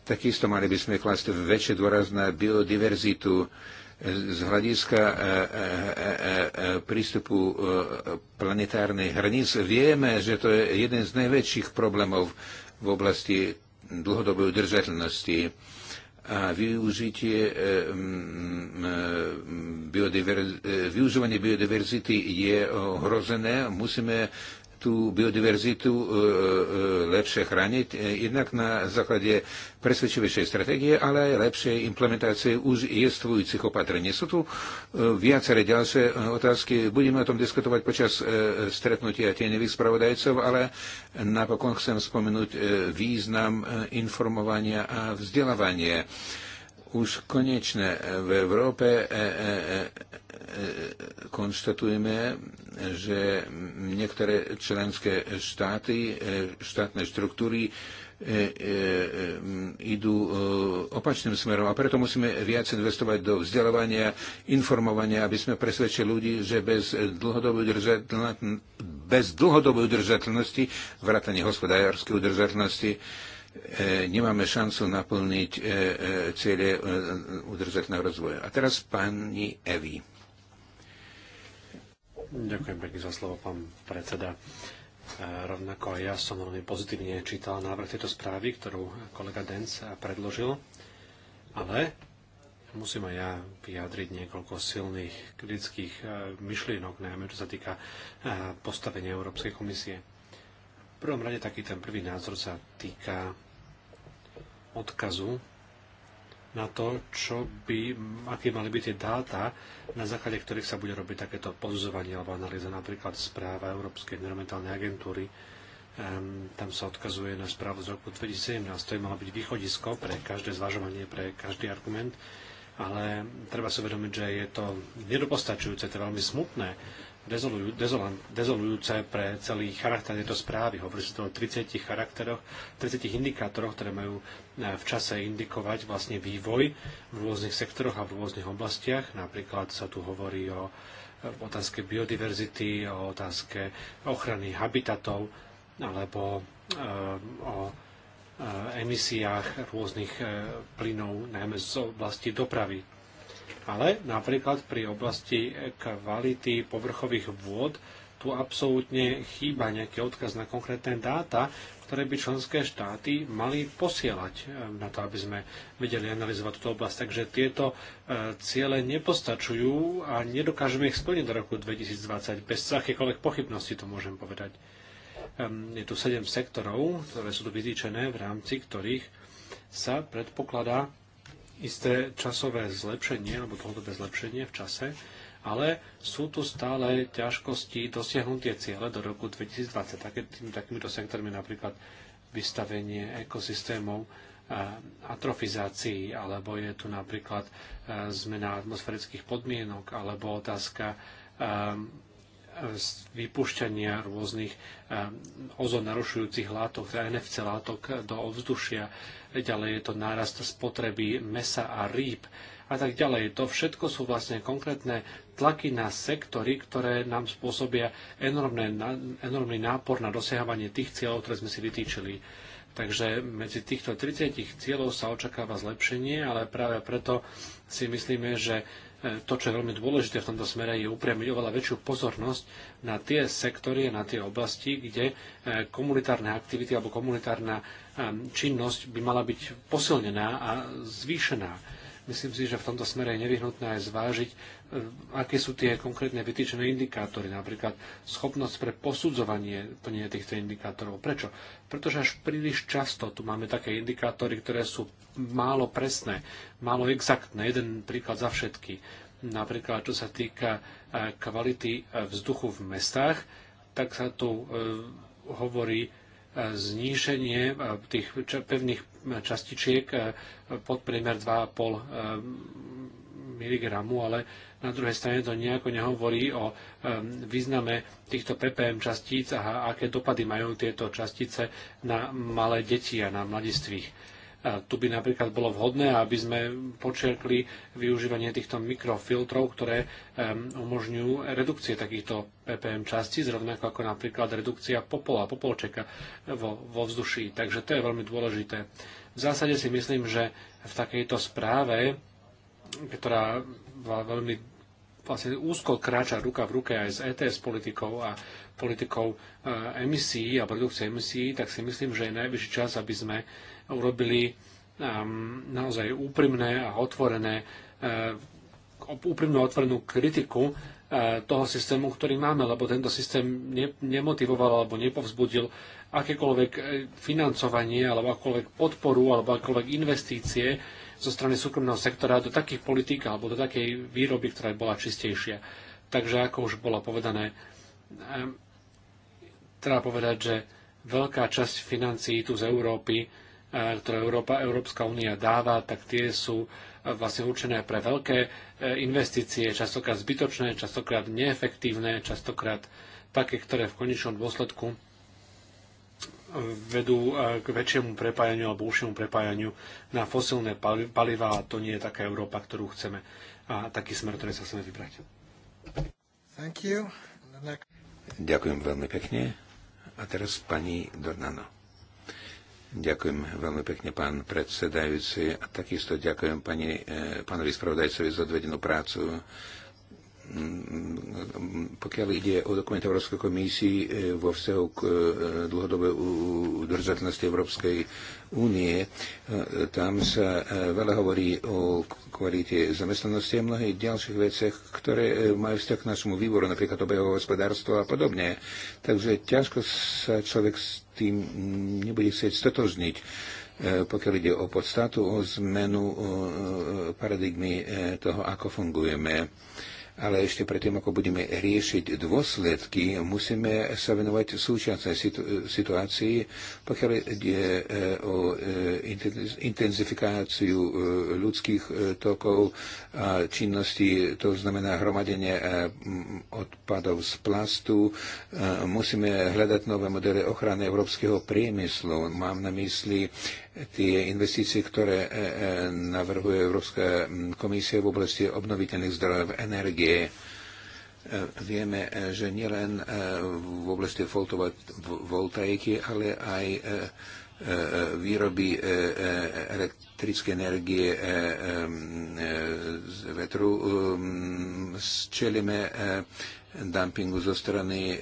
Takisto mali by sme klásť väčšie dôraz na biodiverzitu e, z hľadiska e, prístupu planetárnych hraníc. Vieme, že to je jeden z najväčších problémov v oblasti dlhodobej udržateľnosti a využitie, e, e, biodiverz, e, využívanie biodiverzity je ohrozené. Musíme tú biodiverzitu e, e, lepšie chrániť, e, jednak na základe presvedčivejšej stratégie, ale aj lepšej implementácie už existujúcich opatrení. Sú tu viaceré ďalšie otázky. Budeme o tom diskutovať počas stretnutia tieňových spravodajcov, ale napokon chcem spomenúť význam informovania a vzdelávania. Už konečne v Európe E, konštatujeme, že niektoré členské štáty, e, štátne štruktúry e, idú opačným smerom a preto musíme viac investovať do vzdelávania, informovania, aby sme presvedčili ľudí, že bez dlhodobej, bez dlhodobej udržateľnosti, vrátanie hospodárskej udržateľnosti, nemáme šancu naplniť cieľe udržateľného rozvoja. A teraz pani Evi. Ďakujem pekne za slovo, pán predseda. E, rovnako aj ja som veľmi pozitívne čítal návrh tejto správy, ktorú kolega Denc predložil, ale musím aj ja vyjadriť niekoľko silných kritických e, myšlienok, najmä čo sa týka e, postavenia Európskej komisie. V prvom rade taký ten prvý názor sa týka odkazu na to, čo by, aké mali byť tie dáta, na základe ktorých sa bude robiť takéto podzovanie alebo analýza, napríklad správa Európskej environmentálnej agentúry, um, tam sa odkazuje na správu z roku 2017, to je malo byť východisko pre každé zvažovanie, pre každý argument, ale treba si uvedomiť, že je to nedopostačujúce, to je veľmi smutné, dezolujú, dezolan, dezolujúce pre celý charakter tejto správy. Hovorí sa to o 30 charakteroch, 30 indikátoroch, ktoré majú e, v čase indikovať vlastne vývoj v rôznych sektoroch a v rôznych oblastiach. Napríklad sa tu hovorí o e, otázke biodiverzity, o otázke ochrany habitatov alebo e, o emisiách rôznych plynov, najmä z oblasti dopravy ale napríklad pri oblasti kvality povrchových vôd tu absolútne chýba nejaký odkaz na konkrétne dáta, ktoré by členské štáty mali posielať eh, na to, aby sme vedeli analyzovať túto oblasť. Takže tieto eh, ciele nepostačujú a nedokážeme ich splniť do roku 2020. Bez akékoľvek pochybnosti to môžem povedať. Ehm, je tu sedem sektorov, ktoré sú tu vytýčené, v rámci ktorých sa predpokladá isté časové zlepšenie alebo dlhodobé zlepšenie v čase, ale sú tu stále ťažkosti dosiahnuť tie ciele do roku 2020. Také, tým, takýmito sektormi napríklad vystavenie ekosystémov atrofizácií, alebo je tu napríklad zmena atmosférických podmienok, alebo otázka vypúšťania rôznych ozon narušujúcich látok, NFC látok do ovzdušia ďalej je to nárast spotreby mesa a rýb a tak ďalej. To všetko sú vlastne konkrétne tlaky na sektory, ktoré nám spôsobia enormné, enormný nápor na dosiahovanie tých cieľov, ktoré sme si vytýčili. Takže medzi týchto 30 cieľov sa očakáva zlepšenie, ale práve preto si myslíme, že e, to, čo je veľmi dôležité v tomto smere, je upriamiť oveľa väčšiu pozornosť na tie sektory na tie oblasti, kde e, komunitárne aktivity alebo komunitárna činnosť by mala byť posilnená a zvýšená. Myslím si, že v tomto smere je nevyhnutné aj zvážiť, e, aké sú tie konkrétne vytýčené indikátory, napríklad schopnosť pre posudzovanie plnenia týchto indikátorov. Prečo? Pretože až príliš často tu máme také indikátory, ktoré sú málo presné, málo exaktné. Jeden príklad za všetky. Napríklad, čo sa týka e, kvality e, vzduchu v mestách, tak sa tu hovorí zníšenie eh, tých pevných častičiek eh, pod priemer 2,5 eh, mg, ale na druhej strane to nejako nehovorí o význame týchto ppm častíc a aké dopady majú tieto častice na malé deti a na mladistvých tu by napríklad bolo vhodné, aby sme počerkli využívanie týchto mikrofiltrov, ktoré umožňujú redukcie takýchto ppm častíc, rovnako ako napríklad redukcia popola, popolčeka vo, vo vzduší. Takže to je veľmi dôležité. V zásade si myslím, že v takejto správe, ktorá veľmi vlastne úzko kráča ruka v ruke aj s ETS politikou a politikou e, emisí a produkcie emisí, tak si myslím, že je najvyšší čas, aby sme urobili ehm, naozaj úprimné a otvorené, eh, úprimnú otvorenú kritiku eh, toho systému, ktorý máme, lebo tento systém ne, nemotivoval alebo nepovzbudil akékoľvek eh, financovanie alebo akoľvek podporu alebo akoľvek investície zo strany súkromného sektora do takých politík alebo do takej výroby, ktorá bola čistejšia. Takže ako už bolo povedané, ehm, treba povedať, že veľká časť financií tu z Európy Eh, ktoré Európa, Európska únia dáva, tak tie sú eh, vlastne určené pre veľké eh, investície, častokrát zbytočné, častokrát neefektívne, častokrát také, ktoré v konečnom dôsledku vedú k väčšiemu prepájaniu alebo užšiemu prepájaniu na fosilné paliva a to nie je taká Európa, ktorú chceme a taký smer, ktorý sa chceme vybrať. Ďakujem veľmi pekne. A teraz pani Dornano. Ďakujem veľmi pekne, pán predsedajúci, a takisto ďakujem pani, eh, pánovi spravodajcovi za odvedenú prácu. Mm, mm, pokiaľ ide o dokument Európskej komisii eh, vo vzťahu k eh, dlhodobej udržateľnosti Európskej únie, tam sa veľa hovorí o kvalite zamestnanosti a mnohých ďalších veciach, ktoré majú vzťah k našemu výboru, napríklad obehového hospodárstva a podobne. Takže ťažko sa človek tým nebude chcieť stotožniť e, pokiaľ ide o podstatu, o zmenu e, e, paradigmy toho, ako fungujeme ale ešte predtým, ako budeme riešiť dôsledky, musíme sa venovať súčasnej situ- situácii, pokiaľ ide e, o e, intenzifikáciu e, ľudských tokov a činností, to znamená hromadenie odpadov z plastu. Musíme hľadať nové modely ochrany európskeho priemyslu. Mám na mysli tie investície, ktoré e, e, navrhuje Európska komisia v oblasti obnoviteľných zdrojov energie. E, vieme, že nielen v oblasti voltaiky, ale aj výroby elektrické energie z vetru čelíme dumpingu zo strany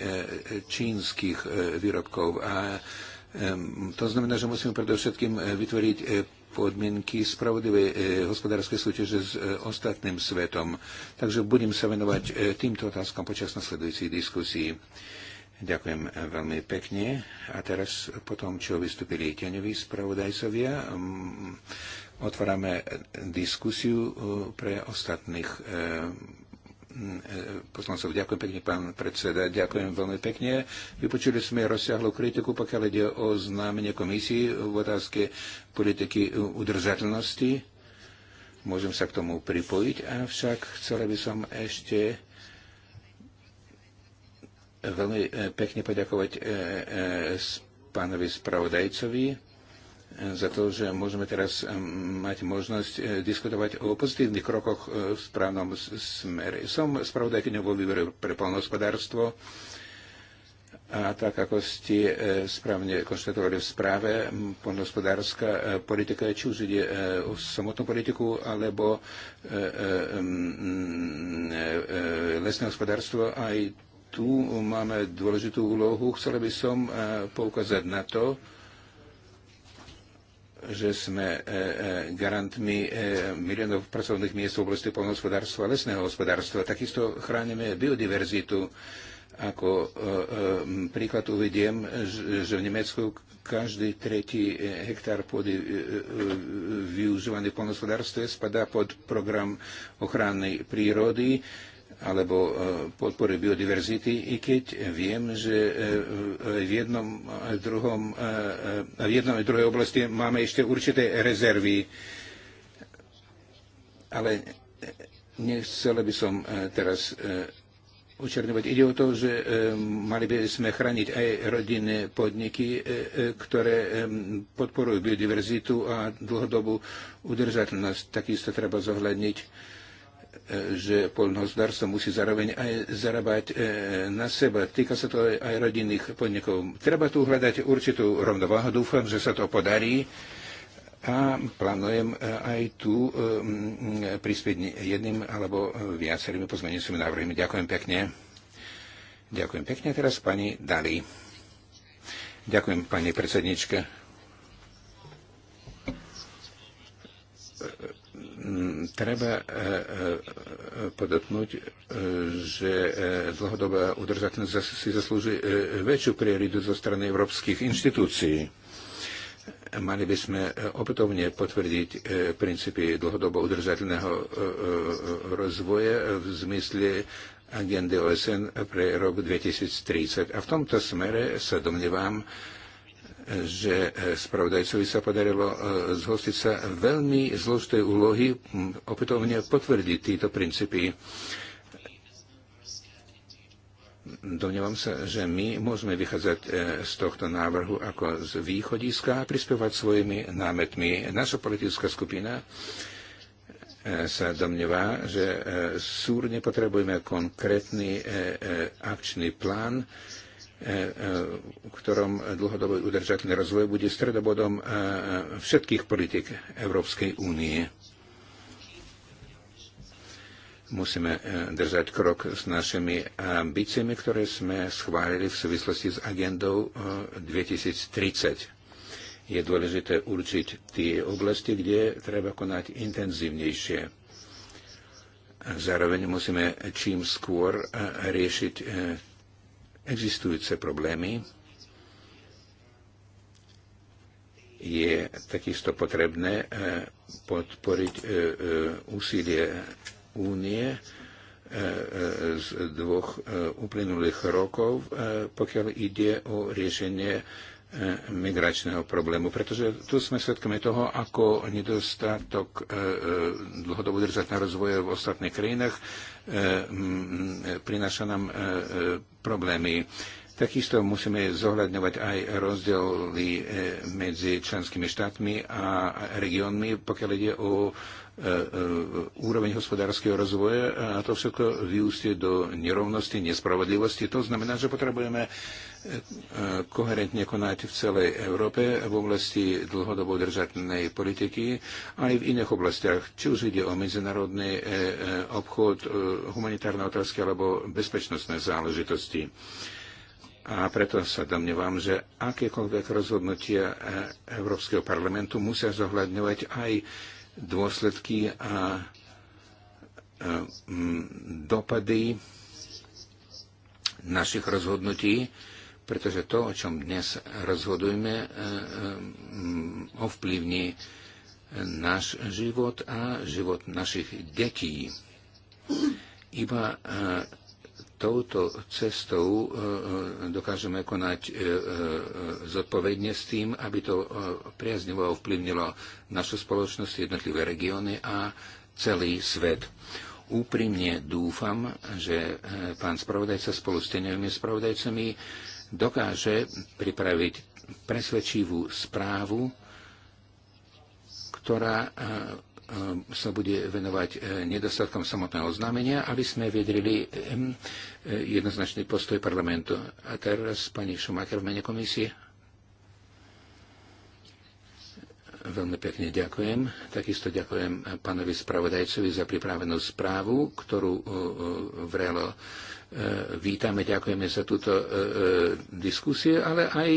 čínskych výrobkov a to znamená, že musíme predovšetkým e, vytvoriť e, podmienky spravodlivej e, hospodárskej súťaže s ostatným svetom. Takže budem sa venovať týmto otázkam počas nasledujúcich diskusí. Ďakujem veľmi pekne. A teraz po tom, čo vystúpili tieňoví spravodajcovia, otvárame diskusiu pre ostatných Mm, e, poslancov. Ďakujem pekne, pán predseda. Ďakujem veľmi pekne. Vypočuli sme rozsiahlu kritiku, pokiaľ ide o známenie komisii v otázke politiky udržateľnosti. Môžem sa k tomu pripojiť, avšak chcela by som ešte veľmi e, pekne poďakovať e, pánovi spravodajcovi za to, že môžeme teraz mať možnosť e, diskutovať o pozitívnych krokoch e, v správnom smere. Som spravodajkyňou vo výbore pre polnohospodárstvo a tak, ako ste e, správne konštatovali v správe, polnohospodárska politika, či už ide o samotnú politiku, alebo lesné hospodárstvo, aj tu máme dôležitú úlohu. Chcela by som poukázať na to, že sme e, e, garantmi e, miliónov pracovných miest v oblasti polnohospodárstva a lesného hospodárstva. Takisto chránime biodiverzitu. Ako príklad uvediem, že v Nemecku každý tretí hektár pôdy využívaný v polnohospodárstve spadá pod program ochrany prírody alebo e, podpore biodiverzity, i keď viem, že e, v jednom a e, druhom, v jednom a druhej oblasti máme ešte určité rezervy. Ale nechcela by som teraz učerňovať. Ide o to, že mali by sme chrániť aj rodinné podniky, ktoré podporujú biodiverzitu a dlhodobú udržateľnosť. Takisto treba zohľadniť že poľnohospodárstvo musí zároveň aj zarábať e, na seba. Týka sa to aj rodinných podnikov. Treba tu hľadať určitú rovnováhu. Dúfam, že sa to podarí a plánujem e, aj tu e, prispieť jedným alebo viacerými pozmeňujúcimi návrhmi. Ďakujem pekne. Ďakujem pekne teraz pani Dali. Ďakujem pani predsednička Treba e, e, podotknúť, e, že dlhodobá udržateľnosť si zaslúži väčšiu prioritu zo strany európskych inštitúcií. Mali by sme opätovne potvrdiť princípy dlhodobo udržateľného rozvoja v zmysle agendy OSN pre rok 2030. A v tomto smere sa domnievam, že e, spravodajcovi sa podarilo e, zhostiť sa veľmi zložitej úlohy opätovne potvrdiť tieto princípy. Domnievam sa, že my môžeme vychádzať e, z tohto návrhu ako z východiska a prispievať svojimi námetmi. Naša politická skupina sa domnieva, že súrne potrebujeme konkrétny akčný plán, E, e, v ktorom dlhodobý udržateľný rozvoj bude stredobodom e, všetkých politik Európskej únie. Musíme držať krok s našimi ambíciami, ktoré sme schválili v súvislosti s agendou 2030. Je dôležité určiť tie oblasti, kde treba konať intenzívnejšie. Zároveň musíme čím skôr riešiť existujúce problémy. Je takisto potrebné e, podporiť e, e, úsilie únie z dvoch uplynulých rokov, pokiaľ ide o riešenie E, migračného problému, pretože tu sme svedkami toho, ako nedostatok e, e, dlhodobo na rozvoje v ostatných krajinách prináša nám problémy. Takisto musíme zohľadňovať aj rozdiely medzi členskými štátmi a regiónmi, pokiaľ ide o úroveň hospodárskeho rozvoja a to všetko vyústie do nerovnosti, nespravodlivosti. To znamená, že potrebujeme koherentne konať v celej Európe v oblasti dlhodobo držatnej politiky aj v iných oblastiach, či už ide o medzinárodný e, e, obchod, e, humanitárne otázky alebo bezpečnostné záležitosti. A preto sa domnievam, že akékoľvek rozhodnutia Európskeho parlamentu musia zohľadňovať aj dôsledky a dopady našich rozhodnutí pretože to, o čom dnes rozhodujeme, e, e, ovplyvní náš život a život našich detí. Iba e, touto cestou dokážeme konať zodpovedne s tým, aby to priaznivo ovplyvnilo našu spoločnosť, jednotlivé regióny a celý svet. Úprimne dúfam, že pán spravodajca spolu s tenevými spravodajcami dokáže pripraviť presvedčivú správu, ktorá e, e, sa bude venovať e, nedostatkom samotného oznámenia, aby sme vedeli jednoznačný postoj parlamentu. A teraz pani Šumacher v mene komisie. Veľmi pekne ďakujem. Takisto ďakujem pánovi spravodajcovi za pripravenú správu, ktorú vrelo E, vítame, ďakujeme za túto e, e, diskusie, ale aj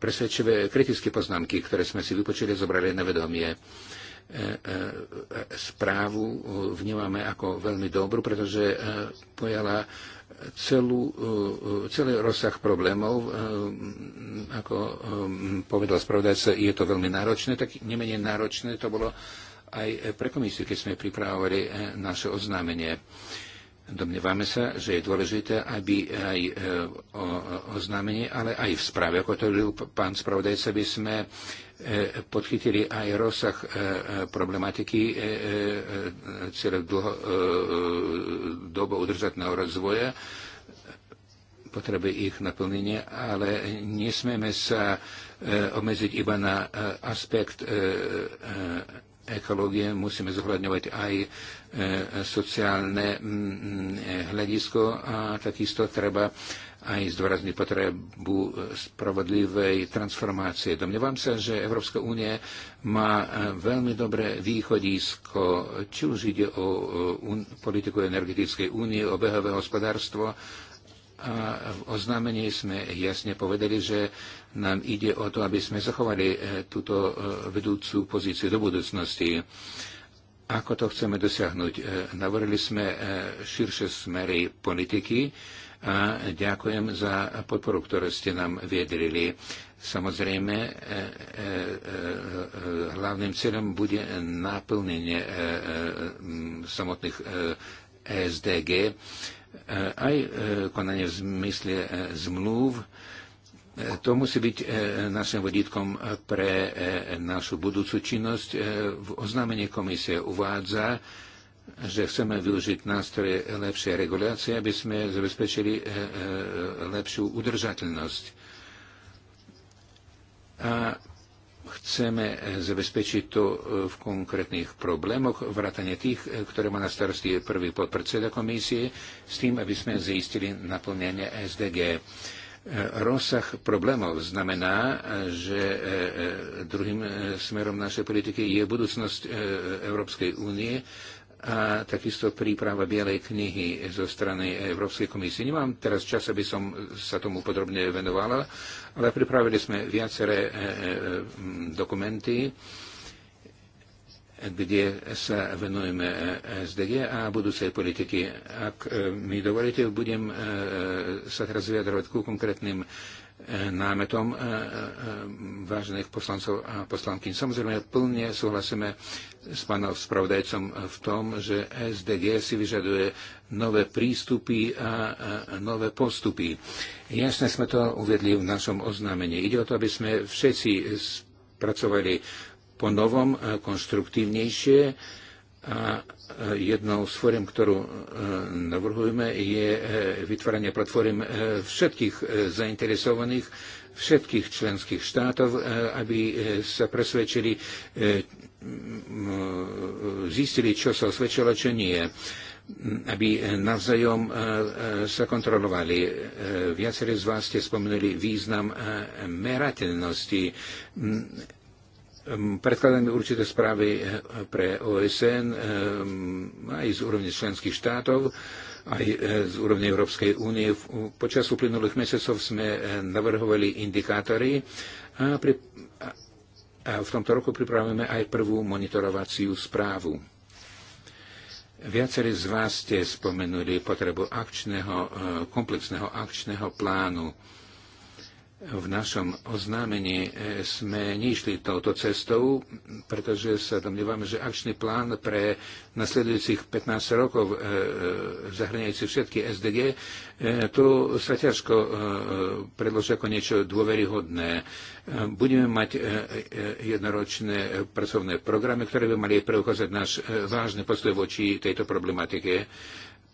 presvedčivé kritické poznámky, ktoré sme si vypočuli, zobrali na vedomie. Správu vnímame ako veľmi dobrú, pretože pojala celú, celý rozsah problémov. Ako povedal spravodajca, je to veľmi náročné, tak nemenej náročné to bolo aj e, pre komisiu, keď sme pripravovali e, naše oznámenie. Domnievame sa, že je dôležité, aby aj e, oznámenie, ale aj v správe, ako to hovoril pán spravodajca, by sme podchytili aj rozsah problematiky celého dlho, dobo udržateľného rozvoja, potreby ich naplnenia, ale nesmieme sa obmedziť iba na aspekt ekológie musíme zohľadňovať aj e, sociálne e, hľadisko a takisto treba aj zdôrazniť potrebu spravodlivej transformácie. Domnievam sa, že Európska únie má e, veľmi dobré východisko, či už ide o politiku energetickej únie, o behové hospodárstvo, a v oznámení sme jasne povedali, že nám ide o to, aby sme zachovali e, túto e, vedúcu pozíciu do budúcnosti. Ako to chceme dosiahnuť? E, Navorili sme širšie smery politiky a ďakujem za podporu, ktorú ste nám viedrili. Samozrejme, hlavným cieľom bude naplnenie samotných SDG, aj konanie v zmysle zmluv, E, to musí byť e, našim vodítkom pre e, našu budúcu činnosť. V oznámení komisie uvádza, že chceme využiť nástroje lepšej regulácie, aby sme zabezpečili lepšiu udržateľnosť. A chceme zabezpečiť to v konkrétnych problémoch, vrátane tých, ktoré má na starosti prvý podpredseda komisie, s tým, aby sme zistili naplnenie SDG. Rozsah problémov znamená, že e, e, druhým e, smerom našej politiky je budúcnosť Európskej únie a takisto príprava Bielej knihy zo strany Európskej komisie. Nemám teraz čas, aby som sa tomu podrobne venovala, ale pripravili sme viaceré dokumenty kde sa venujeme e, SDG a budúcej politiky. Ak e, mi dovolíte, budem e, sa teraz vyjadrovať ku konkrétnym námetom vážnych poslancov a poslankyň. Samozrejme, plne súhlasíme s pánom spravodajcom v tom, že SDG si vyžaduje nové prístupy a nové postupy. Jasne sme to uvedli v našom oznámení. Ide o to, aby sme všetci pracovali po novom, e, konštruktívnejšie a e, jednou z fóriem, ktorú e, navrhujeme, je vytváranie platform všetkých zainteresovaných, všetkých členských štátov, aby sa presvedčili, zistili, čo sa osvedčilo, čo nie aby navzájom sa kontrolovali. Viacerí z vás ste spomenuli význam merateľnosti Ehm, predkladáme určité správy eh, pre OSN ehm, aj z úrovne členských štátov, aj eh, z úrovne Európskej únie. Počas uplynulých mesiacov sme eh, navrhovali indikátory a, pri, a v tomto roku pripravujeme aj prvú monitorovaciu správu. Viacerí z vás ste spomenuli potrebu akčného, komplexného akčného plánu v našom oznámení e, sme nešli touto cestou, pretože sa domnievame, že akčný plán pre nasledujúcich 15 rokov e, e, zahrňajúci všetky SDG, to sa ťažko predloží ako niečo dôveryhodné. Budeme mať jednoročné pracovné programy, ktoré by mali preukázať náš vážny postoj voči tejto problematike.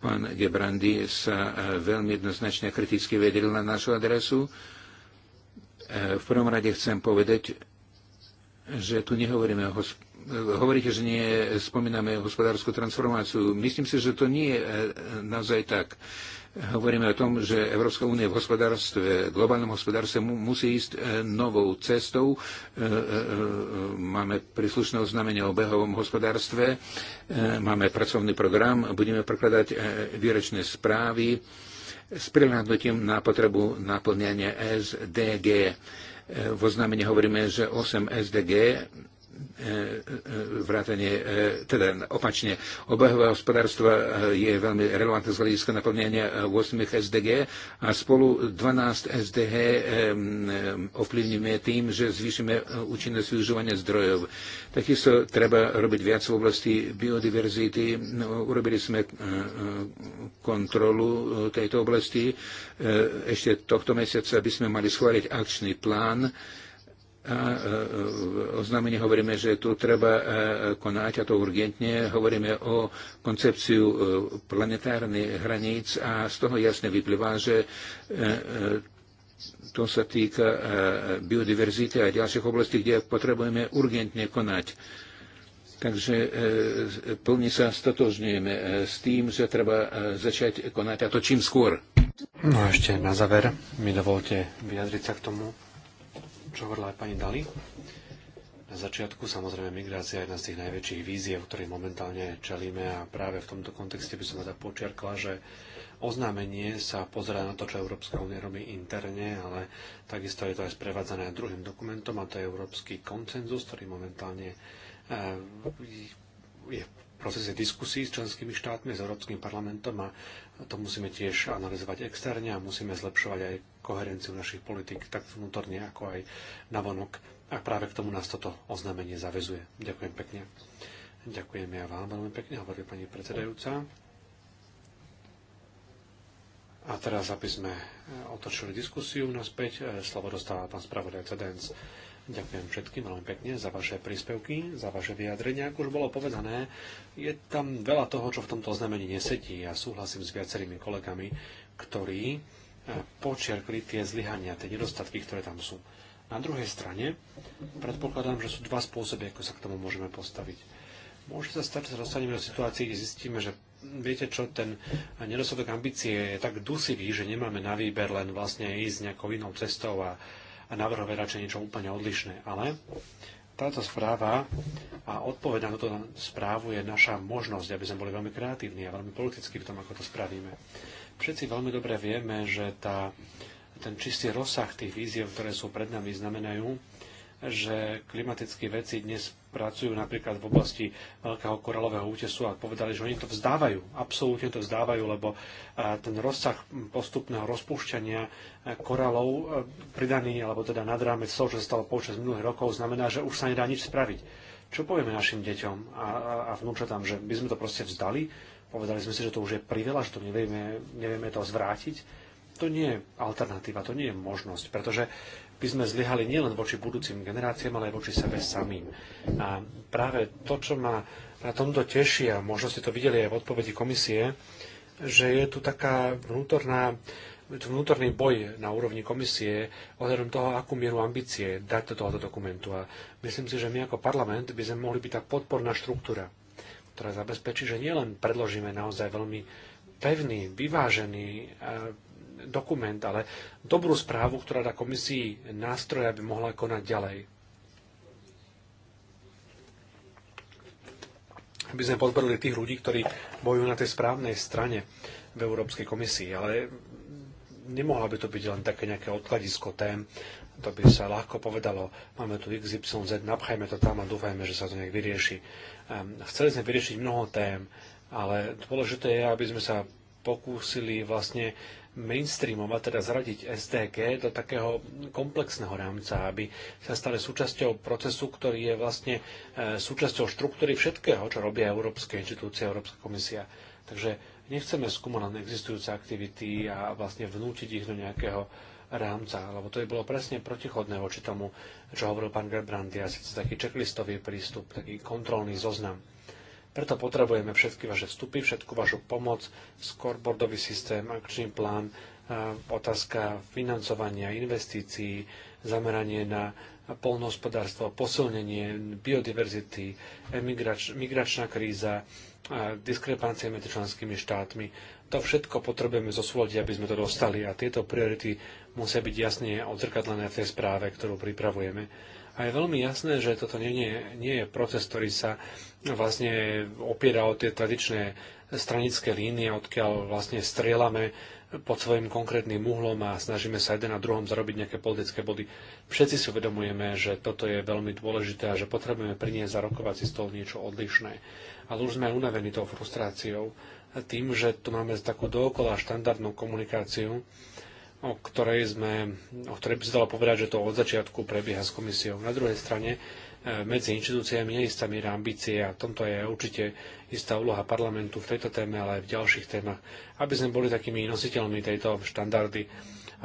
Pán Gebrandy sa veľmi jednoznačne kriticky vedel na našu adresu. E, v prvom rade chcem povedať, že tu nehovoríme o hosp- hovoríte, že nie spomíname hospodárskú transformáciu. Myslím si, že to nie je e, naozaj tak. Hovoríme o tom, že Európska únia v hospodárstve, globálnom hospodárstve musí ísť e, novou cestou. Máme príslušné oznámenie o behovom hospodárstve, máme pracovný program, budeme prekladať výročné správy s prihľadnutím na potrebu naplňania SDG. V oznámení hovoríme, že 8 SDG E, e, vrátanie, e, teda opačne, obehové hospodárstva je veľmi relevantné z hľadiska naplňania 8 SDG a spolu 12 SDG ovplyvníme tým, že zvýšime účinnosť využívania zdrojov. Takisto treba robiť viac v oblasti biodiverzity. No, urobili sme kontrolu tejto oblasti. Ešte tohto mesiaca by sme mali schváliť akčný plán, a oznámení hovoríme, že tu treba konať a to urgentne. Hovoríme o koncepciu e, planetárnych hraníc a z toho jasne vyplýva, že e, e, to sa týka biodiverzity a ďalších oblastí, kde potrebujeme urgentne konať. Takže plne sa stotožňujeme s tým, že treba začať konať a to čím skôr. No a ešte na záver mi dovolte vyjadriť sa k tomu, čo hovorila aj pani Dali. Na začiatku samozrejme migrácia je jedna z tých najväčších víziev, ktorým momentálne čelíme a práve v tomto kontexte by som teda počiarkla, že oznámenie sa pozerá na to, čo Európska únia robí interne, ale takisto je to aj sprevádzané druhým dokumentom a to je Európsky koncenzus, ktorý momentálne e, je v procese diskusí s členskými štátmi, s Európskym parlamentom a to musíme tiež analyzovať externe a musíme zlepšovať aj koherenciu našich politik, tak vnútorne, ako aj navonok. A práve k tomu nás toto oznámenie zavezuje. Ďakujem pekne. Ďakujem ja vám veľmi pekne, hovorí pani predsedajúca. A teraz, aby sme e, otočili diskusiu naspäť, e, slovo dostáva pán spravodajca Dens. Ďakujem všetkým veľmi pekne za vaše príspevky, za vaše vyjadrenia. Ako už bolo povedané, je tam veľa toho, čo v tomto oznámení nesedí. Ja súhlasím s viacerými kolegami, ktorí počiarkli tie zlyhania, tie nedostatky, ktoré tam sú. Na druhej strane predpokladám, že sú dva spôsoby, ako sa k tomu môžeme postaviť. Môže sa stať, že sa dostaneme do situácií, kde zistíme, že viete čo, ten nedostatok ambície je tak dusivý, že nemáme na výber len vlastne ísť nejakou inou cestou a, a navrhovať radšej niečo úplne odlišné. Ale táto správa a odpoveď na túto správu je naša možnosť, aby sme boli veľmi kreatívni a veľmi politicky v tom, ako to spravíme. Všetci veľmi dobre vieme, že tá, ten čistý rozsah tých víziev, ktoré sú pred nami, znamenajú, že klimatické veci dnes pracujú napríklad v oblasti veľkého koralového útesu a povedali, že oni to vzdávajú, absolútne to vzdávajú, lebo ten rozsah postupného rozpúšťania e, koralov e, pridaný, alebo teda nad rámec toho, čo sa stalo počas minulých rokov, znamená, že už sa nedá nič spraviť. Čo povieme našim deťom a, a, a vnúčatám, že by sme to proste vzdali, Povedali sme si, že to už je priveľa, že to nevieme, nevieme to zvrátiť. To nie je alternatíva, to nie je možnosť, pretože by sme zlyhali nielen voči budúcim generáciám, ale aj voči sebe samým. A práve to, čo ma na tomto teší, a možno ste to videli aj v odpovedi komisie, že je tu taká vnútorná vnútorný boj na úrovni komisie ohľadom toho, akú mieru ambície dať do tohoto dokumentu. A myslím si, že my ako parlament by sme mohli byť tá podporná štruktúra ktorá zabezpečí, že nielen predložíme naozaj veľmi pevný, vyvážený e, dokument, ale dobrú správu, ktorá dá komisii nástroj, aby mohla konať ďalej. Aby sme podporili tých ľudí, ktorí bojujú na tej správnej strane v Európskej komisii. Ale nemohla by to byť len také nejaké odkladisko tém, to by sa ľahko povedalo, máme tu XYZ, napchajme to tam a dúfajme, že sa to nejak vyrieši. Ehm, chceli sme vyriešiť mnoho tém, ale dôležité je, aby sme sa pokúsili vlastne mainstreamovať teda zradiť SDG do takého komplexného rámca, aby sa stali súčasťou procesu, ktorý je vlastne e, súčasťou štruktúry všetkého, čo robia európske inštitúcie, Európska komisia. Takže nechceme skúmať len existujúce aktivity a vlastne vnútiť ich do nejakého rámca, lebo to by bolo presne protichodné voči tomu, čo hovoril pán Gerbrand, ja síce taký checklistový prístup, taký kontrolný zoznam. Preto potrebujeme všetky vaše vstupy, všetku vašu pomoc, scoreboardový systém, akčný plán, e, otázka financovania investícií, zameranie na polnohospodárstvo, posilnenie biodiverzity, emigrač, migračná kríza, e, diskrepancie medzi členskými štátmi. To všetko potrebujeme zosúľadiť, aby sme to dostali a tieto priority musia byť jasne odzrkadlené v tej správe, ktorú pripravujeme. A je veľmi jasné, že toto nie, nie, nie je proces, ktorý sa vlastne opiera o tie tradičné stranické línie, odkiaľ vlastne strieľame pod svojim konkrétnym uhlom a snažíme sa jeden na druhom zarobiť nejaké politické body. Všetci si uvedomujeme, že toto je veľmi dôležité a že potrebujeme priniesť za rokovací stôl niečo odlišné. Ale už sme unavení tou frustráciou, tým, že tu máme takú dookola štandardnú komunikáciu, o ktorej, sme, o ktorej by sa dalo povedať, že to od začiatku prebieha s komisiou. Na druhej strane e, medzi inštitúciami je istá miera ambície a tomto je určite istá úloha parlamentu v tejto téme, ale aj v ďalších témach, aby sme boli takými nositeľmi tejto štandardy.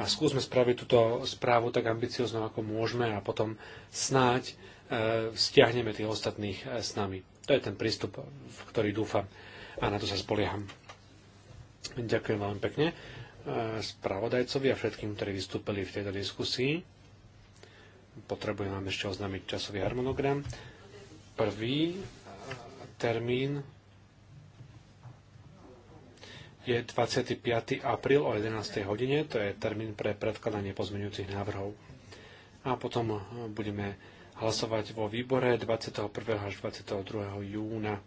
A skúsme spraviť túto správu tak ambiciozno, ako môžeme a potom snáď e, stiahneme tých ostatných e, s nami. To je ten prístup, v ktorý dúfam a na to sa spolieham. Ďakujem veľmi pekne spravodajcovi a všetkým, ktorí vystúpili v tejto diskusii. Potrebujem vám ešte oznámiť časový harmonogram. Prvý e, termín je 25. apríl o 11. hodine, to je termín pre predkladanie pozmeňujúcich návrhov. A potom e, budeme hlasovať vo výbore 21. až 22. júna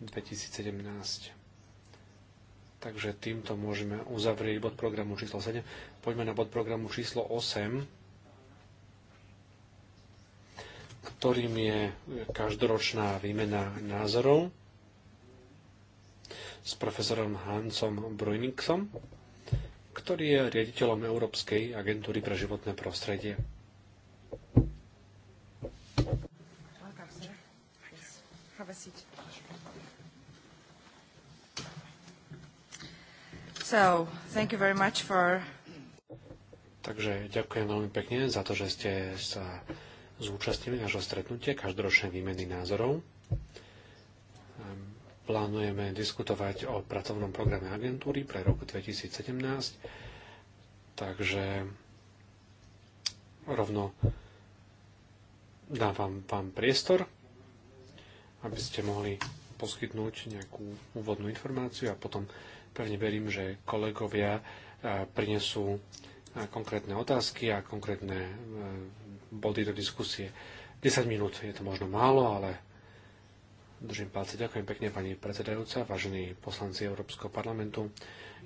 2017. Takže týmto môžeme uzavrieť bod programu číslo 7. Poďme na bod programu číslo 8, ktorým je každoročná výmena názorov s profesorom Hansom Brujniksom, ktorý je riaditeľom Európskej agentúry pre životné prostredie. So, thank you very much for... Takže ďakujem veľmi pekne za to, že ste sa zúčastnili nášho stretnutie každoročnej výmeny názorov. Ehm, plánujeme diskutovať o pracovnom programe agentúry pre rok 2017, takže rovno dávam vám priestor, aby ste mohli poskytnúť nejakú úvodnú informáciu a potom Pevne verím, že kolegovia prinesú konkrétne otázky a konkrétne e, body do diskusie. 10 minút je to možno málo, ale Držím palce. Ďakujem pekne, pani predsedajúca, vážení poslanci Európskeho parlamentu.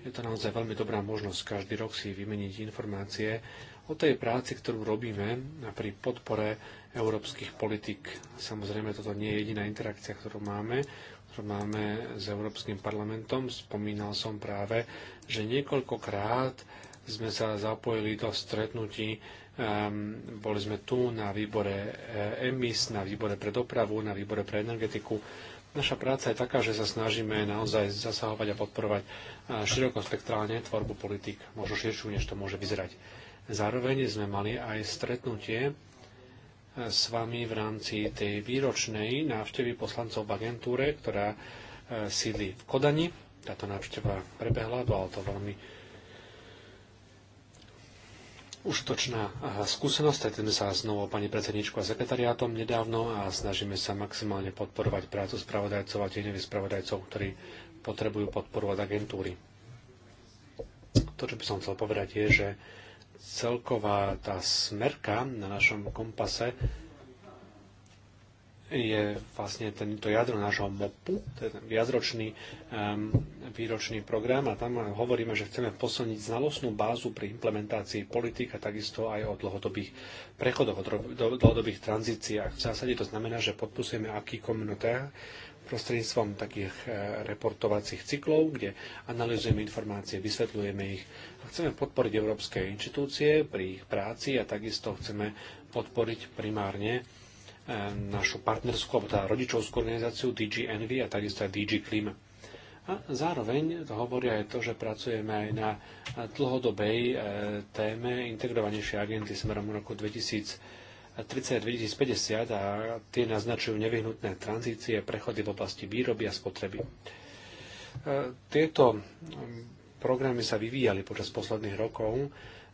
Je to naozaj veľmi dobrá možnosť každý rok si vymeniť informácie o tej práci, ktorú robíme pri podpore európskych politik. Samozrejme, toto nie je jediná interakcia, ktorú máme máme s Európskym parlamentom. Spomínal som práve, že niekoľkokrát sme sa zapojili do stretnutí. Um, boli sme tu na výbore eh, EMIS, na výbore pre dopravu, na výbore pre energetiku. Naša práca je taká, že sa snažíme naozaj zasahovať a podporovať eh, širokospektrálne tvorbu politik, možno širšiu, než to môže vyzerať. Zároveň sme mali aj stretnutie s vami v rámci tej výročnej návštevy poslancov v agentúre, ktorá e, sídli v Kodani. Táto návšteva prebehla, bola to veľmi užitočná skúsenosť. Stretneme sa znovu pani predsedničku a sekretariátom nedávno a snažíme sa maximálne podporovať prácu spravodajcov a tieňových spravodajcov, ktorí potrebujú podporu od agentúry. To, čo by som chcel povedať, je, že celková tá smerka na našom kompase je vlastne tento jadro nášho MOPu, ten viacročný um, výročný program a tam hovoríme, že chceme posilniť znalostnú bázu pri implementácii politik a takisto aj o dlhodobých prechodoch, o dlhodobých tranzíciách. V zásade to znamená, že podpusujeme aký komunitér prostredníctvom takých e, reportovacích cyklov, kde analyzujeme informácie, vysvetľujeme ich a chceme podporiť európske inštitúcie pri ich práci a takisto chceme podporiť primárne e, našu partnerskú, alebo tá teda rodičovskú organizáciu DG Envy a takisto aj DG Klima. A zároveň to hovorí aj to, že pracujeme aj na dlhodobej e, téme integrovanejšej agenty smerom roku 2000 2050 a tie naznačujú nevyhnutné tranzície, prechody v oblasti výroby a spotreby. E, tieto programy sa vyvíjali počas posledných rokov.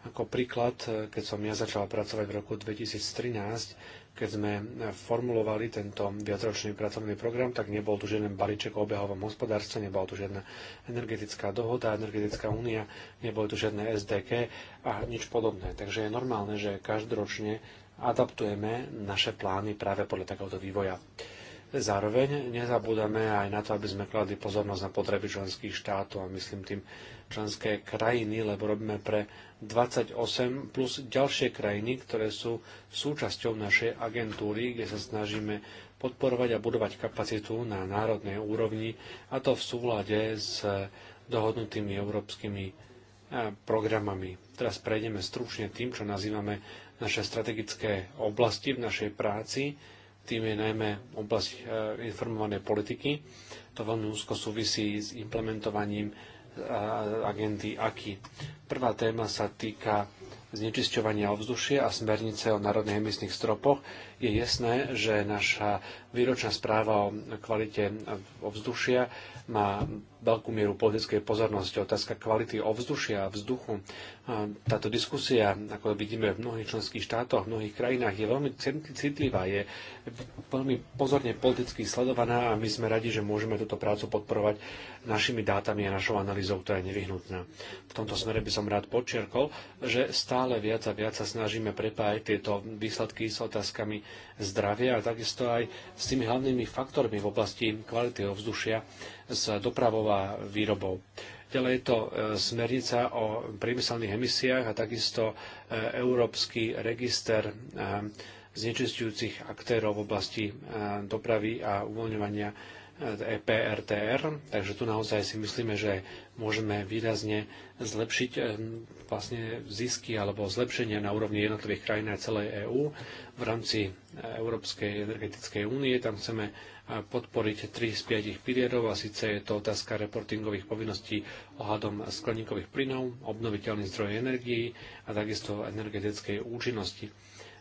Ako príklad, e, keď som ja začal pracovať v roku 2013, keď sme e, formulovali tento viacročný pracovný program, tak nebol tu žiaden balíček o obehovom hospodárstve, nebola tu žiadna energetická dohoda, energetická únia, neboli tu žiadne SDK a nič podobné. Takže je normálne, že každoročne adaptujeme naše plány práve podľa takéhoto vývoja. Zároveň nezabúdame aj na to, aby sme kladli pozornosť na potreby členských štátov a myslím tým členské krajiny, lebo robíme pre 28 plus ďalšie krajiny, ktoré sú súčasťou našej agentúry, kde sa snažíme podporovať a budovať kapacitu na národnej úrovni a to v súlade s dohodnutými európskymi eh, programami. Teraz prejdeme stručne tým, čo nazývame naše strategické oblasti v našej práci. Tým je najmä oblasť e, informovanej politiky. To veľmi úzko súvisí s implementovaním e, agendy AKI. Prvá téma sa týka znečisťovania ovzdušia a smernice o národných emisných stropoch je jasné, že naša výročná správa o kvalite ovzdušia má veľkú mieru politickej pozornosti. Otázka kvality ovzdušia a vzduchu. Táto diskusia, ako vidíme v mnohých členských štátoch, v mnohých krajinách, je veľmi citlivá, je veľmi pozorne politicky sledovaná a my sme radi, že môžeme túto prácu podporovať našimi dátami a našou analýzou, ktorá je nevyhnutná. V tomto smere by som rád počiarkol, že stále viac a viac sa snažíme prepájať tieto výsledky s otázkami zdravia a takisto aj s tými hlavnými faktormi v oblasti kvality ovzdušia s dopravou a výrobou. Ďalej je to e, smernica o priemyselných emisiách a takisto e, Európsky register e, znečistujúcich aktérov v oblasti dopravy a uvoľňovania EPRTR, takže tu naozaj si myslíme, že môžeme výrazne zlepšiť eh, vlastne zisky alebo zlepšenie na úrovni jednotlivých krajín a celej EÚ v rámci eh, Európskej energetickej únie. Tam chceme eh, podporiť 3 z 5 pilierov a síce je to otázka reportingových povinností ohľadom skleníkových plynov, obnoviteľných zdrojov energií a takisto energetickej účinnosti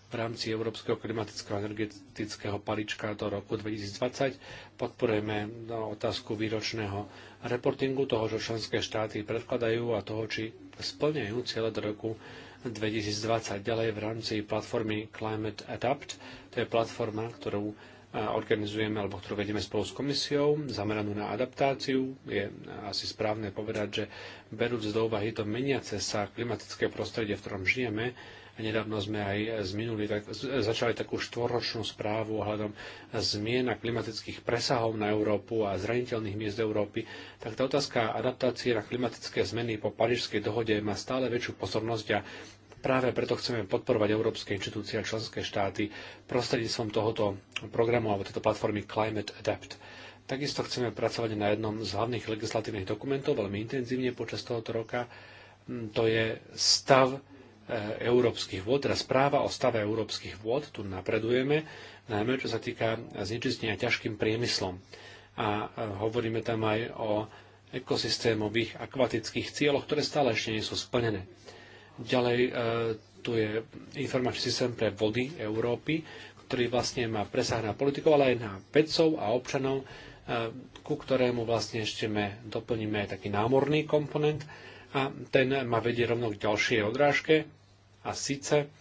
v rámci Európskeho klimatického energetického palička do roku 2020. Podporujeme no, otázku výročného reportingu toho, čo členské štáty predkladajú a toho, či splňajú cieľe do roku 2020. Ďalej v rámci platformy Climate Adapt, to je platforma, ktorú e, organizujeme alebo ktorú vedieme spolu s komisiou, zameranú na adaptáciu. Je asi správne povedať, že berúc do úvahy to meniace sa klimatické prostredie, v ktorom žijeme, Nedávno sme aj zminuli, tak, začali takú štvoročnú správu ohľadom zmien a klimatických presahov na Európu a zraniteľných miest Európy. Tak tá otázka adaptácie na klimatické zmeny po Parížskej dohode má stále väčšiu pozornosť a Práve preto chceme podporovať európske inštitúcie a členské štáty prostredníctvom tohoto programu alebo tejto platformy Climate Adapt. Takisto chceme pracovať na jednom z hlavných legislatívnych dokumentov veľmi intenzívne počas tohoto roka. Mm, to je stav Eh, európskych vôd, teda správa o stave európskych vôd, tu napredujeme, najmä čo sa týka znečistenia ťažkým priemyslom. A eh, hovoríme tam aj o ekosystémových akvatických cieľoch, ktoré stále ešte nie sú splnené. Ďalej eh, tu je informačný systém pre vody Európy, ktorý vlastne má presah na politikov, ale aj na vedcov a občanov, ku ktorému vlastne ešte me, doplníme aj taký námorný komponent a ten ma vedie rovno k ďalšej odrážke, a síce,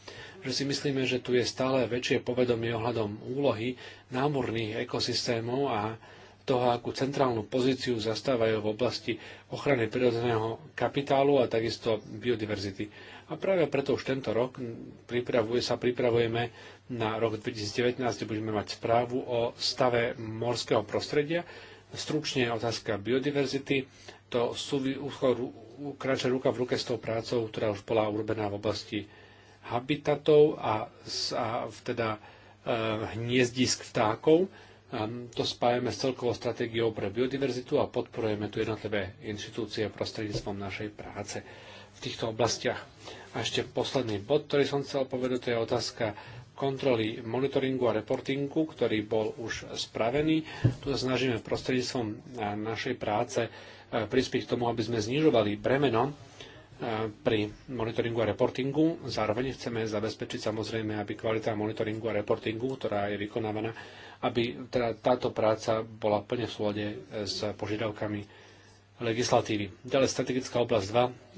že si myslíme, že tu je stále väčšie povedomie ohľadom úlohy námorných ekosystémov a toho, akú centrálnu pozíciu zastávajú v oblasti ochrany prírodzeného kapitálu a takisto biodiverzity. A práve preto už tento rok pripravuje, sa pripravujeme na rok 2019, kde budeme mať správu o stave morského prostredia, stručne otázka biodiverzity, to súvisí kráča ruka v ruke s tou prácou, ktorá už bola urobená v oblasti habitatov a, a teda e, hniezdisk vtákov. To spájame s celkovou stratégiou pre biodiverzitu a podporujeme tu jednotlivé inštitúcie prostredníctvom našej práce v týchto oblastiach. A ešte posledný bod, ktorý som chcel povedať, to je otázka kontroly monitoringu a reportingu, ktorý bol už spravený. Tu sa snažíme prostredníctvom e, našej práce E, prispieť k tomu, aby sme znižovali bremeno e, pri monitoringu a reportingu. Zároveň chceme zabezpečiť samozrejme, aby kvalita monitoringu a reportingu, ktorá je vykonávaná, aby teda táto práca bola plne v súlade e, s požiadavkami legislatívy. Ďalej strategická oblasť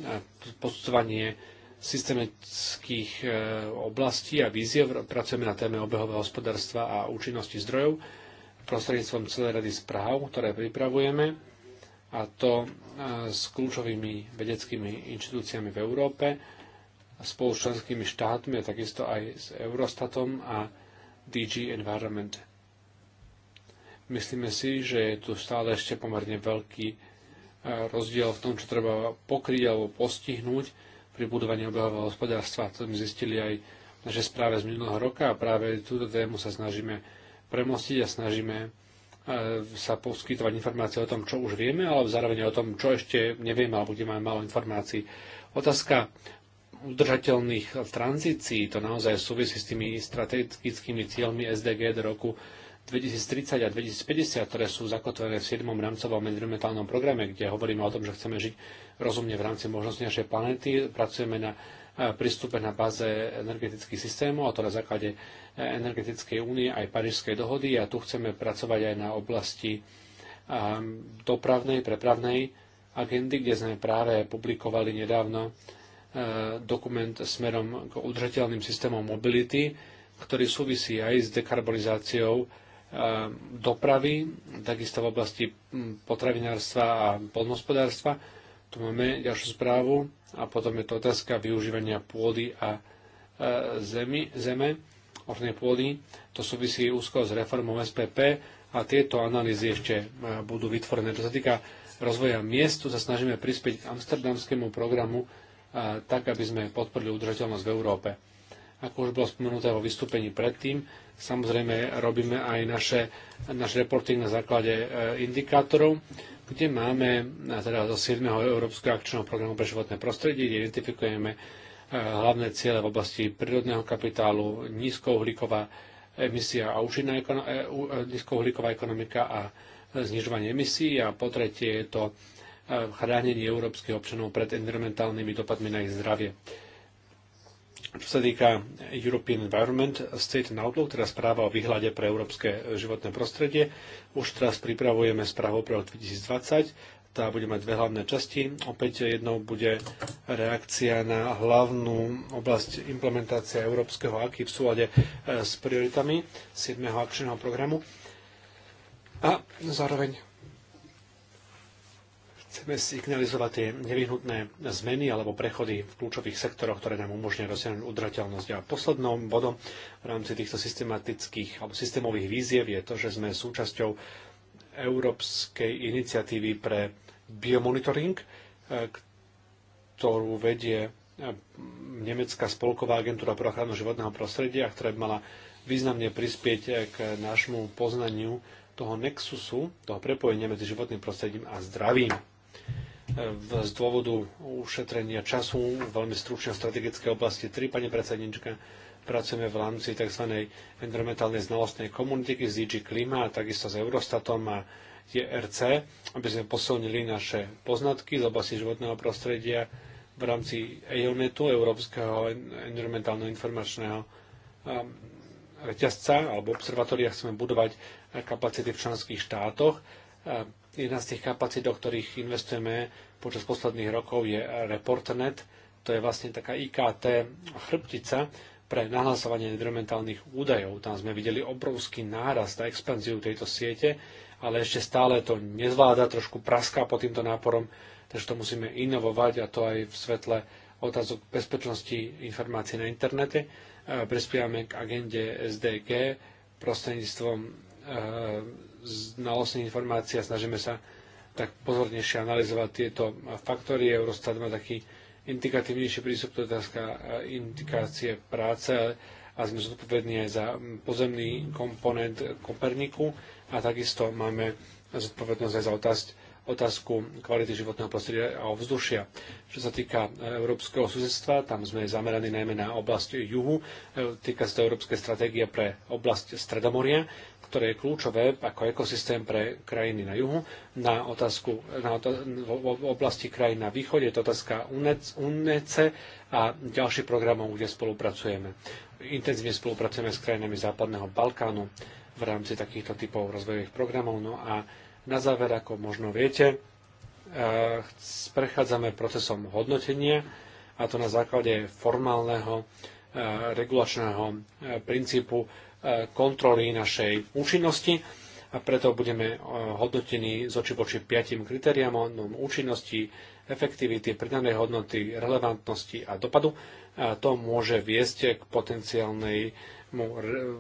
2, posudzovanie systemických oblastí a víziev. Pracujeme na téme obehového hospodárstva a účinnosti zdrojov prostredníctvom celej rady správ, ktoré pripravujeme a to e, s kľúčovými vedeckými inštitúciami v Európe, spolu s členskými štátmi a takisto aj s Eurostatom a DG Environment. Myslíme si, že je tu stále ešte pomerne veľký e, rozdiel v tom, čo treba pokryť alebo postihnúť pri budovaní obehového hospodárstva. To sme zistili aj v našej správe z minulého roka a práve túto tému sa snažíme premostiť a snažíme E, sa poskytovať informácie o tom, čo už vieme, ale zároveň o tom, čo ešte nevieme, alebo kde máme málo informácií. Otázka udržateľných tranzícií, to naozaj súvisí s tými strategickými cieľmi SDG do roku 2030 a 2050, ktoré sú zakotvené v 7. rámcovom environmentálnom programe, kde hovoríme o tom, že chceme žiť rozumne v rámci možnosti našej planéty, pracujeme na Eh, prístupe na báze energetických systémov, a to na základe eh, energetickej únie aj Parížskej dohody. A tu chceme pracovať aj na oblasti ehm, dopravnej, prepravnej agendy, kde sme práve publikovali nedávno eh, dokument smerom k udržateľným systémom mobility, ktorý súvisí aj s dekarbonizáciou ehm, dopravy, takisto v oblasti potravinárstva a polnospodárstva tu máme ďalšiu správu a potom je to otázka využívania pôdy a e, zemi, zeme, ornej pôdy. To súvisí úzko s reformou SPP a tieto analýzy ešte e, budú vytvorené. Čo sa týka rozvoja miestu, sa snažíme prispieť k amsterdamskému programu e, tak, aby sme podporili udržateľnosť v Európe. Ako už bolo spomenuté vo vystúpení predtým, Samozrejme, robíme aj naše, náš reporting na základe e, indikátorov, kde máme teda zo 7. Európskeho akčného programu pre životné prostredie, kde identifikujeme e, hlavné ciele v oblasti prírodného kapitálu, nízkouhlíková emisia a účinná e, nízkouhlíková ekonomika a znižovanie emisí a po tretie je to chránenie európskych občanov pred environmentálnymi dopadmi na ich zdravie. Čo sa týka European Environment State and Outlook, teda správa o výhľade pre európske životné prostredie, už teraz pripravujeme správu pre rok 2020. Tá bude mať dve hlavné časti. Opäť jednou bude reakcia na hlavnú oblasť implementácia európskeho aky v súlade e, s prioritami 7. akčného programu. A zároveň Chceme signalizovať tie nevyhnutné zmeny alebo prechody v kľúčových sektoroch, ktoré nám umožňujú rozsiahnuť udržateľnosť. A poslednou bodom v rámci týchto systematických alebo systémových víziev je to, že sme súčasťou Európskej iniciatívy pre biomonitoring, e, ktorú vedie e, Nemecká spolková agentúra pre ochranu životného prostredia, ktorá by mala významne prispieť e, k nášmu poznaniu toho nexusu, toho prepojenia medzi životným prostredím a zdravím z dôvodu ušetrenia času veľmi stručne v strategické oblasti 3, pani predsednička, pracujeme v rámci tzv. environmentálnej znalostnej komunitiky z DG Klima a takisto s Eurostatom a JRC, aby sme posilnili naše poznatky z oblasti životného prostredia v rámci EONETu, e Európskeho environmentálno-informačného um, reťazca alebo observatória chceme budovať kapacity v členských štátoch um, Jedna z tých kapacít, do ktorých investujeme počas posledných rokov, je Reportnet. To je vlastne taká IKT chrbtica pre nahlasovanie environmentálnych údajov. Tam sme videli obrovský nárast a expanziu tejto siete, ale ešte stále to nezvláda, trošku praská pod týmto náporom, takže to musíme inovovať a to aj v svetle otázok bezpečnosti informácií na internete. E, prispievame k agende SDG prostredníctvom e, znalostných informácií a snažíme sa tak pozornejšie analyzovať tieto faktory. Eurostat má taký indikatívnejší prístup, to je otázka e, indikácie práce a sme zodpovední aj za pozemný komponent Koperniku a takisto máme zodpovednosť aj za otázť, otázku kvality životného prostredia a ovzdušia. Čo sa týka e, európskeho susedstva, tam sme zameraní najmä na oblasť juhu, e, týka sa to európskej stratégie pre oblasť Stredomoria ktoré je kľúčové ako ekosystém pre krajiny na juhu, na otázku na otá- v oblasti krajín na východe, je to otázka UNECE a ďalších programov, kde spolupracujeme. Intenzívne spolupracujeme s krajinami Západného Balkánu v rámci takýchto typov rozvojových programov. No a na záver, ako možno viete, eh, prechádzame procesom hodnotenia a to na základe formálneho eh, regulačného eh, princípu kontroly našej účinnosti a preto budeme eh, hodnotení z oči voči piatim kritériám účinnosti, efektivity, pridanej hodnoty, relevantnosti a dopadu. A to môže viesť k potenciálnej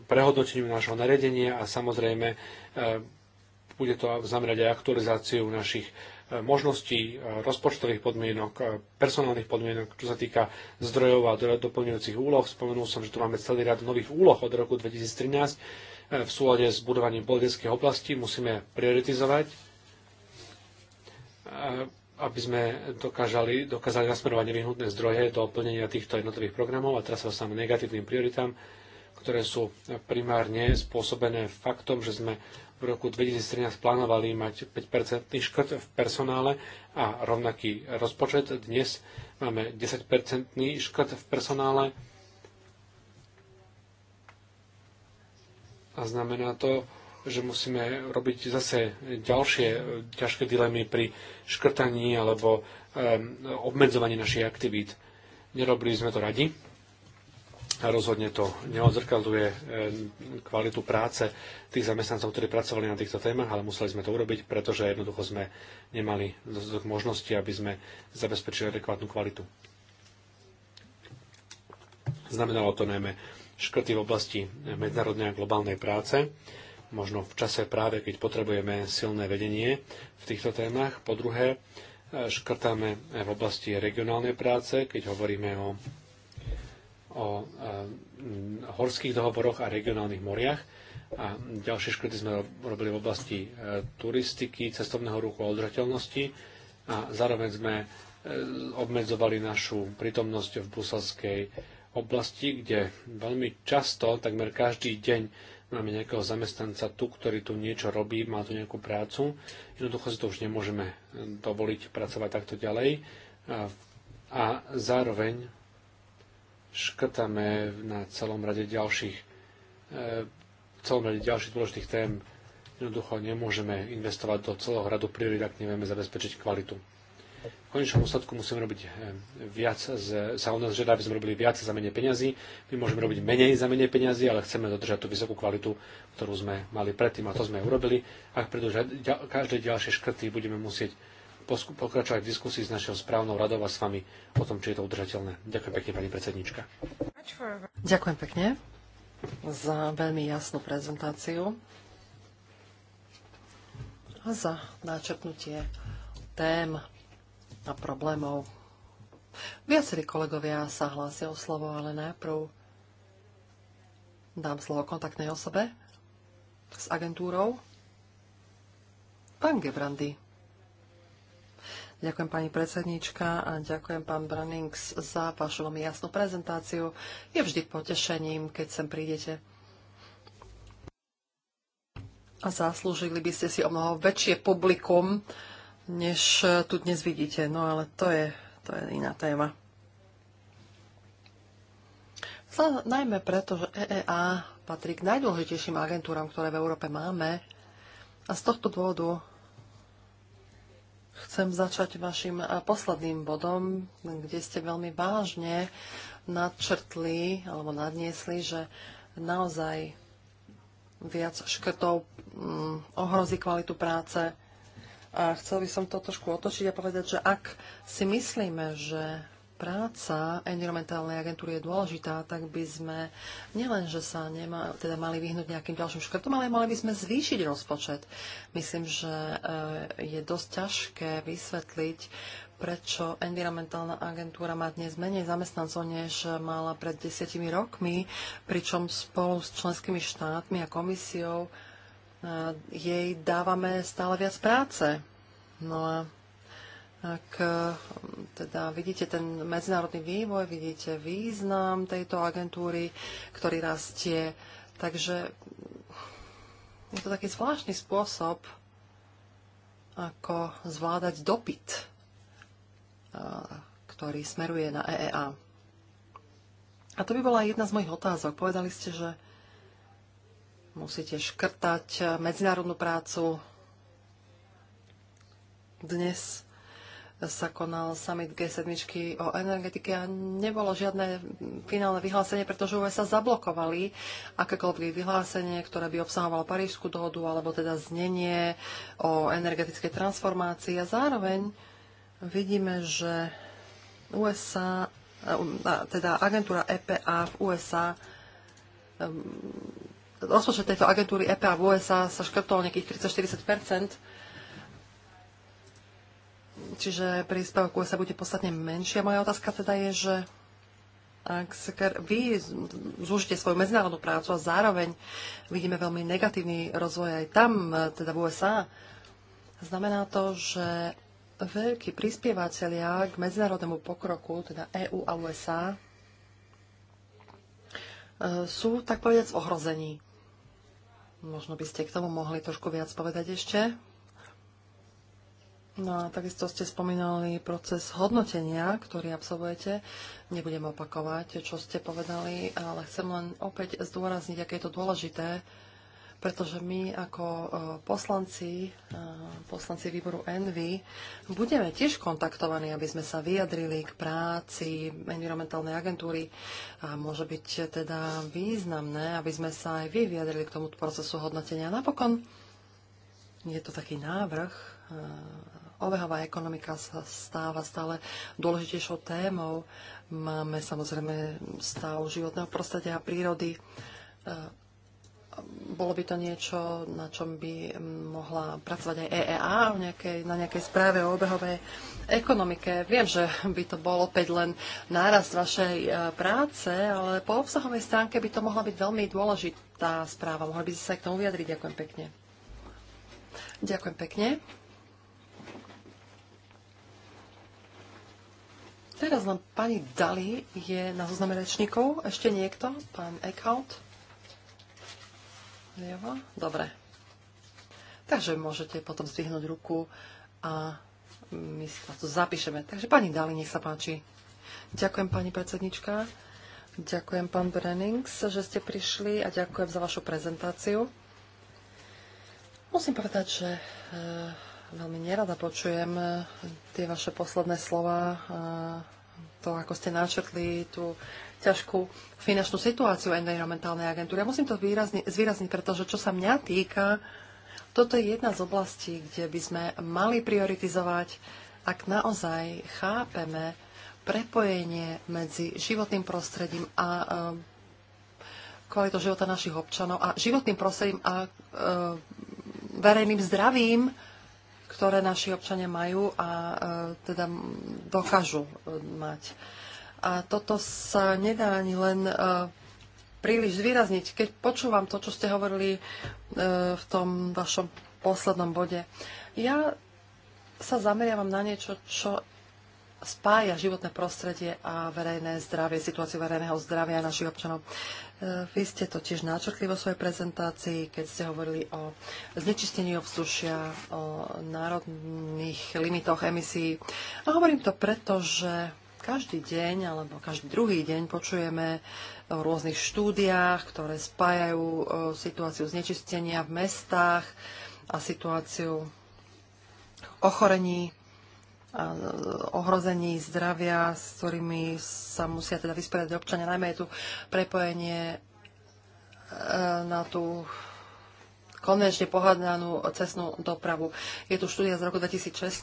prehodnoteniu nášho nariadenia a samozrejme eh, bude to zamerať aj aktualizáciu našich možností e, rozpočtových podmienok, e, personálnych podmienok, čo sa týka zdrojov a doplňujúcich úloh. Spomenul som, že tu máme celý rad nových úloh od roku 2013 e, v súlade s budovaním politickej oblasti. Musíme prioritizovať, aby sme dokážali, dokázali nasmerovať nevyhnutné zdroje do plnenia týchto jednotlivých programov. A teraz sa dostávame negatívnym prioritám, ktoré sú primárne spôsobené faktom, že sme v roku 2013 plánovali mať 5-percentný škrt v personále a rovnaký rozpočet. Dnes máme 10-percentný škrt v personále a znamená to, že musíme robiť zase ďalšie ťažké dilemy pri škrtaní alebo um, obmedzovaní našich aktivít. Nerobili sme to radi, Rozhodne to neodzrkadluje eh, kvalitu práce tých zamestnancov, ktorí pracovali na týchto témach, ale museli sme to urobiť, pretože jednoducho sme nemali dostatok možnosti, aby sme zabezpečili adekvátnu kvalitu. Znamenalo to najmä škrty v oblasti medzinárodnej a globálnej práce, možno v čase práve, keď potrebujeme silné vedenie v týchto témach. Po druhé, eh, škrtáme v oblasti regionálnej práce, keď hovoríme o o eh, horských dohovoroch a regionálnych moriach. A ďalšie škrty sme robili v oblasti eh, turistiky, cestovného ruchu a udržateľnosti. A zároveň sme eh, obmedzovali našu prítomnosť v busalskej oblasti, kde veľmi často, takmer každý deň, máme nejakého zamestnanca tu, ktorý tu niečo robí, má tu nejakú prácu. Jednoducho si to už nemôžeme dovoliť pracovať takto ďalej. A zároveň škrtame na celom rade ďalších e, v celom rade ďalších dôležitých tém. Jednoducho nemôžeme investovať do celého radu priorit, ak nevieme zabezpečiť kvalitu. V konečnom úsledku musíme robiť e, viac, z, sa od nás žiada, aby sme robili viac za menej peňazí. My môžeme robiť menej za menej peňazí, ale chceme dodržať tú vysokú kvalitu, ktorú sme mali predtým a to sme urobili. Ak pretože každé ďalšie škrty, budeme musieť pokračovať v diskusii s našou správnou radou a s vami o tom, či je to udržateľné. Ďakujem pekne, pani predsednička. Ďakujem pekne za veľmi jasnú prezentáciu a za načrtnutie tém a problémov. Viacerí kolegovia sa hlásia o slovo, ale najprv dám slovo kontaktnej osobe s agentúrou. Pán Gebrandy. Ďakujem pani predsednička a ďakujem pán Brannings za vašu veľmi jasnú prezentáciu. Je vždy potešením, keď sem prídete. A zaslúžili by ste si o mnoho väčšie publikum, než tu dnes vidíte. No ale to je, to je iná téma. Zla, najmä preto, že EEA patrí k najdôležitejším agentúram, ktoré v Európe máme. A z tohto dôvodu Chcem začať vašim posledným bodom, kde ste veľmi vážne nadčrtli alebo nadniesli, že naozaj viac škrtov mm, ohrozí kvalitu práce. A chcel by som to trošku otočiť a povedať, že ak si myslíme, že práca environmentálnej agentúry je dôležitá, tak by sme nielen, že sa nema, teda mali vyhnúť nejakým ďalším škrtom, ale mali by sme zvýšiť rozpočet. Myslím, že e, je dosť ťažké vysvetliť, prečo environmentálna agentúra má dnes menej zamestnancov, než mala pred desiatimi rokmi, pričom spolu s členskými štátmi a komisiou e, jej dávame stále viac práce. No a ak e, teda vidíte ten medzinárodný vývoj, vidíte význam tejto agentúry, ktorý rastie. Takže je to taký zvláštny spôsob, ako zvládať dopyt, e, ktorý smeruje na EEA. A to by bola jedna z mojich otázok. Povedali ste, že musíte škrtať medzinárodnú prácu. Dnes sa konal summit G7 o energetike a nebolo žiadne finálne vyhlásenie, pretože USA zablokovali akékoľvek vyhlásenie, ktoré by obsahovalo Parížskú dohodu alebo teda znenie o energetickej transformácii. A zároveň vidíme, že USA, eh, teda agentúra EPA v USA rozpočet tejto agentúry EPA v USA sa škrtol nejakých 30-40 čiže príspevku sa bude podstatne menšia. Moja otázka teda je, že ak vy zúžite svoju medzinárodnú prácu a zároveň vidíme veľmi negatívny rozvoj aj tam, teda v USA, znamená to, že veľkí prispievateľia k medzinárodnému pokroku, teda EU a USA, eh, sú tak povedať v ohrození. Možno by ste k tomu mohli trošku viac povedať ešte. No a takisto ste spomínali proces hodnotenia, ktorý absolvujete. Nebudem opakovať, čo ste povedali, ale chcem len opäť zdôrazniť, aké je to dôležité, pretože my ako e, poslanci, e, poslanci výboru Envy, budeme tiež kontaktovaní, aby sme sa vyjadrili k práci environmentálnej agentúry. A môže byť teda významné, aby sme sa aj vy vyjadrili k tomu procesu hodnotenia. Napokon je to taký návrh e, obehová ekonomika sa stáva stále dôležitejšou témou. Máme samozrejme stav životného prostredia a prírody. E, bolo by to niečo, na čom by mohla pracovať aj EEA nejakej, na nejakej správe o obehovej ekonomike. Viem, že by to bolo opäť len nárast vašej e, práce, ale po obsahovej stránke by to mohla byť veľmi dôležitá správa. Mohli by ste sa k tomu vyjadriť. Ďakujem pekne. Ďakujem pekne. Teraz nám pani Dali je na zozname rečníkov. Ešte niekto? Pán Eckhout? Lieva? Dobre. Takže môžete potom zdvihnúť ruku a my si to zapíšeme. Takže pani Dali, nech sa páči. Ďakujem, pani predsednička. Ďakujem, pán Brennings, že ste prišli a ďakujem za vašu prezentáciu. Musím povedať, že eh, veľmi nerada počujem e, tie vaše posledné slova, e, to, ako ste načrtli tú ťažkú finančnú situáciu environmentálnej agentúry. Ja musím to zvýrazniť, pretože čo sa mňa týka, toto je jedna z oblastí, kde by sme mali prioritizovať, ak naozaj chápeme prepojenie medzi životným prostredím a e, kvalitou života našich občanov a životným prostredím a verejným zdravím, ktoré naši občania majú a e, teda dokážu e, mať. A toto sa nedá ani len e, príliš zvýrazniť. Keď počúvam to, čo ste hovorili v tom vašom poslednom bode, ja sa zameriavam na niečo, čo spája životné prostredie a verejné zdravie, situáciu verejného zdravia našich občanov. E, vy ste to tiež náčrtli vo svojej prezentácii, keď ste hovorili o znečistení ovzdušia, o národných limitoch emisí. A hovorím to preto, že každý deň alebo každý druhý deň počujeme o rôznych štúdiách, ktoré spájajú e, situáciu znečistenia v mestách a situáciu ochorení ohrození zdravia, s ktorými sa musia teda vysporiadať občania. Najmä je tu prepojenie e, na tú konvenčne pohľadanú cestnú dopravu. Je tu štúdia z roku 2016,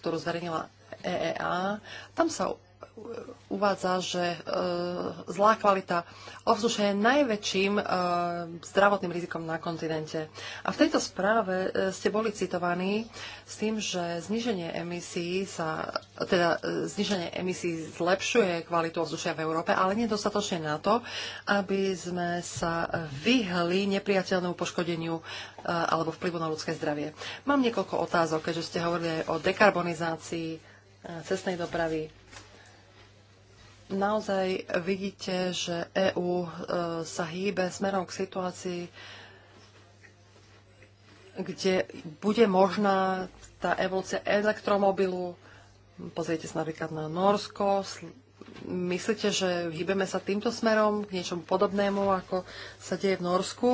ktorú zverejnila EEA. Tam sa uvádza, že e, zlá kvalita ovzdušia je najväčším e, zdravotným rizikom na kontinente. A v tejto správe e, ste boli citovaní s tým, že zniženie emisí sa, teda e, zniženie emisí zlepšuje kvalitu ovzdušia v Európe, ale nedostatočne na to, aby sme sa vyhli nepriateľnému poškodeniu e, alebo vplyvu na ľudské zdravie. Mám niekoľko otázok, keďže ste hovorili aj o dekarbonizácii e, cestnej dopravy naozaj vidíte, že EÚ e, sa hýbe smerom k situácii, kde bude možná tá evolúcia elektromobilu. Pozrite sa napríklad na Norsko. Myslíte, že hýbeme sa týmto smerom k niečomu podobnému, ako sa deje v Norsku?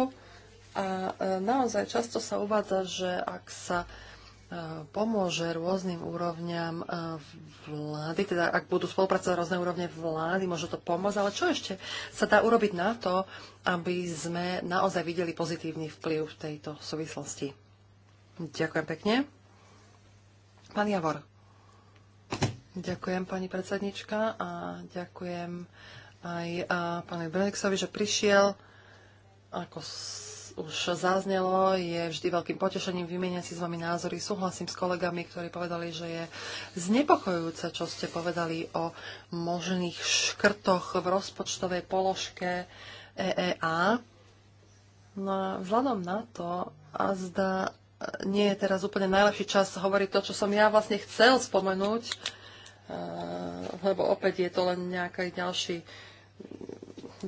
A e, naozaj často sa uvádza, že ak sa uh, pomôže rôznym úrovňam eh, vlády, teda ak budú spolupracovať rôzne úrovne vlády, môže to pomôcť, ale čo ešte sa dá urobiť na to, aby sme naozaj videli pozitívny vplyv v tejto súvislosti? Ďakujem pekne. Pán Javor. Ďakujem, pani predsednička, a ďakujem aj eh, pánovi Brenexovi, že prišiel. Ako už zaznelo, je vždy veľkým potešením vymieňať si s vami názory. Súhlasím s kolegami, ktorí povedali, že je znepokojujúce, čo ste povedali o možných škrtoch v rozpočtovej položke EEA. No a vzhľadom na to, a zda nie je teraz úplne najlepší čas hovoriť to, čo som ja vlastne chcel spomenúť, eh, lebo opäť je to len nejaký ďalší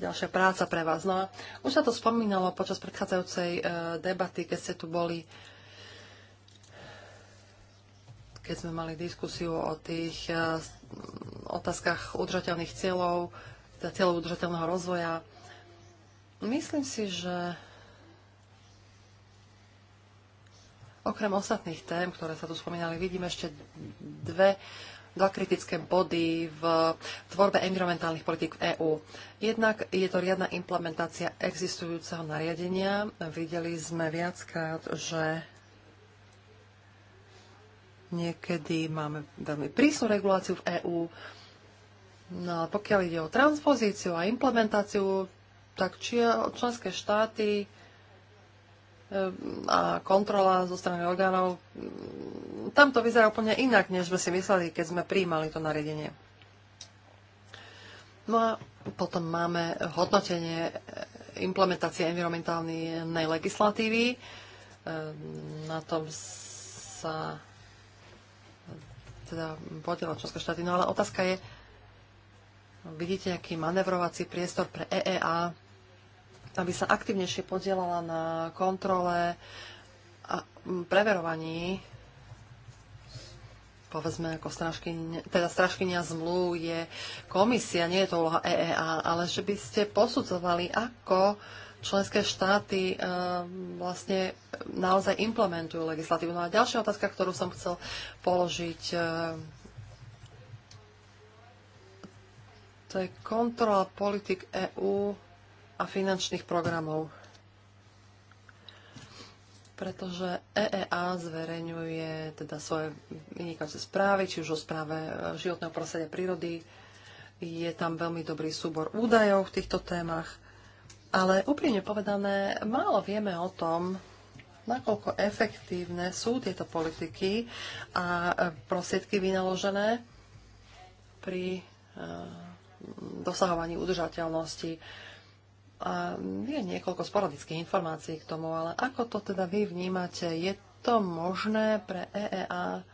ďalšia práca pre vás. No a už sa to spomínalo počas predchádzajúcej e, debaty, keď ste tu boli, keď sme mali diskusiu o tých e, otázkach udržateľných cieľov, teda cieľov udržateľného rozvoja. Myslím si, že okrem ostatných tém, ktoré sa tu spomínali, vidím ešte dve dva kritické body v tvorbe environmentálnych politík v EÚ. Jednak je to riadna implementácia existujúceho nariadenia. Videli sme viackrát, že niekedy máme veľmi prísnu reguláciu v EÚ. No, pokiaľ ide o transpozíciu a implementáciu, tak či členské štáty Ehm, a kontrola zo strany orgánov, mm, tam to vyzerá úplne inak, než sme si mysleli, keď sme prijímali to nariadenie. No a potom máme hodnotenie eh, implementácie environmentálnej legislatívy. Ehm, na tom sa eh, teda podiela členské štáty. No ale otázka je, vidíte nejaký manevrovací priestor pre EEA aby sa aktivnejšie podielala na kontrole a preverovaní povedzme ako strašky, teda straškynia zmluv je komisia, nie je to úloha EEA, ale že by ste posudzovali, ako členské štáty e, vlastne naozaj implementujú legislatívu. No a ďalšia otázka, ktorú som chcel položiť, e, to je kontrola politik EÚ a finančných programov. Pretože EEA zverejňuje teda svoje vynikajúce správy, či už o správe e, životného prostredia prírody. Je tam veľmi dobrý súbor údajov v týchto témach. Ale úprimne povedané, málo vieme o tom, nakoľko efektívne sú tieto politiky a e, prostriedky vynaložené pri e, dosahovaní udržateľnosti a je niekoľko sporadických informácií k tomu, ale ako to teda vy vnímate? Je to možné pre EEA e,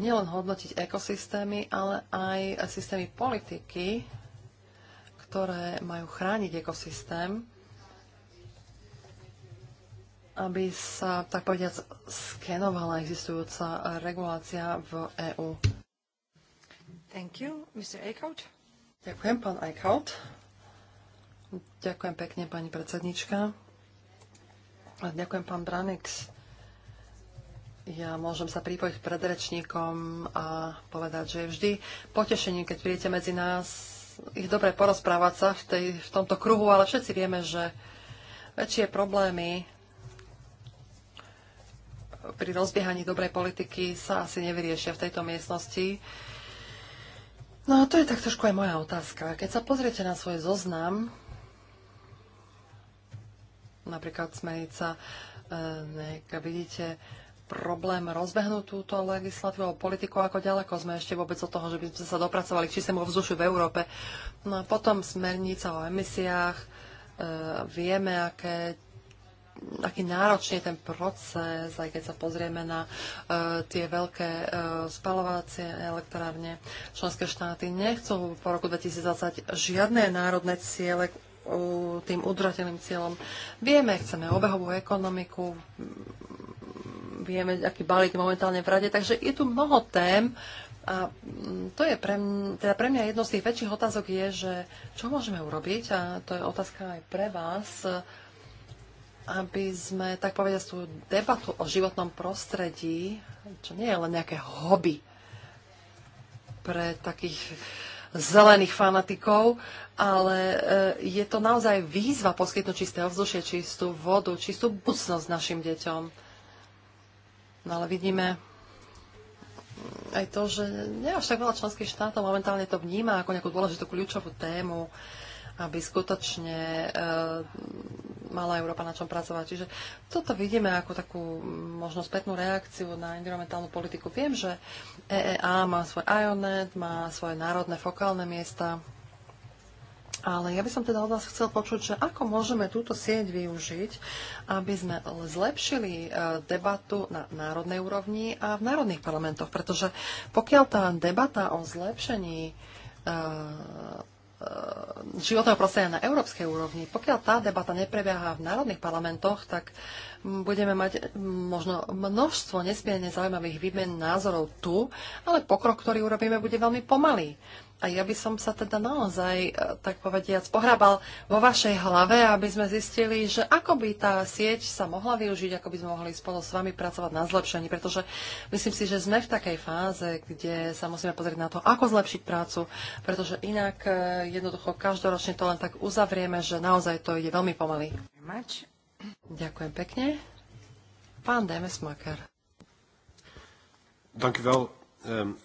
nielen hodnotiť ekosystémy, ale aj systémy politiky, ktoré majú chrániť ekosystém, aby sa, tak povediac, skenovala existujúca regulácia v EÚ. Thank you, Mr. Eichhout. Ďakujem, pán Eichhout. Ďakujem pekne, pani predsednička. A ďakujem, pán Branix. Ja môžem sa pripojiť pred predrečníkom a povedať, že je vždy potešením, keď príjete medzi nás, ich dobre porozprávať sa v, tej, v tomto kruhu, ale všetci vieme, že väčšie problémy pri rozbiehaní dobrej politiky sa asi nevyriešia v tejto miestnosti. No a to je tak trošku aj moja otázka. Keď sa pozriete na svoj zoznam, napríklad smernica NEK. Eh, vidíte problém rozbehnúť túto legislatívu alebo politiku, ako ďaleko sme ešte vôbec od toho, že by sme sa dopracovali k čistému vzdušu v Európe. No a potom smernica o emisiách. E, vieme, aké aký náročný je ten proces, aj keď sa pozrieme na uh, tie veľké uh, spalovacie elektrárne. Členské štáty nechcú po roku 2020 žiadne národné ciele k tým udrateným cieľom. Vieme, chceme obehovú ekonomiku, vieme, aký balík momentálne v rade, takže je tu mnoho tém, a mm, to je pre mňa, teda pre mňa jedno z tých väčších otázok je, že čo môžeme urobiť, a to je otázka aj pre vás, aby sme, tak povediať, tú debatu o životnom prostredí, čo nie je len nejaké hobby pre takých zelených fanatikov, ale e, je to naozaj výzva poskytnúť čisté ovzdušie, čistú vodu, čistú budúcnosť našim deťom. No ale vidíme aj to, že nie až tak veľa členských štátov momentálne to vníma ako nejakú dôležitú kľúčovú tému aby skutočne eh, mala Európa na čom pracovať. Čiže toto vidíme ako takú mm, možno spätnú reakciu na environmentálnu politiku. Viem, že EEA má svoj IONET, má svoje národné fokálne miesta, ale ja by som teda od vás chcel počuť, že ako môžeme túto sieť využiť, aby sme zlepšili eh, debatu na národnej úrovni a v národných parlamentoch. Pretože pokiaľ tá debata o zlepšení eh, E, životného prostredia na európskej úrovni, pokiaľ tá debata neprebieha v národných parlamentoch, tak budeme mať možno množstvo nesmierne zaujímavých výmen názorov tu, ale pokrok, ktorý urobíme, bude veľmi pomalý. A ja by som sa teda naozaj, e, tak povediac, pohrábal vo vašej hlave, aby sme zistili, že ako by tá sieť sa mohla využiť, ako by sme mohli spolu s vami pracovať na zlepšení, pretože myslím si, že sme v takej fáze, kde sa musíme pozrieť na to, ako zlepšiť prácu, pretože inak e, jednoducho každoročne to len tak uzavrieme, že naozaj to ide veľmi pomaly. Ďakujem pekne. Pán Demesmaker. Dank u wel. Um,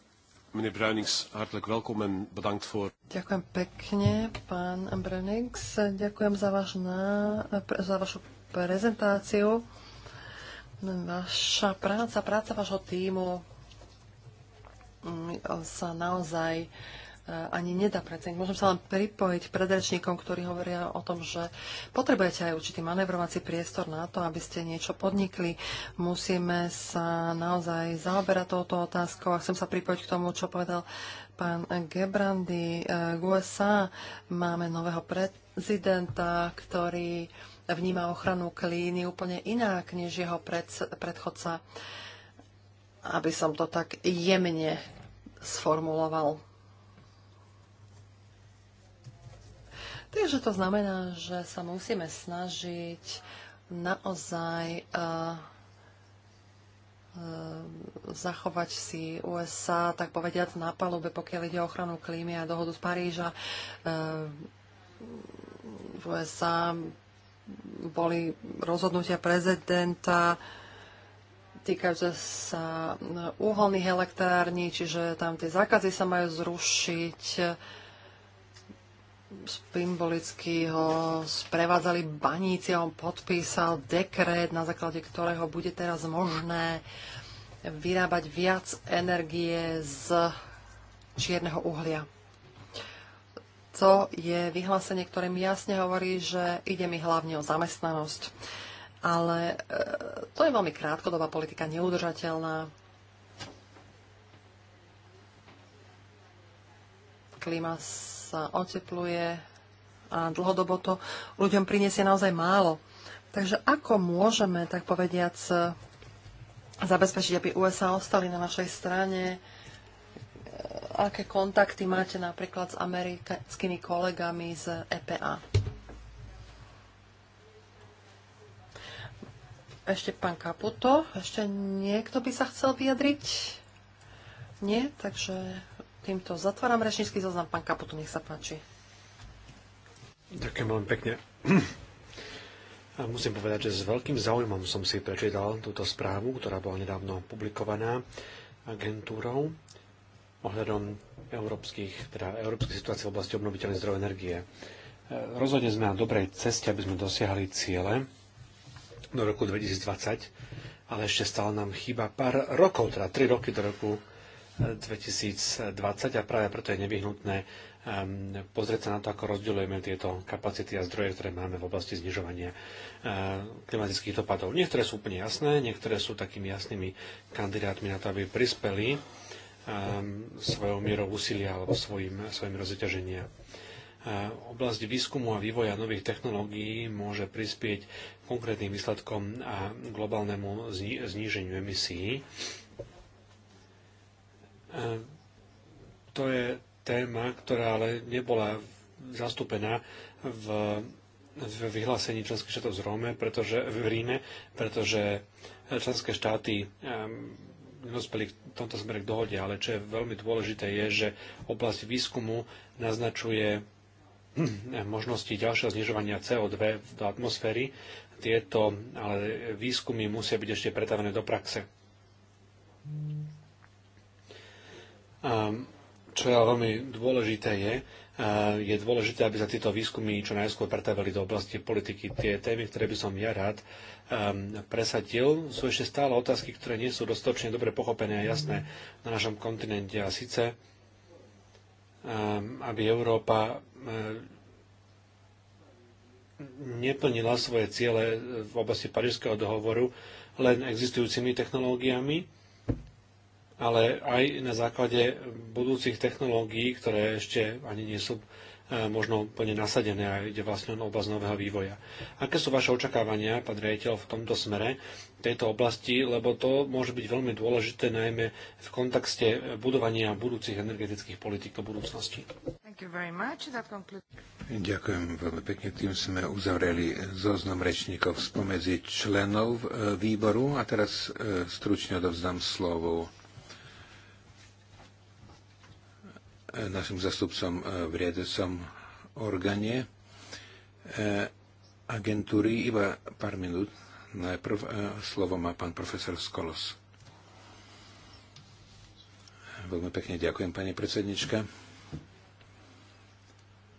Meneer Bruinings, hartelijk welkom en bedankt voor... Ďakujem pekne, pán Brunings. Ďakujem za, váš na, za vašu prezentáciu. Vaša práca, práca vašho týmu mm, sa naozaj E, ani nedá predsa. Môžem sa len pripojiť predrečníkom, ktorí hovoria o tom, že potrebujete aj určitý manevrovací priestor na to, aby ste niečo podnikli. Musíme sa naozaj zaoberať touto otázkou a chcem sa pripojiť k tomu, čo povedal pán Gebrandy. v e, USA máme nového prezidenta, ktorý vníma ochranu klíny úplne inak, než jeho pred, predchodca aby som to tak jemne sformuloval. Takže to znamená, že sa musíme snažiť naozaj uh, zachovať si USA, tak povediať, na palube, pokiaľ ide o ochranu klímy a dohodu z Paríža. E, v USA boli rozhodnutia prezidenta týkajúce sa uholných elektrární, čiže tam tie zákazy sa majú zrušiť symbolicky ho sprevádzali baníci a on podpísal dekret, na základe ktorého bude teraz možné vyrábať viac energie z čierneho uhlia. To je vyhlásenie, ktorým jasne hovorí, že ide mi hlavne o zamestnanosť. Ale e, to je veľmi krátkodobá politika, neudržateľná. Klima sa otepluje a dlhodobo to ľuďom priniesie naozaj málo. Takže ako môžeme, tak povediac, zabezpečiť, aby USA ostali na našej strane? Aké kontakty máte napríklad s americkými kolegami z EPA? Ešte pán Kaputo, ešte niekto by sa chcel vyjadriť? Nie, takže týmto zatváram rečnícky zoznam. Pán kaputu, nech sa páči. Ďakujem veľmi pekne. A musím povedať, že s veľkým záujmom som si prečítal túto správu, ktorá bola nedávno publikovaná agentúrou ohľadom európskych, teda európskej situácie v oblasti obnoviteľných zdrojov energie. Rozhodne sme na dobrej ceste, aby sme dosiahli ciele do roku 2020, ale ešte stále nám chýba pár rokov, teda 3 roky do roku 2020 a práve preto je nevyhnutné um, pozrieť sa na to, ako rozdeľujeme tieto kapacity a zdroje, ktoré máme v oblasti znižovania uh, klimatických dopadov. Niektoré sú úplne jasné, niektoré sú takými jasnými kandidátmi na to, aby prispeli um, svojou mierou úsilia alebo svojim, svojim rozťaženia. Uh, oblasť výskumu a vývoja nových technológií môže prispieť konkrétnym výsledkom a globálnemu zníženiu emisí Ehm, to je téma, ktorá ale nebola zastúpená v, v vyhlásení členských štátov z Róme, pretože v Ríme, pretože členské štáty ehm, nedospeli v tomto smere k dohode, ale čo je veľmi dôležité je, že oblasť výskumu naznačuje ehm, možnosti ďalšieho znižovania CO2 do atmosféry. Tieto ale výskumy musia byť ešte pretavené do praxe. Ehm, čo je veľmi dôležité je, eh, je dôležité, aby sa tieto výskumy čo najskôr pretavili do oblasti politiky. Tie témy, ktoré by som ja rád ehm, presadil, sú ešte stále otázky, ktoré nie sú dostatočne dobre pochopené a jasné na našom kontinente. A síce, ehm, aby Európa neplnila svoje ciele v oblasti Parížského dohovoru len existujúcimi technológiami, ale aj na základe budúcich technológií, ktoré ešte ani nie sú e, možno úplne nasadené a ide vlastne o oblasť nového vývoja. Aké sú vaše očakávania, pán riaditeľ, v tomto smere, v tejto oblasti, lebo to môže byť veľmi dôležité najmä v kontexte budovania budúcich energetických politik do budúcnosti. Ďakujem veľmi pekne. Tým sme uzavreli zoznam rečníkov spomedzi členov e, výboru a teraz e, stručne odovzdám slovo našim zastupcom e, v riadecom orgáne e, agentúry. Iba pár minút. Najprv e, slovo má pán profesor Skolos. Veľmi pekne ďakujem, pani predsednička.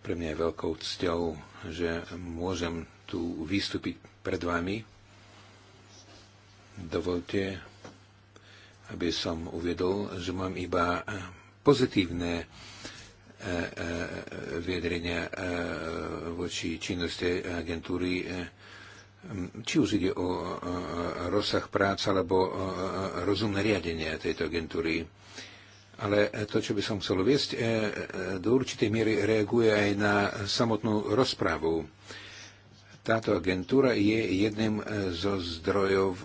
Pre mňa je veľkou cťou, že môžem tu vystúpiť pred vami. Dovolte, aby som uviedol, že mám iba pozitívne e, vyjadrenia e, voči činnosti agentúry, e, či už ide o rozsah práce alebo rozumné riadenie tejto agentúry. Ale to, čo by som chcel viesť, do určitej miery reaguje aj na samotnú rozprávu. Táto agentúra je jedným zo zdrojov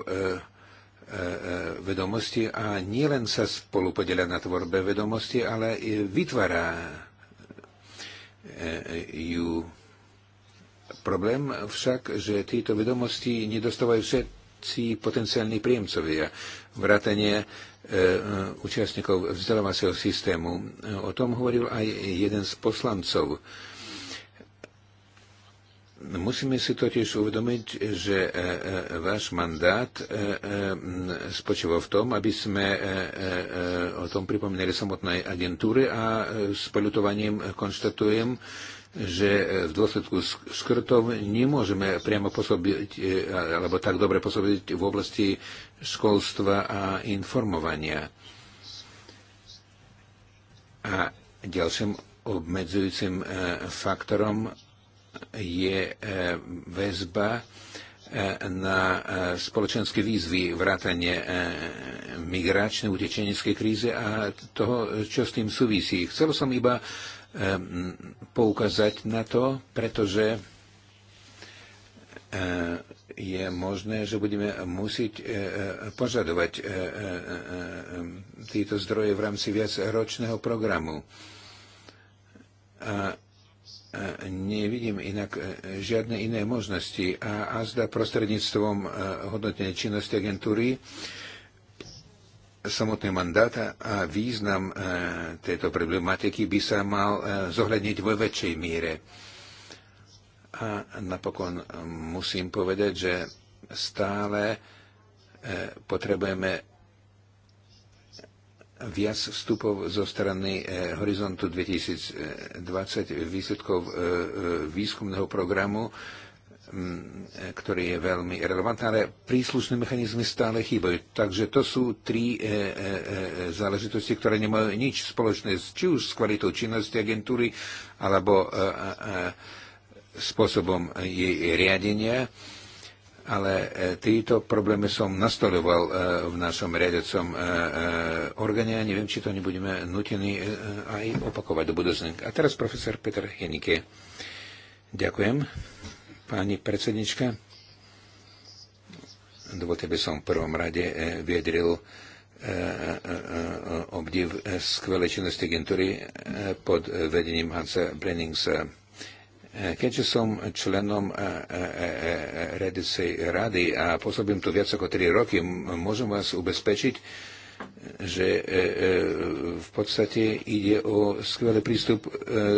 E, e, vedomosti a nielen sa spolu podelia na tvorbe vedomosti, ale i vytvára e, ju. Problém však, že tieto vedomosti nedostávajú všetci potenciálni príjemcovia, vrátanie účastníkov vzdelávacieho systému. O tom hovoril aj jeden z poslancov. Musíme si totiž uvedomiť, že e, e, váš mandát e, spočíval v tom, aby sme o tom pripomínali samotnej agentúry a s poľutovaním konštatujem, že v dôsledku škrtov nemôžeme priamo posobiť, alebo tak dobre posobiť v oblasti školstva a informovania. A ďalším obmedzujúcim faktorom je e, väzba e, na e, spoločenské výzvy, vrátanie migračnej, utečeneckej kríze a toho, čo s tým súvisí. Chcel som iba poukázať na to, pretože je možné, že budeme musieť požadovať títo zdroje v rámci viacročného programu. A E, nevidím inak e, žiadne iné možnosti. A, a zda prostredníctvom e, hodnotenia činnosti agentúry samotný mandát a význam tejto problematiky by sa mal zohľadniť vo väčšej míre. A napokon musím povedať, že stále potrebujeme viac vstupov zo strany e, Horizontu 2020 výsledkov e, e, výskumného programu, ktorý je veľmi relevantný, ale príslušné mechanizmy stále chýbajú. Takže to sú tri záležitosti, ktoré nemajú nič spoločné či už s kvalitou činnosti agentúry alebo spôsobom jej riadenia. E, ale e, tieto problémy som nastoloval e, v našom riadecom e, orgáne a neviem, či to nebudeme nutení aj opakovať do budúcne. A teraz profesor Peter Henike. Ďakujem, pani predsednička. Dovolte by som v prvom rade vyjadril obdiv skvelej činnosti agentúry pod vedením Hansa Brenningsa Keďže som členom e, e, e, Redicej rady a pôsobím tu viac ako 3 roky, môžem vás ubezpečiť, že v podstate ide o skvelý prístup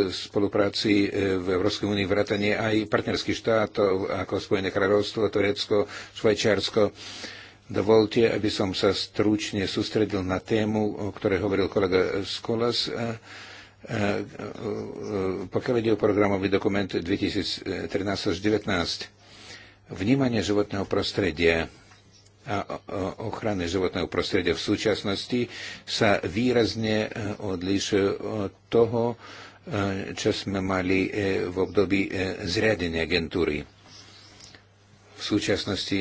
spolupráci v Európskej únii vrátane aj partnerských štátov ako Spojené kráľovstvo, Turecko, Švajčiarsko. Dovolte, aby som sa stručne sústredil na tému, o ktorej hovoril kolega Skolas. A E, e, pokiaľ ide o programový dokument 2013 až 2019, vnímanie životného prostredia a ochrany životného prostredia v súčasnosti sa výrazne e, odlišuje od toho, čo sme mali v období zriadenia agentúry. V súčasnosti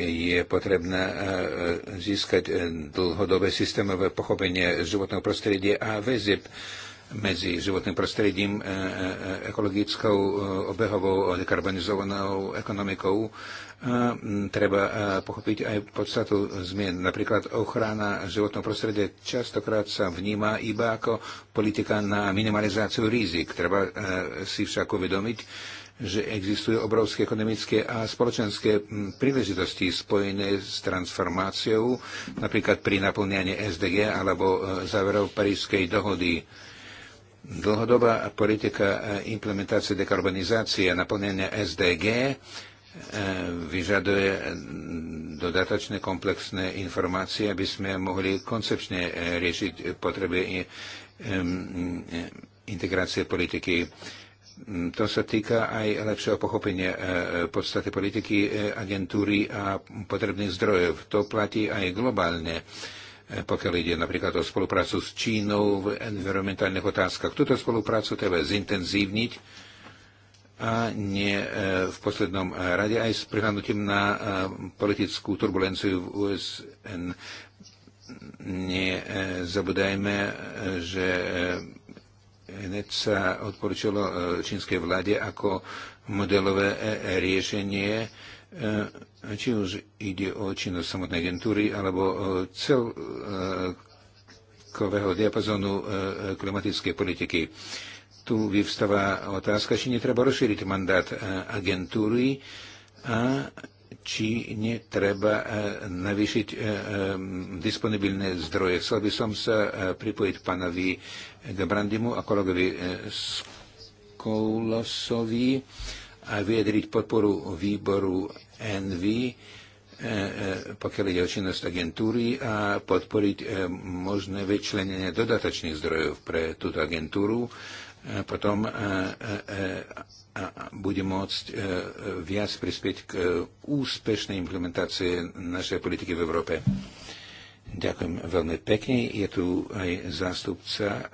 je potrebné získať dlhodobé systémové pochopenie životného prostredia a väzieb medzi životným prostredím, e, e, e, ekologickou, obehovou, dekarbonizovanou ekonomikou. Treba pochopiť aj podstatu zmien. Napríklad ochrana životného prostredia častokrát sa vníma iba ako politika na minimalizáciu rizik. Treba si však uvedomiť, že existujú obrovské ekonomické a spoločenské príležitosti spojené s transformáciou, napríklad pri naplňaní SDG alebo záverov Parískej dohody Dlhodobá politika eh, implementácie dekarbonizácie a naplnenia SDG eh, vyžaduje eh, dodatočné komplexné informácie, aby sme mohli koncepčne riešiť potreby integrácie politiky. Mm, to sa týka aj lepšieho pochopenia podstaty politiky agentúry a potrebných zdrojov. To platí aj globálne. Eh, pokiaľ ide napríklad o spoluprácu s Čínou v environmentálnych otázkach. Túto spoluprácu treba zintenzívniť a nie eh, v poslednom eh, rade aj s prihľadnutím na politickú turbulenciu v USN. Nezabudajme, že hneď sa odporučilo e, čínskej vláde ako modelové e, riešenie, e, či už ide o činnosť samotnej agentúry alebo celkového diapazónu klimatickej politiky. Tu vyvstáva otázka, či netreba rozšíriť mandát agentúry a či netreba e, navýšiť e, e, disponibilné zdroje. Chcel by som sa pripojiť pánovi Gabrandimu a kolegovi Skoulosovi a vyjadriť podporu výboru NV, pokiaľ ide o činnosť agentúry a podporiť možné vyčlenenie dodatočných zdrojov pre túto agentúru, potom a bude môcť e, e, viac prispieť k e, úspešnej implementácii našej politiky v Európe. Ďakujem veľmi pekne. Je tu aj zástupca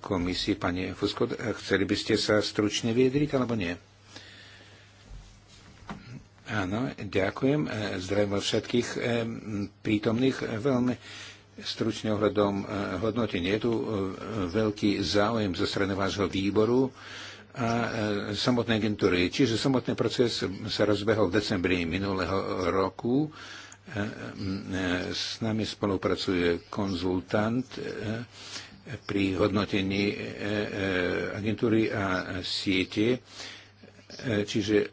komisie, pani Fusko. Chceli by ste sa stručne vyjadriť, alebo nie? Áno, ďakujem. Zdravím všetkých prítomných. Veľmi stručne ohľadom hodnotenia. Je tu veľký záujem zo strany vášho výboru a e, samotnej agentúry. Čiže samotný proces sa rozbehol v decembri minulého roku. E, e, s nami spolupracuje konzultant pri hodnotení agentúry a siete. Čiže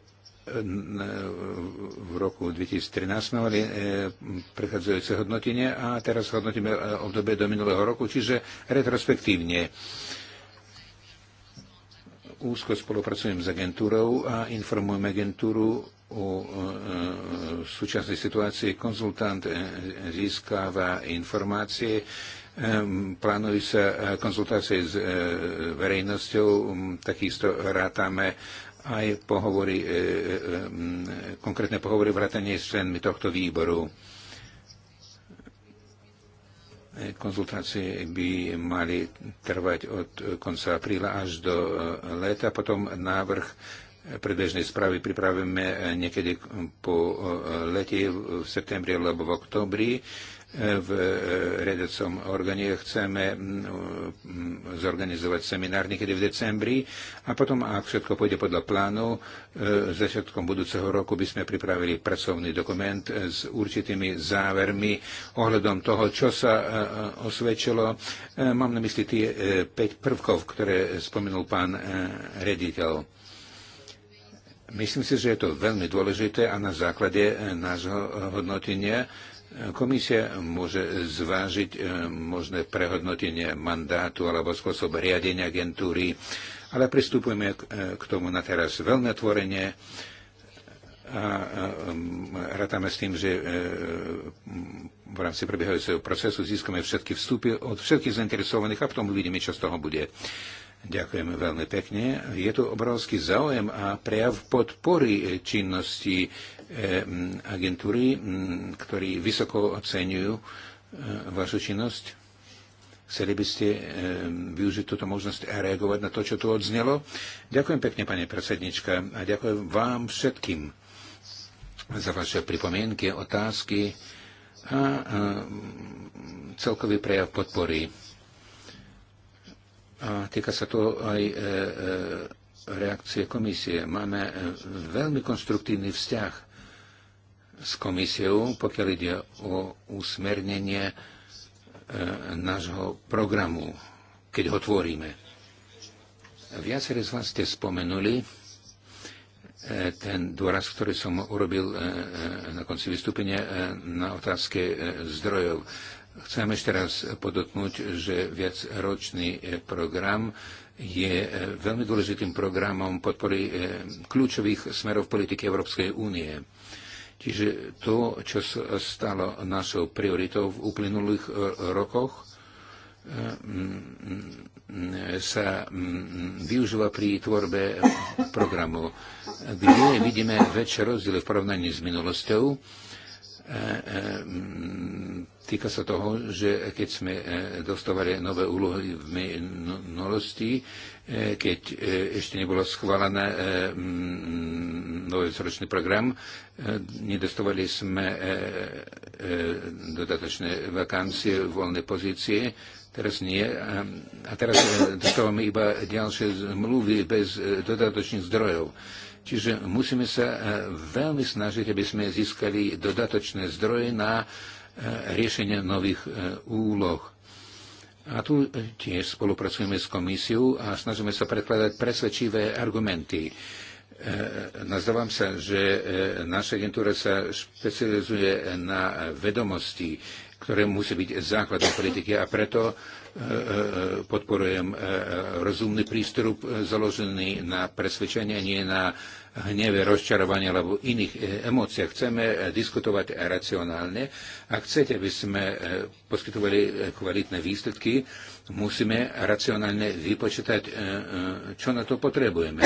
v roku 2013 mali prechádzajúce hodnotenie a teraz hodnotíme obdobie do minulého roku, čiže retrospektívne úzko spolupracujem s agentúrou a informujem agentúru o e, e, súčasnej situácii. Konzultant e, získava informácie, plánujú sa konzultácie s verejnosťou, takisto rátame aj pohovory, konkrétne pohovory vrátanie s členmi tohto výboru Konzultácie by mali trvať od konca apríla až do e, leta. Potom návrh predbežnej správy pripravíme niekedy po e, lete v septembri alebo v oktobri v e, redacom orgáne. Chceme zorganizovať seminár niekedy v decembri a potom, ak všetko pôjde podľa plánu, e, začiatkom budúceho roku by sme pripravili pracovný dokument s určitými závermi ohľadom toho, čo sa e, osvedčilo. Mám na mysli tie 5 prvkov, ktoré spomenul pán rediteľ. Myslím si, že je to veľmi dôležité a na základe nášho hodnotenia Komisia môže zvážiť e, možné prehodnotenie mandátu alebo spôsob riadenia agentúry, ale pristupujeme k e, tomu na teraz veľmi otvorene a e, rátame s tým, že v rámci prebiehajúceho procesu získame všetky vstupy od všetkých zainteresovaných a potom uvidíme, čo z toho bude. Ďakujeme veľmi pekne. Je tu obrovský záujem a prejav podpory eh, činnosti eh, mm, agentúry, mm, ktorí vysoko oceňujú eh, vašu činnosť. Chceli by ste využiť túto možnosť a reagovať na to, čo tu odznelo? Ďakujem pekne, pani predsednička, a ďakujem vám všetkým za vaše pripomienky, otázky a celkový prejav podpory. A týka sa to aj e, e, reakcie komisie. Máme e, veľmi konstruktívny vzťah s komisiou, pokiaľ ide o usmernenie nášho programu, keď ho tvoríme. Viacere z vás ste spomenuli ten dôraz, ktorý som urobil na konci vystúpenia na otázke zdrojov. Chcem ešte raz podotknúť, že viacročný e, program je e, veľmi dôležitým programom podpory e, kľúčových smerov politiky Európskej únie. Čiže to, čo stalo našou prioritou v uplynulých rokoch, sa využíva pri tvorbe programu, kde vidíme väčšie rozdiely v porovnaní s minulosťou Týka sa toho, že keď sme e, dostávali nové úlohy v minulosti, e, keď e, ešte nebolo schválené nový zročný program, nedostávali sme dodatočné vakancie, voľné pozície, teraz nie. A teraz dostávame iba ďalšie zmluvy bez dodatočných zdrojov. Čiže musíme sa veľmi snažiť, aby sme získali dodatočné zdroje na E, riešenia nových e, úloh. A tu tiež spolupracujeme s komisiou a snažíme sa predkladať presvedčivé argumenty. E, nazdávam sa, že naša agentúra sa špecializuje na vedomosti, ktoré musí byť základom politiky a preto podporujem rozumný prístup založený na presvedčenie, nie na hneve, rozčarovanie alebo iných e, emóciách. Chceme e, diskutovať racionálne. Ak chcete, aby sme e, poskytovali kvalitné výsledky, musíme racionálne vypočítať, čo na to potrebujeme.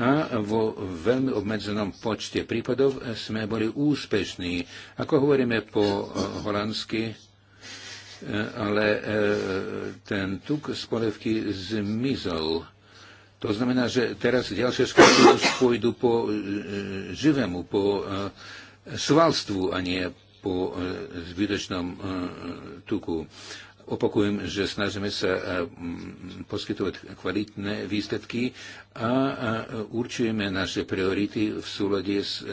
A vo veľmi obmedzenom počte prípadov sme boli úspešní. Ako hovoríme po holandsky, ale ten tuk z polevky zmizol to znamená, že teraz ďalšie škody už pôjdu po e, e, živému, po e, svalstvu a nie po zbytočnom tuku. Opakujem, že snažíme sa poskytovať kvalitné výsledky a určujeme naše priority v súlade s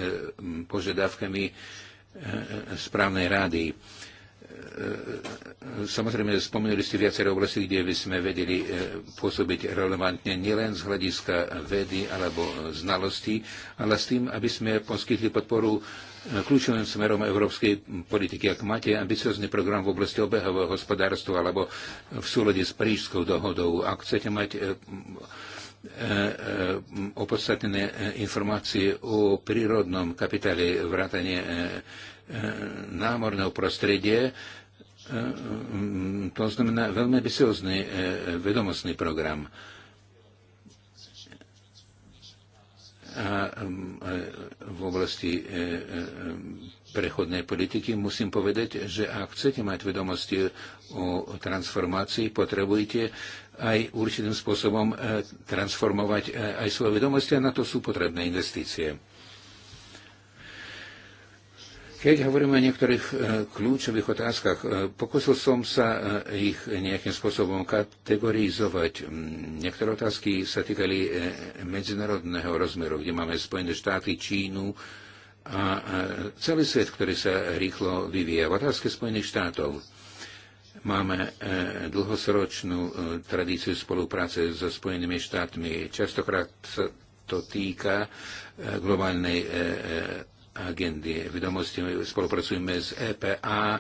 požiadavkami správnej rady. E, e, samozrejme, spomenuli ste viaceré oblasti, kde by sme vedeli e, pôsobiť relevantne nielen z hľadiska vedy alebo znalosti, ale s tým, aby sme poskytli podporu kľúčovým smerom európskej politiky. Ak máte ambiciozný program v oblasti obehového hospodárstva alebo v súlade s Parížskou dohodou, ak chcete mať opodstatnené informácie o prírodnom kapitále vrátane Eh, námorného prostredie, eh, mm, to znamená veľmi ambiciozný eh, vedomostný program. A mm, v oblasti prechodnej politiky musím povedať, že ak chcete mať vedomosti o transformácii, potrebujete aj určitým spôsobom transformovať aj svoje vedomosti a na to sú potrebné investície. Keď hovoríme o niektorých e, kľúčových otázkach, e, pokusil som sa e, ich nejakým spôsobom kategorizovať. Niektoré otázky sa týkali medzinárodného rozmeru, kde máme Spojené štáty, Čínu a celý svet, ktorý sa rýchlo vyvíja. V otázke Spojených štátov máme dlhosročnú tradíciu spolupráce so Spojenými štátmi. Častokrát sa to týka globálnej agendy. Vedomosti spolupracujeme s EPA. E,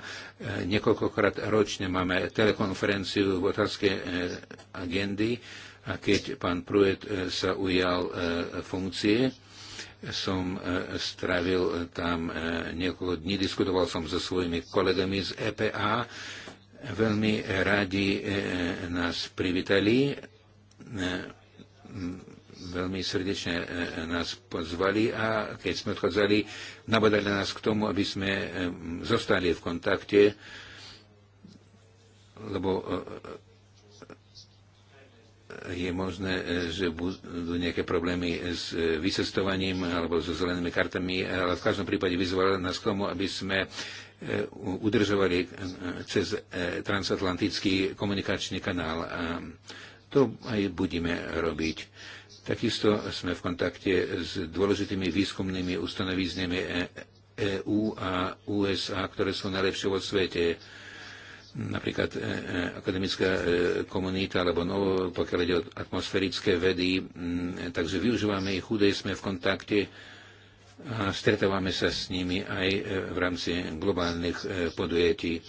niekoľkokrát ročne máme telekonferenciu v otázke e, agendy a keď pán Pruet e, sa ujal funkcie, som stravil tam niekoľko dní, diskutoval som so svojimi kolegami z EPA. Veľmi radi nás privítali veľmi srdečne e, e, nás pozvali a keď sme odchádzali, nabadali nás k tomu, aby sme e, zostali v kontakte, lebo je možné, že budú nejaké problémy s vysestovaním alebo so zelenými kartami, ale v každom prípade vyzvali nás k tomu, aby sme udržovali cez transatlantický komunikačný kanál. A to aj budeme robiť. Takisto sme v kontakte s dôležitými výskumnými ustanovízniami EU e- e- e- a USA, ktoré sú najlepšie vo svete napríklad eh, akademická eh, komunita alebo novo, pokiaľ ide o atmosférické vedy, takže využívame ich, chudej sme v kontakte a stretávame sa s nimi aj eh, v rámci globálnych podujetí.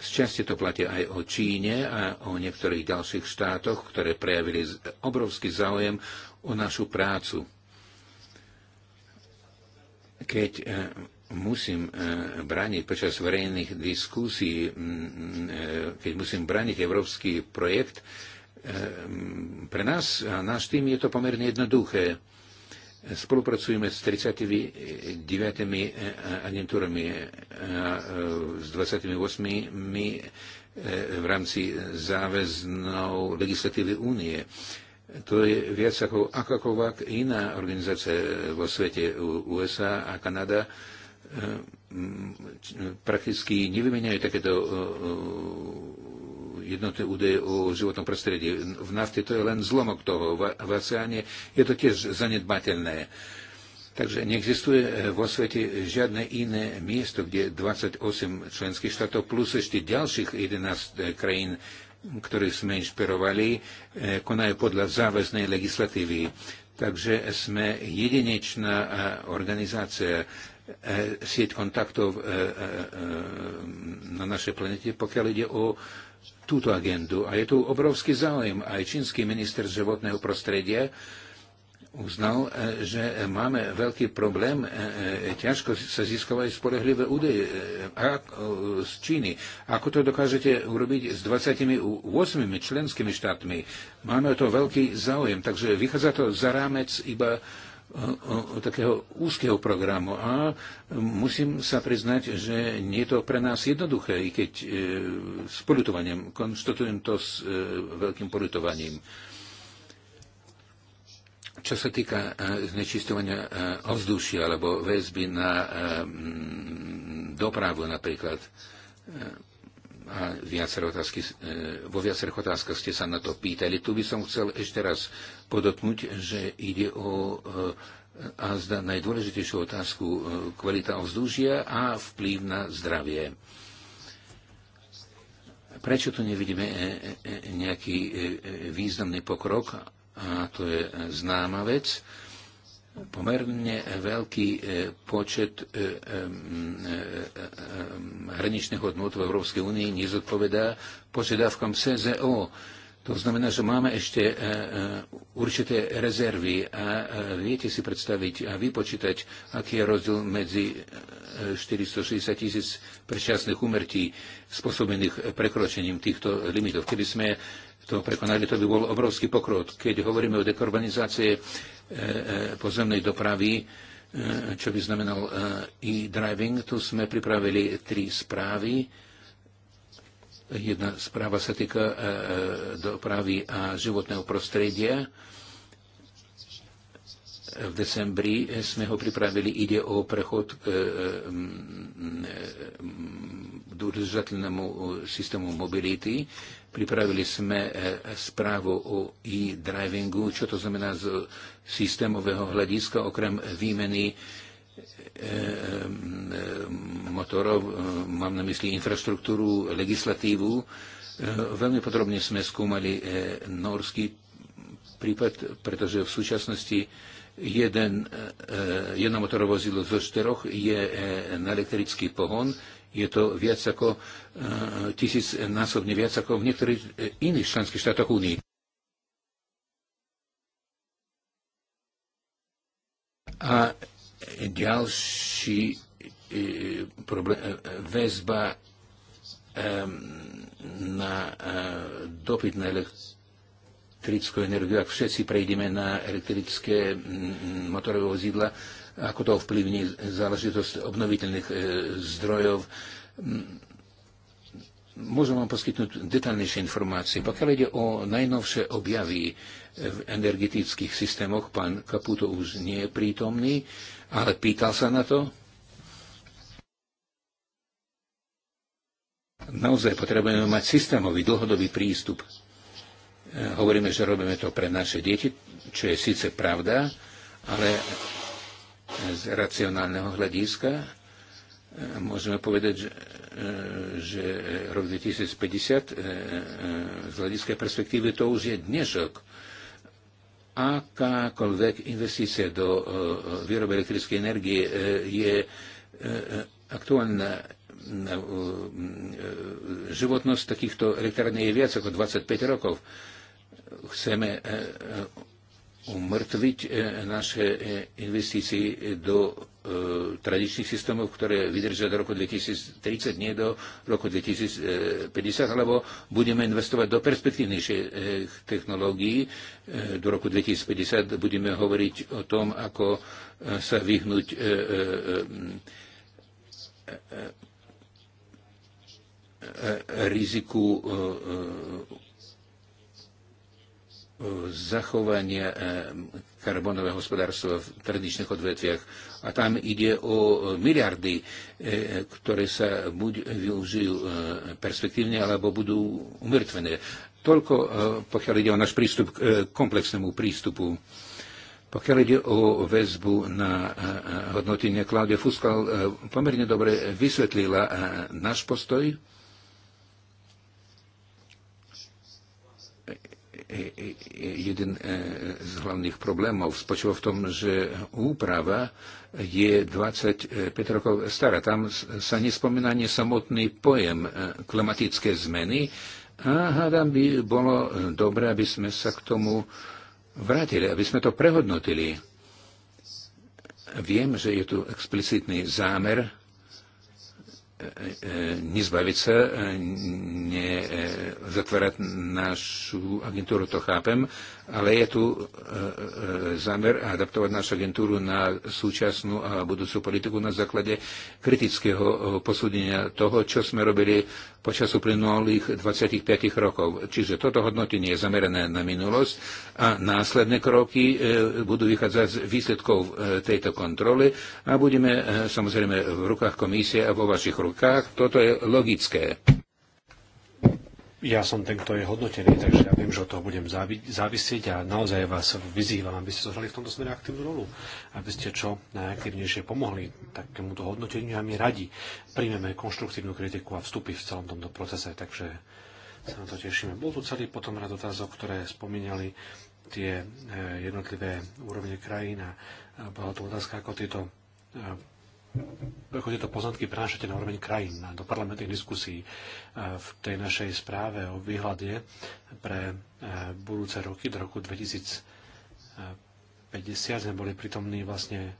Z časti to platí aj o Číne a o niektorých ďalších štátoch, ktoré prejavili obrovský záujem o našu prácu. Keď e, musím e, braniť počas verejných diskusí, e, keď musím braniť európsky projekt, pre nás a náš tým je to pomerne jednoduché Spolupracujeme s 39 eh, eh, agentúrami eh, s 28 v rámci záväznou legislatívy únie. To je viac ako akákoľvek iná organizácia vo svete USA a Kanada prakticky nevymeniajú takéto jednotné údaje o životnom prostredí. V nafte to je len zlomok toho. V v oceáne je to tiež zanedbateľné. Takže neexistuje vo svete žiadne iné miesto, kde 28 členských štátov plus ešte ďalších 11 eh, krajín, ktorých sme inšpirovali, eh, konajú podľa záväznej legislatívy. Takže sme jedinečná eh, organizácia, sieť kontaktov na našej planete, pokiaľ ide o túto agendu. A je tu obrovský záujem. Aj čínsky minister životného prostredia uznal, e, že máme veľký problém, e, e, ťažko sa získavajú spolehlivé údaje z Číny. Ako to dokážete urobiť s 28 členskými štátmi? Máme o to veľký záujem, takže vychádza to za rámec iba takého úzkeho programu. A musím sa priznať, že nie je to pre nás jednoduché, i keď e, s politovaním, konštatujem to s e, veľkým politovaním. Čo sa týka e, znečistovania e, ovzdušia alebo väzby na e, dopravu napríklad, a viaceré otázky, vo viacerých otázkach ste sa na to pýtali. Tu by som chcel ešte raz podotknúť, že ide o e, a zda najdôležitejšiu otázku e, kvalita ovzdúžia a vplyv na zdravie. Prečo tu nevidíme e, nejaký významný pokrok? A to je známa vec. Pomerne veľký počet hraničných hodnot v Európskej únii nezodpovedá požiadavkám CZO to znamená, že máme ešte e, e, určité rezervy a e, viete si predstaviť a vypočítať, aký je rozdiel medzi 460 tisíc predčasných umrtí spôsobených prekročením týchto limitov. Keby sme to prekonali, to by bol obrovský pokrok. Keď hovoríme o dekarbonizácii pozemnej dopravy, čo by znamenal e-driving, tu sme pripravili tri správy Jedna správa sa týka e, e, dopravy a životného prostredia. V decembri sme ho pripravili. Ide o prechod k e, udržateľnému systému mobility. Pripravili sme správu o e-drivingu, čo to znamená z systémového hľadiska, okrem výmeny Eh, eh, motorov, eh, mám na mysli infraštruktúru, legislatívu. Veľmi podrobne sme skúmali norský prípad, pretože v súčasnosti jeden, jedno motorové vozidlo zo štyroch je na elektrický pohon. Je to viac ako tisíc násobne viac ako v niektorých iných členských štátoch Únii. A ďalší e, problém, e, e, väzba na dopyt na elektrickú energiu. Ak všetci prejdeme na elektrické motorové vozidla, ako to ovplyvní záležitosť obnoviteľných zdrojov. Môžem vám poskytnúť detaľnejšie informácie. Pokiaľ ide o najnovšie objavy v energetických systémoch, pán Kaputo už nie je prítomný. E, ale pýtal sa na to? Naozaj potrebujeme mať systémový, dlhodobý prístup. E, hovoríme, že robíme to pre naše deti, čo je síce pravda, ale z racionálneho hľadiska e, môžeme povedať, že, e, že rok 2050 z hľadiska perspektívy to už je dnešok akákoľvek investícia do e, e, výroby elektrickej energie e, je aktuálna životnosť takýchto elektrární je viac ako 25 rokov. Chceme umrtviť naše investície do E, tradičných systémov, ktoré vydržia do roku 2030, nie do roku 2050, alebo budeme investovať do perspektívnejších e, technológií. E, do roku 2050 budeme hovoriť o tom, ako sa vyhnúť riziku zachovania karbonového hospodárstva v tradičných odvetviach a tam ide o e, miliardy, e, ktoré sa buď využijú e, perspektívne, alebo budú umrtvené. Toľko, pokiaľ ide o náš prístup k komplexnému prístupu. Pokiaľ ide o väzbu na hodnotenie, Klaudia Fuskal pomerne dobre vysvetlila náš postoj. E, e, e, jeden z hlavných problémov spočíva v tom, že úprava je 25 rokov stará. Tam sa nespomína samotný pojem klimatické zmeny a hádam by bolo dobré, aby sme sa k tomu vrátili, aby sme to prehodnotili. Viem, že je tu explicitný zámer nezbaviť sa, ne, zatvárať našu agentúru, to chápem, ale je tu e, e, zámer adaptovať našu agentúru na súčasnú a budúcu politiku na základe kritického e, posúdenia toho, čo sme robili počas uplynulých 25 rokov. Čiže toto hodnotenie je zamerané na minulosť a následné kroky e, budú vychádzať z výsledkov e, tejto kontroly a budeme e, samozrejme v rukách komisie a vo vašich rukách. Toto je logické ja som ten, kto je hodnotený, takže ja viem, že od toho budem závi- závisieť a naozaj vás vyzývam, aby ste zohrali v tomto smere aktívnu rolu, aby ste čo najaktívnejšie pomohli takémuto hodnoteniu a my radi príjmeme konštruktívnu kritiku a vstupy v celom tomto procese, takže sa na to tešíme. Bol tu celý potom rád otázok, ktoré spomínali tie eh, jednotlivé úrovne krajín a bola tu otázka, ako tieto eh, ako tieto poznatky prenášate na úroveň krajín, do parlamentných diskusí. E, v tej našej správe o výhľade pre e, budúce roky do roku 2050 e, sme boli pritomní vlastne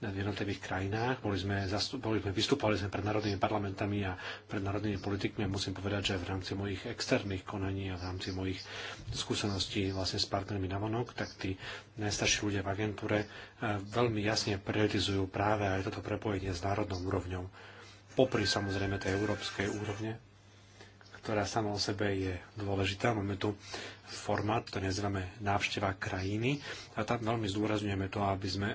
v jednotlivých krajinách. Boli sme, boli sme, vystupovali sme pred národnými parlamentami a pred národnými politikmi a musím povedať, že v rámci mojich externých konaní a v rámci mojich skúseností vlastne s partnermi na vonok, tak tí najstarší ľudia v agentúre eh, veľmi jasne prioritizujú práve aj toto prepojenie s národnou úrovňou. Popri samozrejme tej európskej úrovne, ktorá sama o sebe je dôležitá. Máme tu formát, to nazývame návšteva krajiny a tam veľmi zdôrazňujeme to, aby sme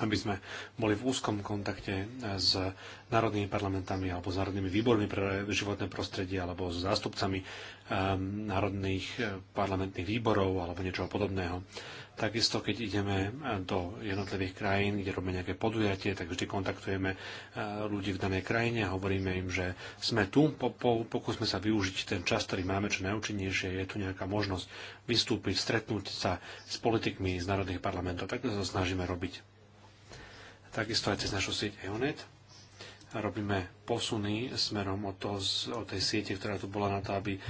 aby sme boli v úzkom kontakte e, s národnými parlamentami alebo s národnými výbormi pre životné prostredie alebo s zástupcami e, národných e, parlamentných výborov alebo niečoho podobného. Takisto, keď ideme do jednotlivých krajín, kde robíme nejaké podujatie, tak vždy kontaktujeme ľudí v danej krajine a hovoríme im, že sme tu, po, po, pokúsme sa využiť ten čas, ktorý máme čo najúčinnejšie, je tu nejaká možnosť vystúpiť, stretnúť sa s politikmi z národných parlamentov. Takto sa snažíme robiť takisto aj cez našu sieť Eonet. A robíme posuny smerom od, toho, od tej siete, ktorá tu bola na to, aby eh,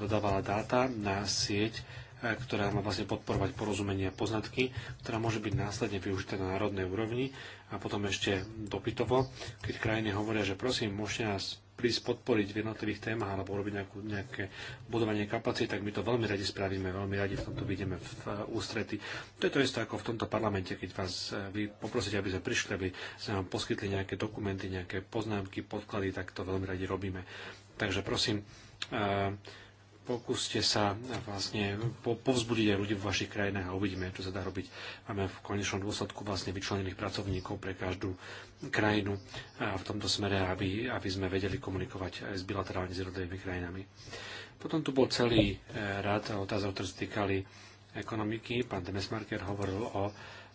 dodávala dáta na sieť ktorá má vlastne podporovať porozumenie a poznatky, ktorá môže byť následne využitá na národnej úrovni a potom ešte dopytovo, keď krajiny hovoria, že prosím, môžete nás prísť podporiť v jednotlivých témach alebo robiť nejakú, nejaké budovanie kapacity, tak my to veľmi radi spravíme, veľmi radi v tomto vidíme v ústrety. To je to isté ako v tomto parlamente, keď vás e, vy poprosíte, aby sme prišli, aby sme vám poskytli nejaké dokumenty, nejaké poznámky, podklady, tak to veľmi radi robíme. Takže prosím, e, pokúste sa vlastne povzbudiť aj ľudí v vašich krajinách a uvidíme, čo sa dá robiť. Máme v konečnom dôsledku vlastne vyčlenených pracovníkov pre každú krajinu a v tomto smere, aby, aby sme vedeli komunikovať aj s bilaterálne s krajinami. Potom tu bol celý eh, rád otázok, ktoré sa týkali ekonomiky. Pán Demesmarker hovoril o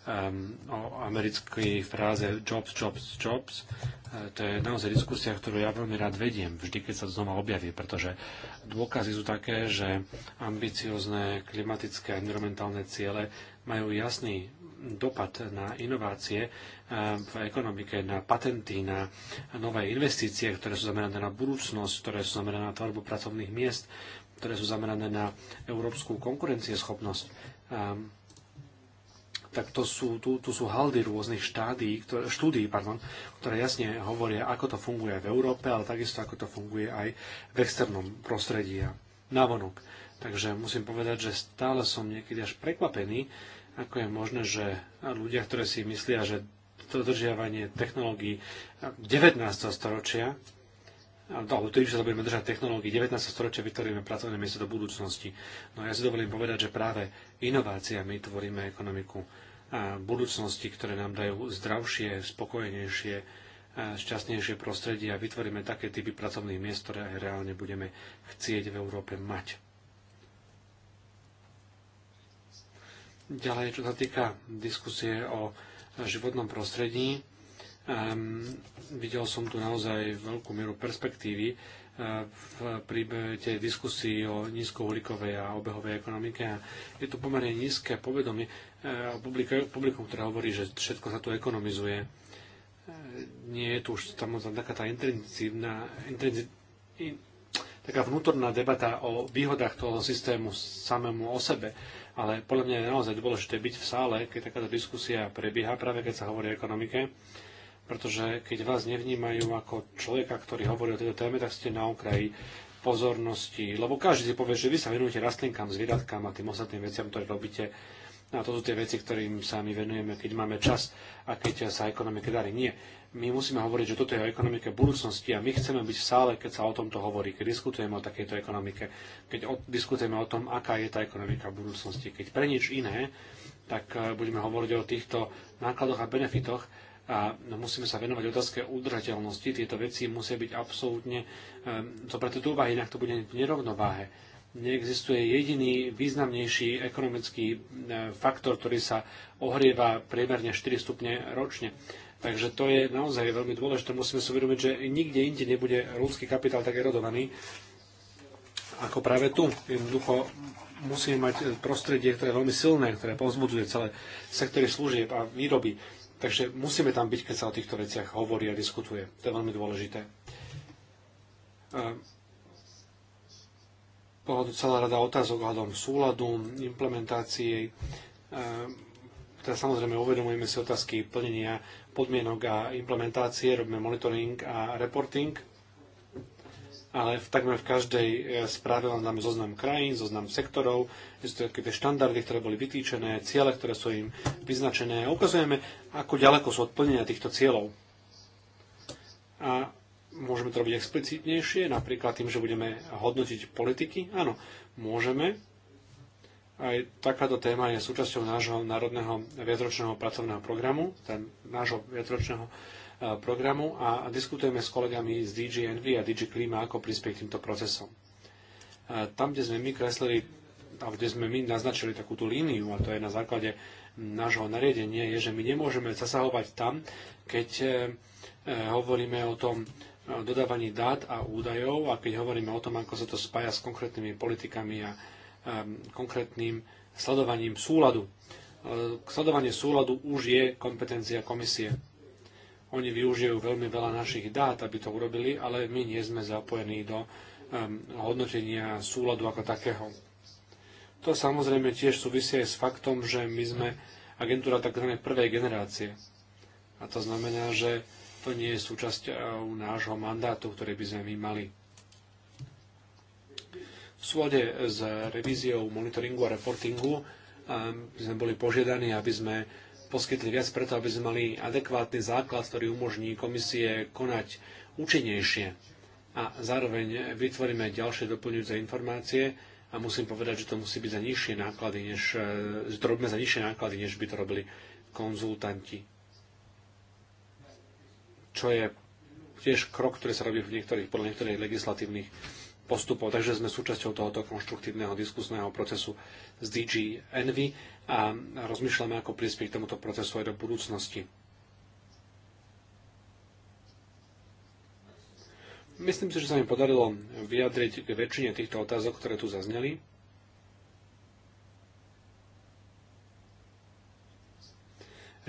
Um, o americkej fráze jobs, jobs, jobs. E, to je naozaj diskusia, ktorú ja veľmi rád vediem, vždy, keď sa znova objaví, pretože dôkazy sú také, že ambiciozne klimatické a environmentálne ciele majú jasný dopad na inovácie e, v ekonomike, na patenty, na nové investície, ktoré sú zamerané na budúcnosť, ktoré sú zamerané na tvorbu pracovných miest, ktoré sú zamerané na európsku konkurencieschopnosť. Ehm, tak to sú, tu, tu sú haldy rôznych štádí, ktoré, štúdií, pardon, ktoré jasne hovoria, ako to funguje v Európe, ale takisto ako to funguje aj v externom prostredí a navonok. Takže musím povedať, že stále som niekedy až prekvapený, ako je možné, že ľudia, ktorí si myslia, že dodržiavanie technológií 19. storočia, alebo tým, že sa budeme držať technológií 19. storočia, vytvoríme pracovné miesto do budúcnosti. No ja si dovolím povedať, že práve inováciami tvoríme ekonomiku budúcnosti, ktoré nám dajú zdravšie, spokojnejšie, šťastnejšie prostredie a vytvoríme také typy pracovných miest, ktoré aj reálne budeme chcieť v Európe mať. Ďalej, čo sa týka diskusie o životnom prostredí, um, videl som tu naozaj veľkú mieru perspektívy e, v príbe tej diskusii o nízkouhlíkovej a obehovej ekonomike. Je tu pomerne nízke povedomie E, publikum, ktoré hovorí, že všetko sa tu ekonomizuje. E, nie je tu už tam taká tá intrinzívna, in, taká vnútorná debata o výhodách toho systému samému o sebe. Ale podľa mňa je naozaj dôležité byť v sále, keď takáto diskusia prebieha, práve keď sa hovorí o ekonomike, pretože keď vás nevnímajú ako človeka, ktorý hovorí o tejto téme, tak ste na okraji pozornosti. Lebo každý si povie, že vy sa venujete rastlinkám, zvieratkám a tým ostatným veciam, ktoré robíte No a to sú tie veci, ktorým sa my venujeme, keď máme čas a keď sa ekonomike darí. Nie. My musíme hovoriť, že toto je o ekonomike budúcnosti a my chceme byť v sále, keď sa o tomto hovorí, keď diskutujeme o takejto ekonomike, keď o, diskutujeme o tom, aká je tá ekonomika budúcnosti. Keď pre nič iné, tak eh, budeme hovoriť o týchto nákladoch a benefitoch, a musíme sa venovať otázke udržateľnosti. Tieto veci musia byť absolútne um, preto do úvahy, inak to bude v nerovnováhe neexistuje jediný významnejší ekonomický e, faktor, ktorý sa ohrieva priemerne 4 stupne ročne. Takže to je naozaj veľmi dôležité. Musíme si uvedomiť, že nikde inde nebude ľudský kapitál tak erodovaný ako práve tu. Jednoducho musíme mať prostredie, ktoré je veľmi silné, ktoré povzbudzuje celé sektory služieb a výroby. Takže musíme tam byť, keď sa o týchto veciach hovorí a diskutuje. To je veľmi dôležité. E, bola tu celá rada otázok hľadom súladu, implementácie. E, teda samozrejme uvedomujeme si otázky plnenia podmienok a implementácie, robíme monitoring a reporting, ale v, takmer v každej e, správe vám dáme zoznam krajín, zoznam sektorov, sú také štandardy, ktoré boli vytýčené, ciele, ktoré sú im vyznačené. Ukazujeme, ako ďaleko sú od plnenia týchto cieľov. A Môžeme to robiť explicitnejšie, napríklad tým, že budeme hodnotiť politiky? Áno, môžeme. Aj takáto téma je súčasťou nášho národného viacročného pracovného programu, ten nášho viacročného e, programu a diskutujeme s kolegami z DG Envy a DG Klima, ako prispieť týmto procesom. E, tam, kde sme my kreslili a kde sme my naznačili takúto líniu, a to je na základe nášho nariadenia, je, že my nemôžeme zasahovať tam, keď e, hovoríme o tom, dodávaní dát a údajov a keď hovoríme o tom, ako sa to spája s konkrétnymi politikami a um, konkrétnym sledovaním súladu. Sledovanie súladu už je kompetencia komisie. Oni využijú veľmi veľa našich dát, aby to urobili, ale my nie sme zapojení do um, hodnotenia súladu ako takého. To samozrejme tiež súvisí aj s faktom, že my sme agentúra tzv. prvej generácie. A to znamená, že to nie je súčasťou eh, nášho mandátu, ktorý by sme my mali. V súlade s revíziou monitoringu a reportingu eh, sme boli požiadaní, aby sme poskytli viac preto, aby sme mali adekvátny základ, ktorý umožní komisie konať účinnejšie. A zároveň vytvoríme ďalšie doplňujúce informácie a musím povedať, že to musí byť za nižšie náklady, než, eh, to robíme za nižšie náklady, než by to robili konzultanti čo je tiež krok, ktorý sa robí v niektorých, podľa niektorých legislatívnych postupov. Takže sme súčasťou tohoto konštruktívneho diskusného procesu z DG Envy a rozmýšľame, ako prispieť k tomuto procesu aj do budúcnosti. Myslím si, že sa mi podarilo vyjadriť k väčšine týchto otázok, ktoré tu zazneli.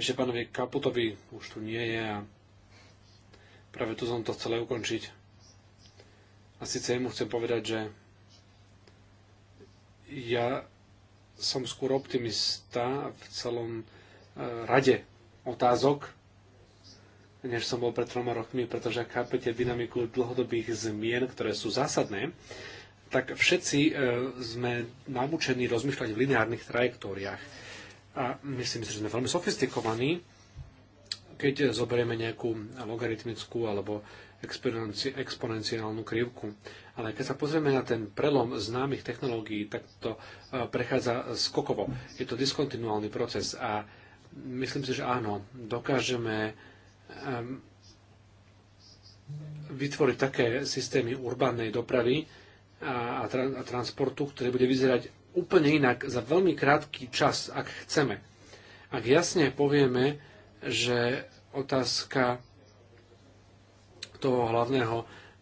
Ešte pánovi Kaputovi už tu nie je a Práve tu som to chcel ukončiť. A síce mu chcem povedať, že ja som skôr optimista v celom e, rade otázok, než som bol pred troma rokmi, pretože ak chápete dynamiku dlhodobých zmien, ktoré sú zásadné, tak všetci e, sme namúčení rozmýšľať v lineárnych trajektóriách. A myslím si, že sme veľmi sofistikovaní, keď zoberieme nejakú logaritmickú alebo exponenciálnu krivku. Ale keď sa pozrieme na ten prelom známych technológií, tak to e, prechádza skokovo. Je to diskontinuálny proces a myslím si, že áno, dokážeme vytvoriť také systémy urbanej dopravy a, a transportu, ktoré bude vyzerať úplne inak za veľmi krátky čas, ak chceme. Ak jasne povieme, že otázka toho hlavného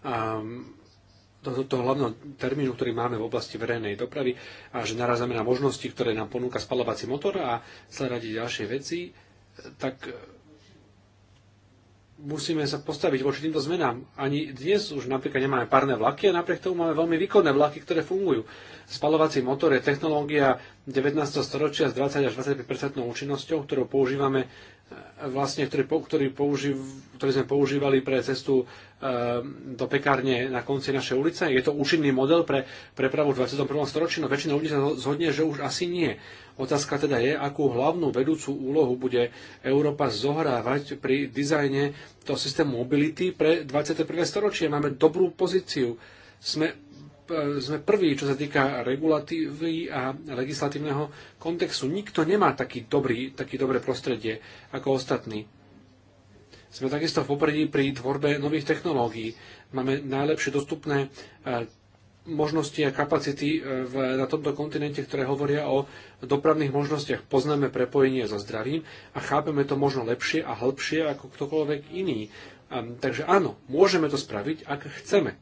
um, toho hlavného termínu, ktorý máme v oblasti verejnej dopravy a že narazíme na možnosti, ktoré nám ponúka spalovací motor a zaradiť ďalšie veci, tak musíme sa postaviť voči týmto zmenám. Ani dnes už napríklad nemáme párne vlaky a napriek tomu máme veľmi výkonné vlaky, ktoré fungujú. Spalovací motor je technológia 19. storočia s 20 až 25 účinnosťou, ktorú používame vlastne, ktorý, ktorý, použív, ktorý sme používali pre cestu e, do pekárne na konci našej ulice. Je to účinný model pre prepravu v 21. storočí, no väčšina ľudí sa zhodne, že už asi nie. Otázka teda je, akú hlavnú vedúcu úlohu bude Európa zohrávať pri dizajne toho systému mobility pre 21. storočie. Máme dobrú pozíciu. Sme sme prví, čo sa týka regulatívy a legislatívneho kontextu. Nikto nemá taký, dobrý, taký dobré prostredie ako ostatní. Sme takisto v popredí pri tvorbe nových technológií. Máme najlepšie dostupné e, možnosti a kapacity e, v, na tomto kontinente, ktoré hovoria o dopravných možnostiach. Poznáme prepojenie so zdravím a chápeme to možno lepšie a hĺbšie ako ktokoľvek iný. Takže áno, môžeme to spraviť, ak chceme.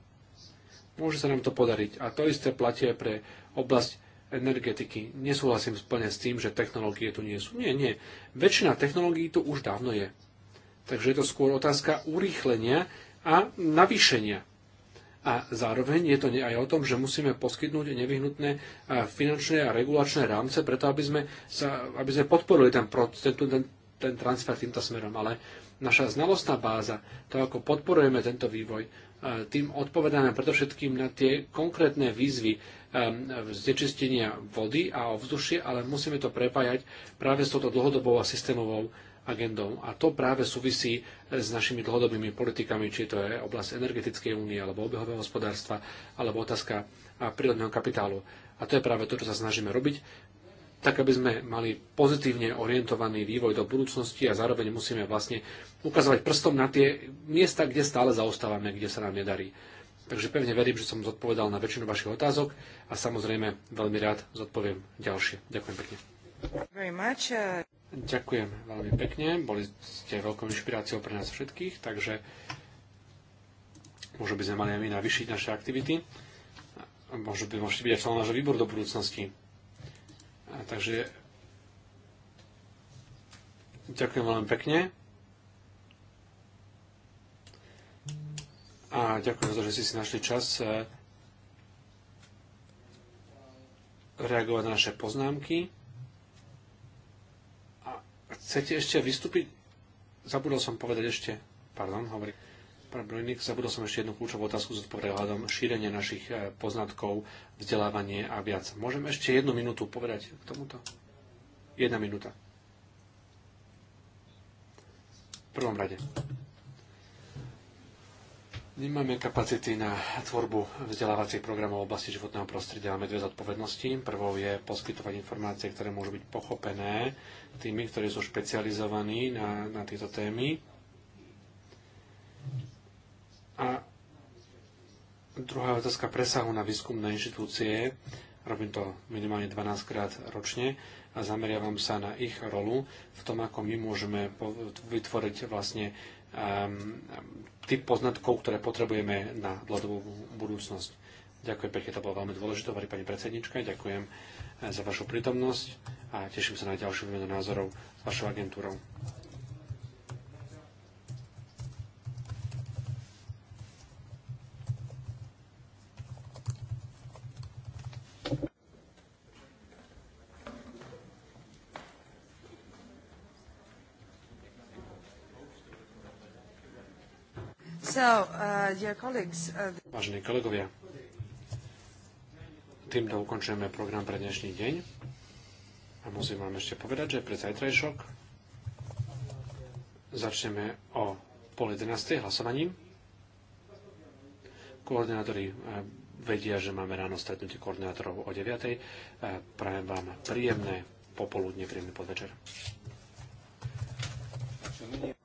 Môže sa nám to podariť. A to isté platí aj pre oblasť energetiky. Nesúhlasím plne s tým, že technológie tu nie sú. Nie, nie. Väčšina technológií tu už dávno je. Takže je to skôr otázka urýchlenia a navýšenia. A zároveň je to aj o tom, že musíme poskytnúť nevyhnutné finančné a regulačné rámce, preto aby sme, sa, aby sme podporili ten, ten, ten transfer týmto smerom. Ale naša znalostná báza, to ako podporujeme tento vývoj, tým odpovedáme predovšetkým na tie konkrétne výzvy e, znečistenia vody a ovzdušie, ale musíme to prepájať práve s touto dlhodobou a systémovou agendou. A to práve súvisí e, s našimi dlhodobými politikami, či to je oblasť energetickej únie, alebo obehového hospodárstva, alebo otázka prírodného kapitálu. A to je práve to, čo sa snažíme robiť tak aby sme mali pozitívne orientovaný vývoj do budúcnosti a zároveň musíme vlastne ukazovať prstom na tie miesta, kde stále zaostávame, kde sa nám nedarí. Takže pevne verím, že som zodpovedal na väčšinu vašich otázok a samozrejme veľmi rád zodpoviem ďalšie. Ďakujem pekne. Uh, Ďakujem veľmi pekne. Boli ste veľkou inšpiráciou pre nás všetkých, takže možno by sme mali aj my navyšiť naše aktivity. Možno by môžete byť aj člen nášho výboru do budúcnosti. A takže ďakujem veľmi pekne. A ďakujem za to, že ste si našli čas e, reagovať na naše poznámky. A chcete ešte vystúpiť? Zabudol som povedať ešte. Pardon, hovorím. Pán Brojnik, zabudol som ešte jednu kľúčovú otázku s prehľadom šírenie našich eh, poznatkov, vzdelávanie a viac. Môžem ešte jednu minútu povedať k tomuto? Jedna minúta. V prvom rade. Nemáme kapacity na tvorbu vzdelávacích programov v oblasti životného prostredia. Máme dve zodpovednosti. Prvou je poskytovať informácie, ktoré môžu byť pochopené tými, ktorí sú špecializovaní na, na tieto témy. A druhá otázka presahu na výskumné inštitúcie. Robím to minimálne 12 krát ročne a zameriavam sa na ich rolu v tom, ako my môžeme vytvoriť vlastne um, typ poznatkov, ktoré potrebujeme na dlhodobú budúcnosť. Ďakujem pekne, to bolo veľmi dôležité, hovorí pani predsednička. Ďakujem eh, za vašu prítomnosť a teším sa na ďalšiu výmenu názorov s vašou agentúrou. Uh, uh, Vážení kolegovia, týmto ukončujeme program pre dnešný deň. A musím vám ešte povedať, že pre zajtrajšok začneme o pol 11. hlasovaním. Koordinátori eh, vedia, že máme ráno stretnutie koordinátorov o 9. Eh, prajem vám príjemné popoludne, príjemný podvečer. Thank you.